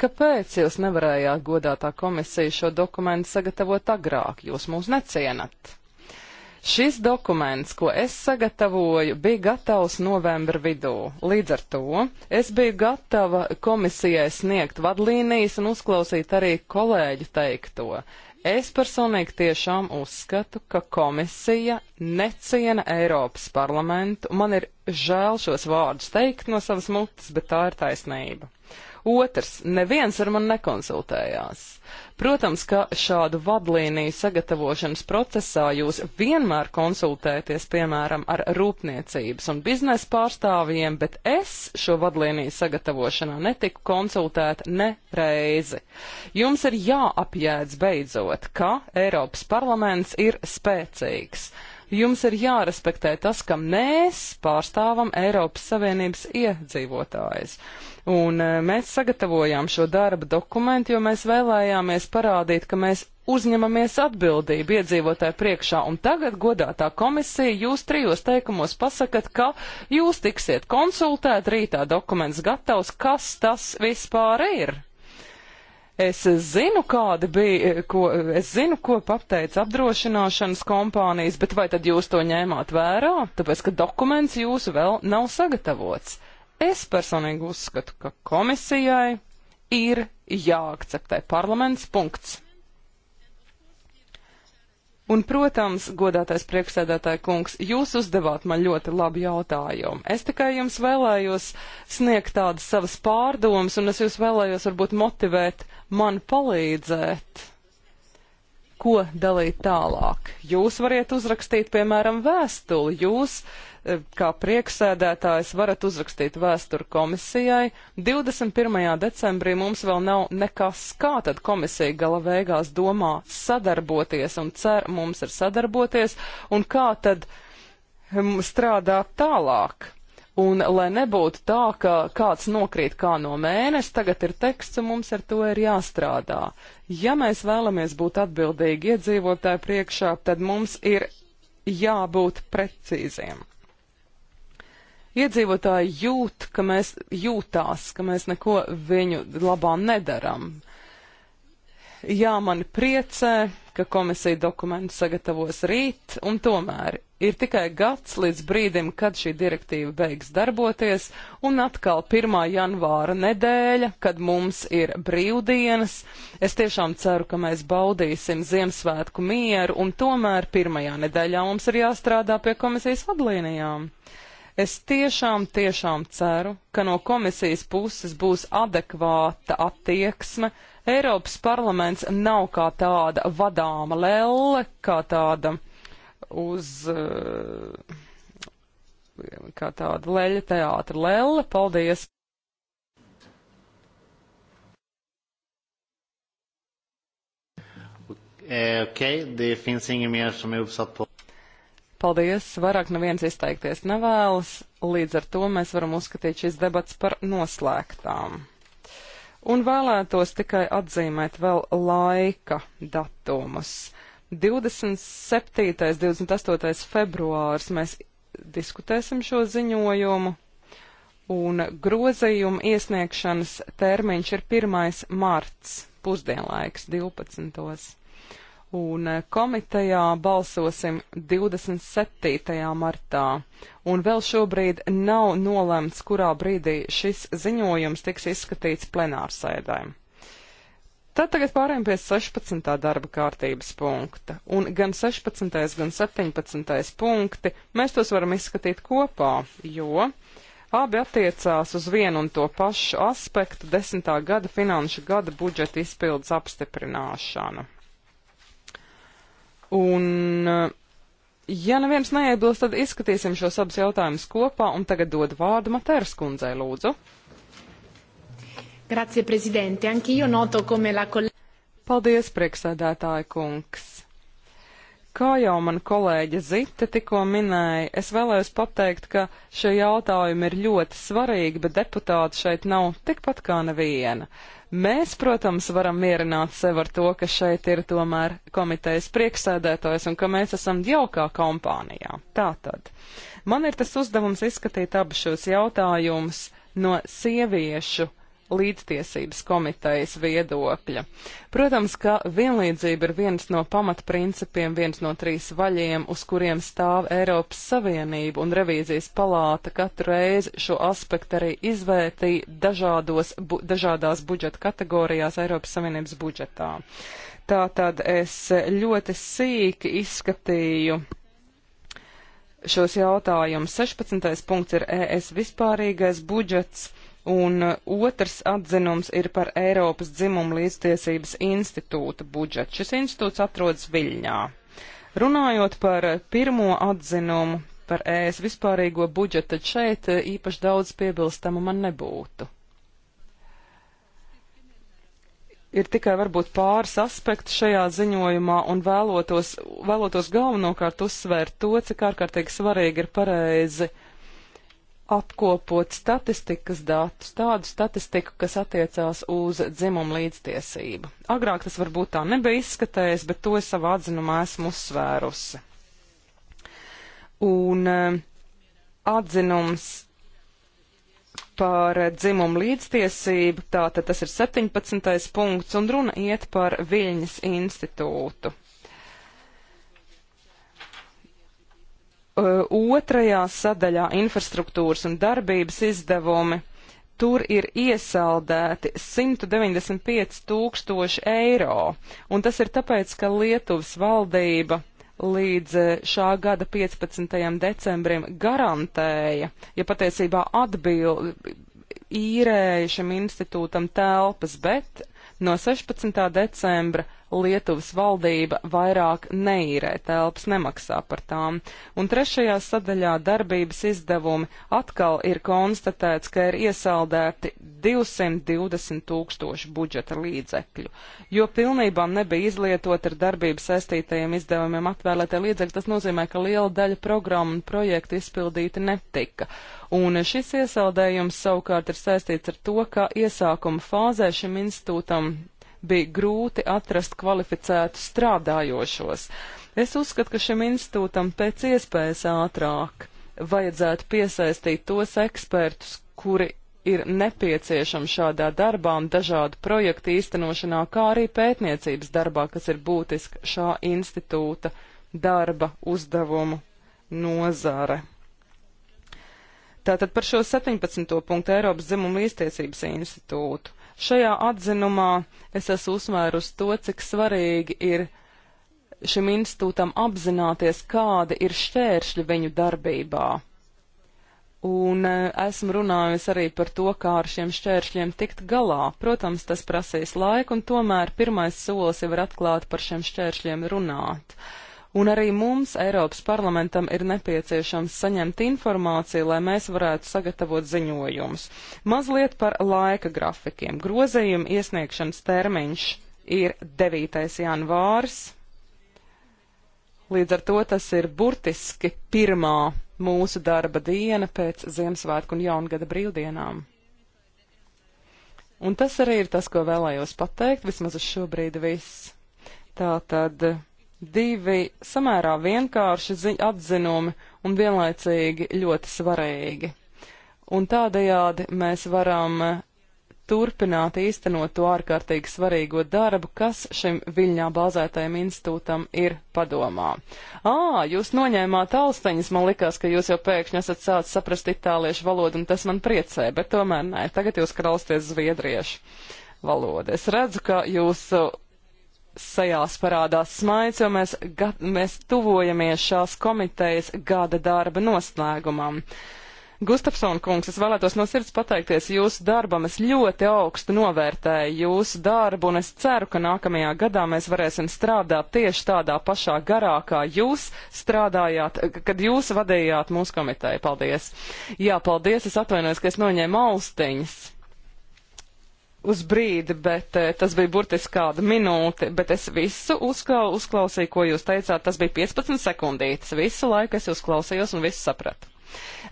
Kāpēc jūs nevarējāt godātā komisija šo dokumentu sagatavot agrāk? Jūs mūs necienat. Šis dokuments, ko es sagatavoju, bija gatavs novembra vidū. Līdz ar to es biju gatava komisijai sniegt vadlīnijas un uzklausīt arī kolēģu teikto. Es personīgi tiešām uzskatu, ka komisija neciena Eiropas parlamentu. Man ir žēl šos vārdus teikt no savas mutes, bet tā ir taisnība. Otrs, neviens ar mani nekonsultējās. Protams, ka šādu vadlīniju sagatavošanas procesā jūs vienmēr konsultēties, piemēram, ar rūpniecības un biznesa pārstāvjiem, bet es šo vadlīniju sagatavošanā netiku konsultēta ne reizi. Jums ir jāapjēdz beidzot, ka Eiropas parlaments ir spēcīgs. Jums ir jārespektē tas, ka mēs pārstāvam Eiropas Savienības iedzīvotājus. Un e, mēs sagatavojām šo darba dokumentu, jo mēs vēlējāmies parādīt, ka mēs uzņemamies atbildību iedzīvotāju priekšā. Un tagad, godātā komisija, jūs trijos teikumos pasakat, ka jūs tiksiet konsultēt, rītā dokuments gatavs, kas tas vispār ir. Es zinu, kāda bija, ko, es zinu, ko pateica apdrošināšanas kompānijas, bet vai tad jūs to ņēmāt vērā? Tāpēc, ka dokuments jūsu vēl nav sagatavots. Es personīgi uzskatu, ka komisijai ir jāakceptē parlaments punkts. Un, protams, godātais priekšsēdētāja kungs, jūs uzdevāt man ļoti labu jautājumu. Es tikai jums vēlējos sniegt tādas savas pārdomas, un es jūs vēlējos varbūt motivēt man palīdzēt ko dalīt tālāk. Jūs variet uzrakstīt, piemēram, vēstuli. Jūs, eh, kā prieksēdētājs, varat uzrakstīt vēsturi komisijai. 21. decembrī mums vēl nav nekas, kā tad komisija gala beigās domā sadarboties un cer mums ir sadarboties, un kā tad hm, strādāt tālāk. Un lai nebūtu tā, ka kāds nokrīt kā no mēneša, tagad ir teksts un mums ar to ir jāstrādā. Ja mēs vēlamies būt atbildīgi iedzīvotāju priekšā, tad mums ir jābūt precīziem iedzīvotāji jūt, ka mēs jūtās, ka mēs neko viņu labā nedaram. Jā, mani priecē, ka komisija dokumentu sagatavos rīt, un tomēr ir tikai gads līdz brīdim, kad šī direktīva beigs darboties, un atkal 1. janvāra nedēļa, kad mums ir brīvdienas. Es tiešām ceru, ka mēs baudīsim Ziemassvētku mieru, un tomēr pirmajā nedēļā mums ir jāstrādā pie komisijas vadlīnijām. Es tiešām, tiešām ceru, ka no komisijas puses būs adekvāta attieksme Eiropas parlaments nav kā tāda vadāma lelle, kā tāda uz. Eh, kā tāda leļa teātra lelle. Paldies!
Okej, eh, okay, det finns ingen mer som är uppsatt på.
Paldies, vairāk neviens izteikties nevēlas, līdz ar to mēs varam uzskatīt šīs debats par noslēgtām un vēlētos tikai atzīmēt vēl laika datumus. 27. 28. februārs mēs diskutēsim šo ziņojumu, un grozījuma iesniegšanas termiņš ir 1. marts, pusdienlaiks 12 un eh, komitejā balsosim 27. martā. Un vēl šobrīd nav nolemts, kurā brīdī šis ziņojums tiks izskatīts plenārsēdēm. Tad tagad pārējām pie 16. darba kārtības punkta, un gan 16. gan 17. punkti mēs tos varam izskatīt kopā, jo abi attiecās uz vienu un to pašu aspektu - 10. gada finanšu gada budžeta izpildes apstiprināšanu. Un, eh, ja neviens neiebilst, tad izskatīsim šos abus jautājumus kopā un tagad dodu vārdu Materas kundzei, lūdzu.
Grazie, prezidente. Anche io noto come
la kolēģa. Paldies, prieksēdētāja kungs. Kā jau man kolēģe Zita tikko minēja, es vēlējos pateikt, ka šie jautājumi ir ļoti svarīgi, bet deputāti šeit nav tikpat kā neviena. Mēs, protams, varam mierināt sev ar to, ka šeit ir tomēr komitejas priekšsēdētājs un ka mēs esam jaukā kompānijā. Tātad, man ir tas uzdevums izskatīt abus šos jautājumus no sieviešu līdztiesības komitejas viedokļa. Protams, ka vienlīdzība ir viens no pamatprincipiem, viens no trīs vaļiem, uz kuriem stāv Eiropas Savienība, un revīzijas palāta katru reizi šo aspektu arī izvērtīja dažādos, bu, dažādās budžeta kategorijās Eiropas Savienības budžetā. Tātad es ļoti sīki izskatīju šos jautājumus. 16. punkts ir ES vispārīgais budžets, un uh, otrs atzinums ir par Eiropas dzimumu līdztiesības institūta budžetu. Šis institūts atrodas Viļņā. Runājot par uh, pirmo atzinumu par ēs vispārīgo budžetu, tad šeit uh, īpaši daudz piebilstamu man nebūtu. ir tikai varbūt pāris aspekti šajā ziņojumā un vēlotos, vēlotos galvenokārt uzsvērt to, cik ārkārtīgi svarīgi ir pareizi apkopot statistikas datus, tādu statistiku, kas attiecās uz dzimumu līdztiesību. Agrāk tas varbūt tā nebija izskatējis, bet to es savā atzinumā esmu uzsvērusi. Un eh, atzinums par dzimumu līdztiesību, tātad tas ir 17. punkts, un runa iet par Viļņas institūtu. Uh, otrajā sadaļā infrastruktūras un darbības izdevumi. Tur ir iesaldēti 195 tūkstoši eiro, un tas ir tāpēc, ka Lietuvas valdība līdz uh, šā gada 15. decembrim garantēja, ja patiesībā atbild īrēja šim institūtam telpas, bet no 16. decembra Lietuvas valdība vairāk neīrē telpas, nemaksā par tām. Un trešajā sadaļā darbības izdevumi atkal ir konstatēts, ka ir iesaldēti 220 tūkstoši budžeta līdzekļu, jo pilnībām nebija izlietot ar darbības saistītajiem izdevumiem atvēlētie līdzekļi. Tas nozīmē, ka liela daļa programmu un projektu izpildīti netika. Un šis iesaldējums savukārt ir saistīts ar to, ka iesākuma fāzē šim institūtam bija grūti atrast kvalificētu strādājošos. Es uzskatu, ka šim institūtam pēc iespējas ātrāk vajadzētu piesaistīt tos ekspertus, kuri ir nepieciešama šādā darbā un dažādu projektu īstenošanā, kā arī pētniecības darbā, kas ir būtiska šā institūta darba uzdevumu nozare. Tātad par šo 17. punktu Eiropas dzimumu līstiesības institūtu. Šajā atzinumā es esmu uzsvērus to, cik svarīgi ir šim institūtam apzināties, kādi ir šķēršļi viņu darbībā. Un e, esmu runājusi arī par to, kā ar šiem šķēršļiem tikt galā. Protams, tas prasīs laiku, un tomēr pirmais solis jau ir atklāt par šiem šķēršļiem runāt. Uh, un arī mums, Eiropas parlamentam, ir nepieciešams saņemt informāciju, lai mēs varētu sagatavot ziņojumus. Mazliet par laika grafikiem. Grozījuma iesniegšanas termiņš ir 9. janvārs. Līdz ar to tas ir burtiski pirmā mūsu darba diena pēc Ziemassvētku un Jaungada brīvdienām. Un tas arī ir tas, ko vēlējos pateikt, vismaz uz šo brīdi viss. Tā tad divi samērā vienkārši atzinumi un vienlaicīgi ļoti svarīgi. Un tādējādi mēs varam eh, turpināt īstenot to ārkārtīgi svarīgo darbu, kas šim Viļņā bāzētajam institūtam ir padomā. Ā, jūs noņēmāt austiņas, man likās, ka jūs jau pēkšņi esat sācis saprast itāliešu valodu, un tas man priecē, bet tomēr nē, tagad jūs krausties zviedriešu valodu. Es redzu, ka jūsu sejās parādās smaids, jo mēs, ga, mēs tuvojamies šās komitejas gada darba noslēgumam. Gustafsson kungs, es vēlētos no sirds pateikties jūsu darbam. Es ļoti augstu novērtēju jūsu darbu un es ceru, ka nākamajā gadā mēs varēsim strādāt tieši tādā pašā garā, kā jūs strādājāt, kad jūs vadījāt mūsu komiteju. Paldies! Jā, paldies! Es atvainojos, ka es noņēmu austiņas uz brīdi, bet eh, tas bija burtiski kāda minūte, bet es visu uzklau, uzklausīju, ko jūs teicāt, tas bija 15 sekundītes, visu laiku es jūs klausījos un visu sapratu.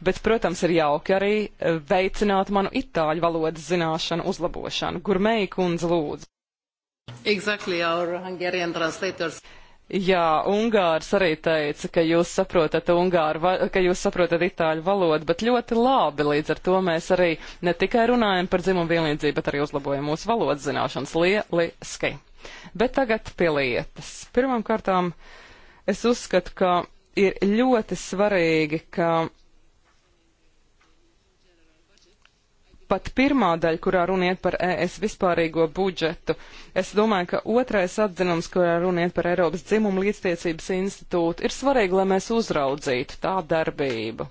Bet, protams, ir jauki arī eh, veicināt manu itāļu valodas zināšanu uzlabošanu. Gurmei kundze lūdzu. Exactly, our Hungarian translators. Jā, Ungārs arī teica, ka jūs saprotat Ungāru, ka jūs saprotat Itāļu valodu, bet ļoti labi, līdz ar to mēs arī ne tikai runājam par dzimumu vienlīdzību, bet arī uzlabojam mūsu valodas zināšanas lieliski. Bet tagad pie lietas. Pirmām kārtām es uzskatu, ka ir ļoti svarīgi, ka pat pirmā daļa, kurā runiet par ES vispārīgo budžetu. Es domāju, ka otrais atzinums, kurā runiet par Eiropas dzimumu līdztiecības institūtu, ir svarīgi, lai mēs uzraudzītu tā darbību.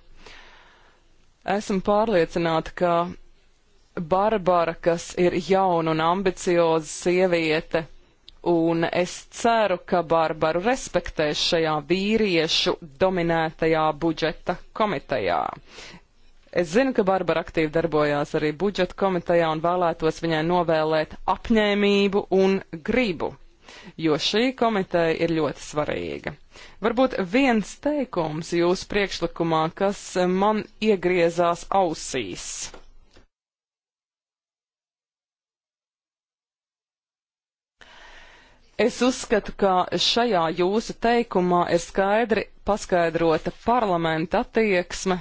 Esmu pārliecināta, ka Barbara, kas ir jauna un ambicioza sieviete, un es ceru, ka Barbaru respektēs šajā vīriešu dominētajā budžeta komitejā. Es zinu, ka Barbara aktīvi darbojās arī budžeta komitejā un vēlētos viņai novēlēt apņēmību un gribu, jo šī komiteja ir ļoti svarīga. Varbūt viens teikums jūsu priekšlikumā, kas man iegriezās ausīs. Es uzskatu, ka šajā jūsu teikumā ir skaidri paskaidrota parlamenta attieksme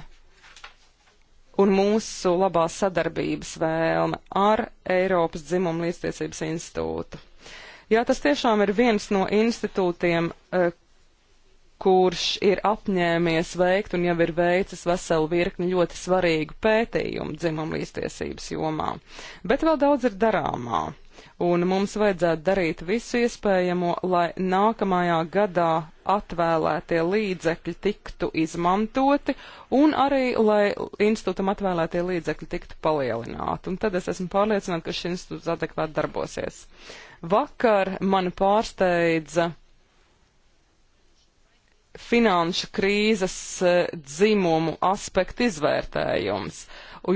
un mūsu labās sadarbības vēlme ar Eiropas dzimumu līdztiesības institūtu. Jā, tas tiešām ir viens no institūtiem, eh, kurš ir apņēmies veikt un jau ir veicis veselu virkni ļoti svarīgu pētījumu dzimumu līdztiesības jomā. Bet vēl daudz ir darāmā un mums vajadzētu darīt visu iespējamo, lai nākamajā gadā atvēlētie līdzekļi tiktu izmantoti un arī, lai institūtam atvēlētie līdzekļi tiktu palielināti. Un tad es esmu pārliecināta, ka šis institūts adekvāti darbosies. Vakar mani pārsteidza uh, finanšu krīzes e, dzimumu aspektu izvērtējums,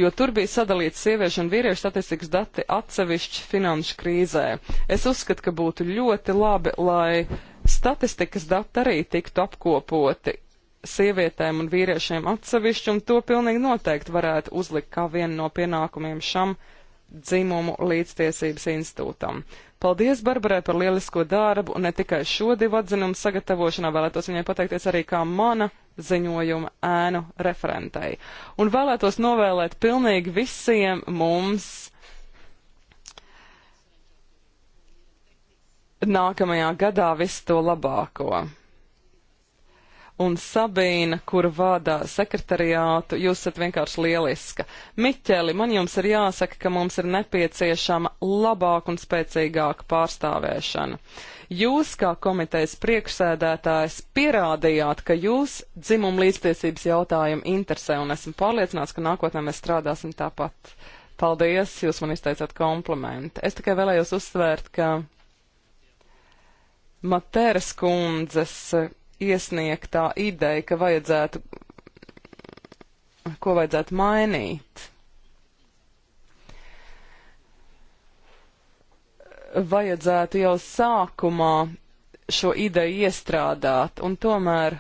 jo tur bija sadalīts sieviešu un vīriešu statistikas dati atsevišķi finanšu krīzē. Es uzskatu, ka būtu ļoti labi, lai statistikas dati arī tiktu apkopoti sievietēm un vīriešiem atsevišķi, un to pilnīgi noteikti varētu uzlikt kā vienu no pienākumiem šam dzimumu līdztiesības institūtam. Paldies Barbarai par lielisko darbu, un ne tikai šo divu atzinumu sagatavošanā vēlētos viņai pateikties arī kā mana ziņojuma ēnu referentei. Un vēlētos novēlēt pilnīgi visiem mums nākamajā gadā visu to labāko un Sabīna, kura vada sekretariātu, jūs esat vienkārši lieliska. Miķeli, man jums ir jāsaka, ka mums ir nepieciešama labāka un spēcīgāka pārstāvēšana. Jūs, kā komitejas priekšsēdētājs, pierādījāt, ka jūs dzimumu līdztiesības jautājumu interesē, un esmu pārliecināts, ka nākotnē mēs strādāsim tāpat. Paldies, jūs man izteicāt komplimentu. Es tikai vēlējos uzsvērt, ka Materas kundzes iesniegtā ideja, ka vajadzētu, ko vajadzētu mainīt. Vajadzētu jau sākumā šo ideju iestrādāt, un tomēr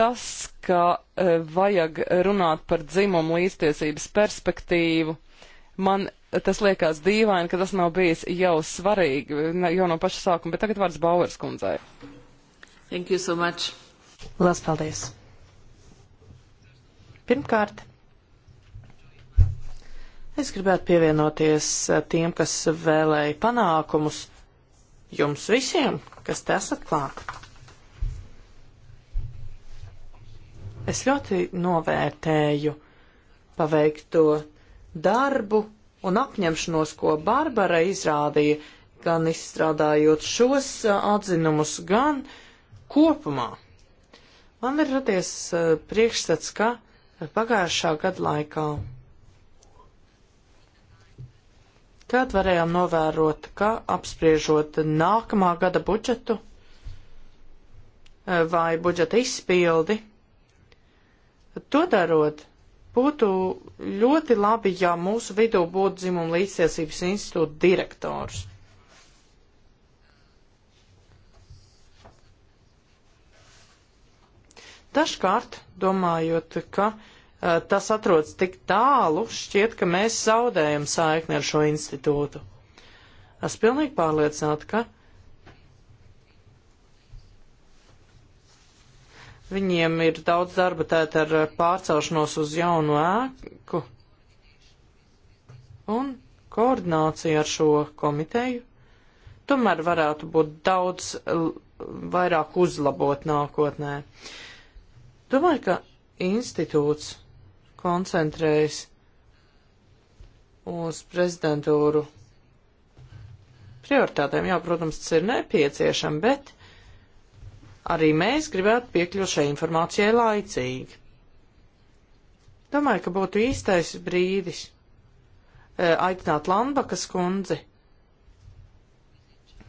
tas, ka eh, vajag runāt par dzimumu līdztiesības perspektīvu, man tas liekas dīvaini, ka tas nav bijis jau svarīgi, jau no paša sākuma, bet tagad vārds Bauers kundzei. Thank
you so much. Lielas paldies. Pirmkārt, es gribētu pievienoties eh, tiem, kas vēlēja panākumus jums visiem, kas te esat klāt. Es ļoti novērtēju paveikto darbu un apņemšanos, ko Barbara izrādīja, gan izstrādājot šos uh, atzinumus, gan kopumā. Man ir radies uh, priekšstats, ka pagājušā gada laikā, kad varējām novērot, ka apspriežot nākamā gada budžetu uh, vai budžeta izpildi, to darot, Būtu ļoti labi, ja mūsu vidū būtu dzimuma līdztiesības institūta direktors. Dažkārt, domājot, ka uh, tas atrodas tik tālu, šķiet, ka mēs zaudējam saikni ar šo institūtu. Es pilnīgi pārliecināta, ka Viņiem ir daudz darba tēt ar pārcelšanos uz jaunu ēku un koordinācija ar šo komiteju. Tomēr varētu būt daudz vairāk uzlabot nākotnē. Domāju, ka institūts koncentrējas uz prezidentūru prioritātēm. Jā, protams, tas ir nepieciešami, bet Arī mēs gribētu piekļūt šai informācijai laicīgi. Domāju, ka būtu īstais brīdis e, aicināt Lambakas kundzi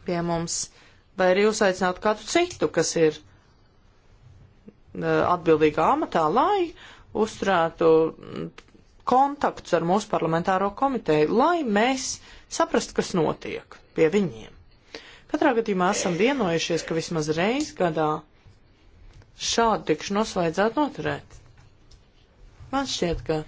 pie mums, vai arī uzaicināt kādu citu, kas ir e, atbildīgā amatā, lai uzturētu kontaktus ar mūsu parlamentāro komiteju, lai mēs saprastu, kas notiek pie viņiem. Katrā gadījumā esam vienojušies, ka vismaz reiz gadā šādu tikšanos vajadzētu noturēt. Man šķiet, ka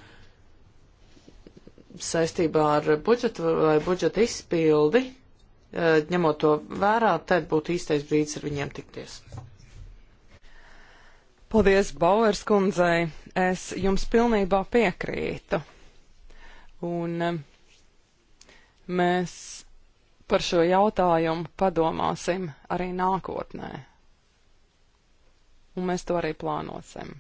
saistībā ar budžetu vai budžeta izpildi, eh, ņemot to vērā, tad būtu īstais brīdis ar viņiem tikties.
Paldies, Bauers kundzei! Es jums pilnībā piekrītu. Un eh, mēs par šo jautājumu padomāsim arī nākotnē. Un mēs to arī plānosim.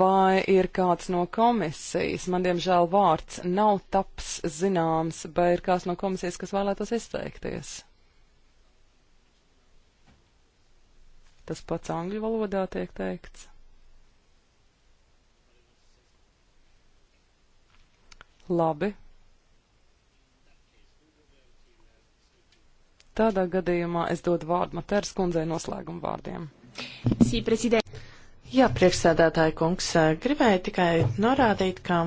Vai ir kāds no komisijas, man diemžēl vārds nav taps zināms, vai ir kāds no komisijas, kas vēlētos izteikties? Tas pats angļu valodā tiek teikts. Labi, Tādā gadījumā es dodu vārdu Materas
kundzei noslēguma vārdiem. Sī, prezident. Jā, priekšsēdētāji kungs, gribēju tikai norādīt, ka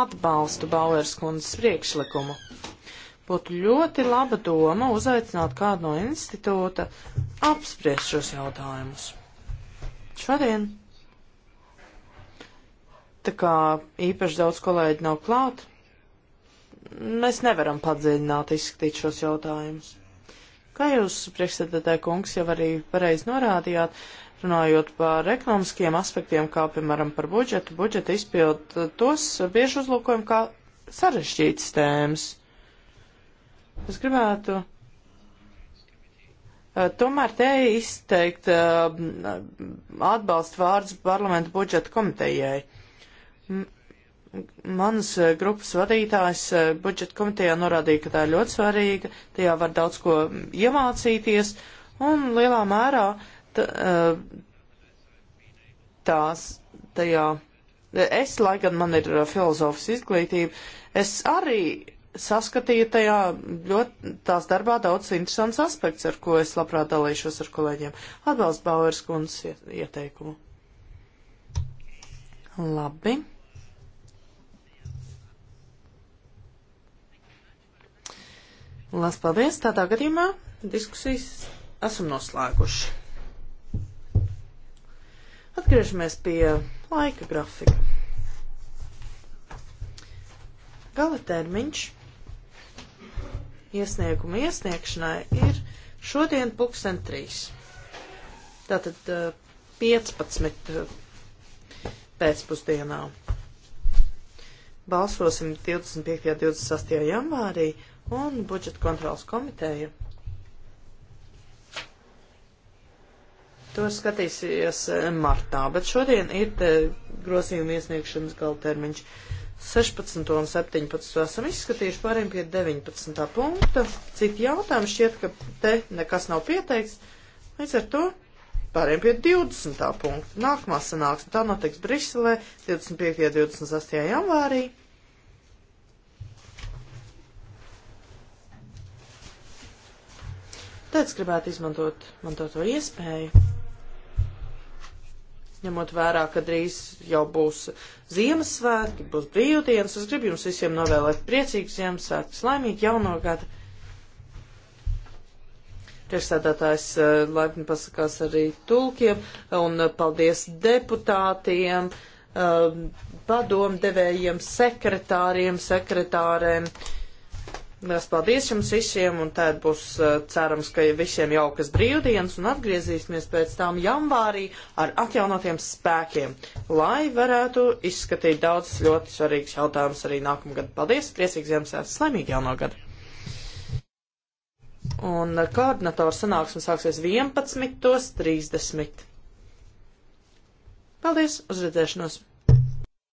atbalstu Bauers kundzes priekšlikumu. Būtu ļoti laba doma uzaicināt kādu no institūta apspriest šos jautājumus. Šodien. Tā kā īpaši daudz kolēģi nav klāt, mēs nevaram padziļināt izskatīt šos jautājumus. Kā jūs, priekšsēdētāji kungs, jau arī pareizi norādījāt, runājot par ekonomiskiem aspektiem, kā piemēram par budžetu, budžeta izpildu, tos bieži uzlūkojam kā sarežģītas tēmas. Es gribētu eh, tomēr te izteikt eh, atbalstu vārds parlamentu budžeta komitejai manas eh, grupas vadītājs eh, budžeta komitejā norādīja, ka tā ir ļoti svarīga, tajā var daudz ko iemācīties, un lielā mērā t, eh, tās tajā. Es, lai gan man ir filozofas izglītība, es arī saskatīju tajā ļoti tās darbā daudz interesants aspekts, ar ko es labprāt dalīšos ar kolēģiem. Atbalstu Bauers kundzes ieteikumu. Labi. Lās paldies. Tādā gadījumā diskusijas esam noslēguši. Atgriežamies pie laika grafika. Gala termiņš iesniegumu iesniegšanai ir šodien pulksten 3. Tātad 15 pēcpusdienā. Balsosim 25. un 26. janvārī un budžeta kontrolas komiteju. To skatīsies eh, martā, bet šodien ir eh, grozījuma iesniegšanas gala termiņš. 16 un 17 esam izskatījuši, pārējiem pie 19. punkta. Citi jautājumi šķiet, ka te nekas nav pieteikts. Līdz ar to pārējiem pie 20. punkta. Nākamā sanāksme tā notiks Briselē 25. un 26. janvārī. Tāpēc gribētu izmantot man to, to iespēju. Ņemot vērā, ka drīz jau būs Ziemassvētki, būs brīvdienas, es gribu jums visiem novēlēt priecīgus Ziemassvētkus, laimīgu jauno gadu. Priekšsēdētājs eh, laipni pasakās arī tulkiem un eh, paldies deputātiem eh, padomdevējiem, sekretāriem, sekretārēm. Lielas paldies jums visiem, un tad būs eh, cerams, ka visiem jaukas brīvdienas, un atgriezīsimies pēc tām janvārī ar atjaunotiem spēkiem, lai varētu izskatīt daudz ļoti svarīgs jautājums arī nākamgad. Paldies, priecīgs Ziemassvētku, slaimīgi jauno gadu! Un eh, koordinatoru sanāksme sāksies 11.30. Paldies, uz redzēšanos!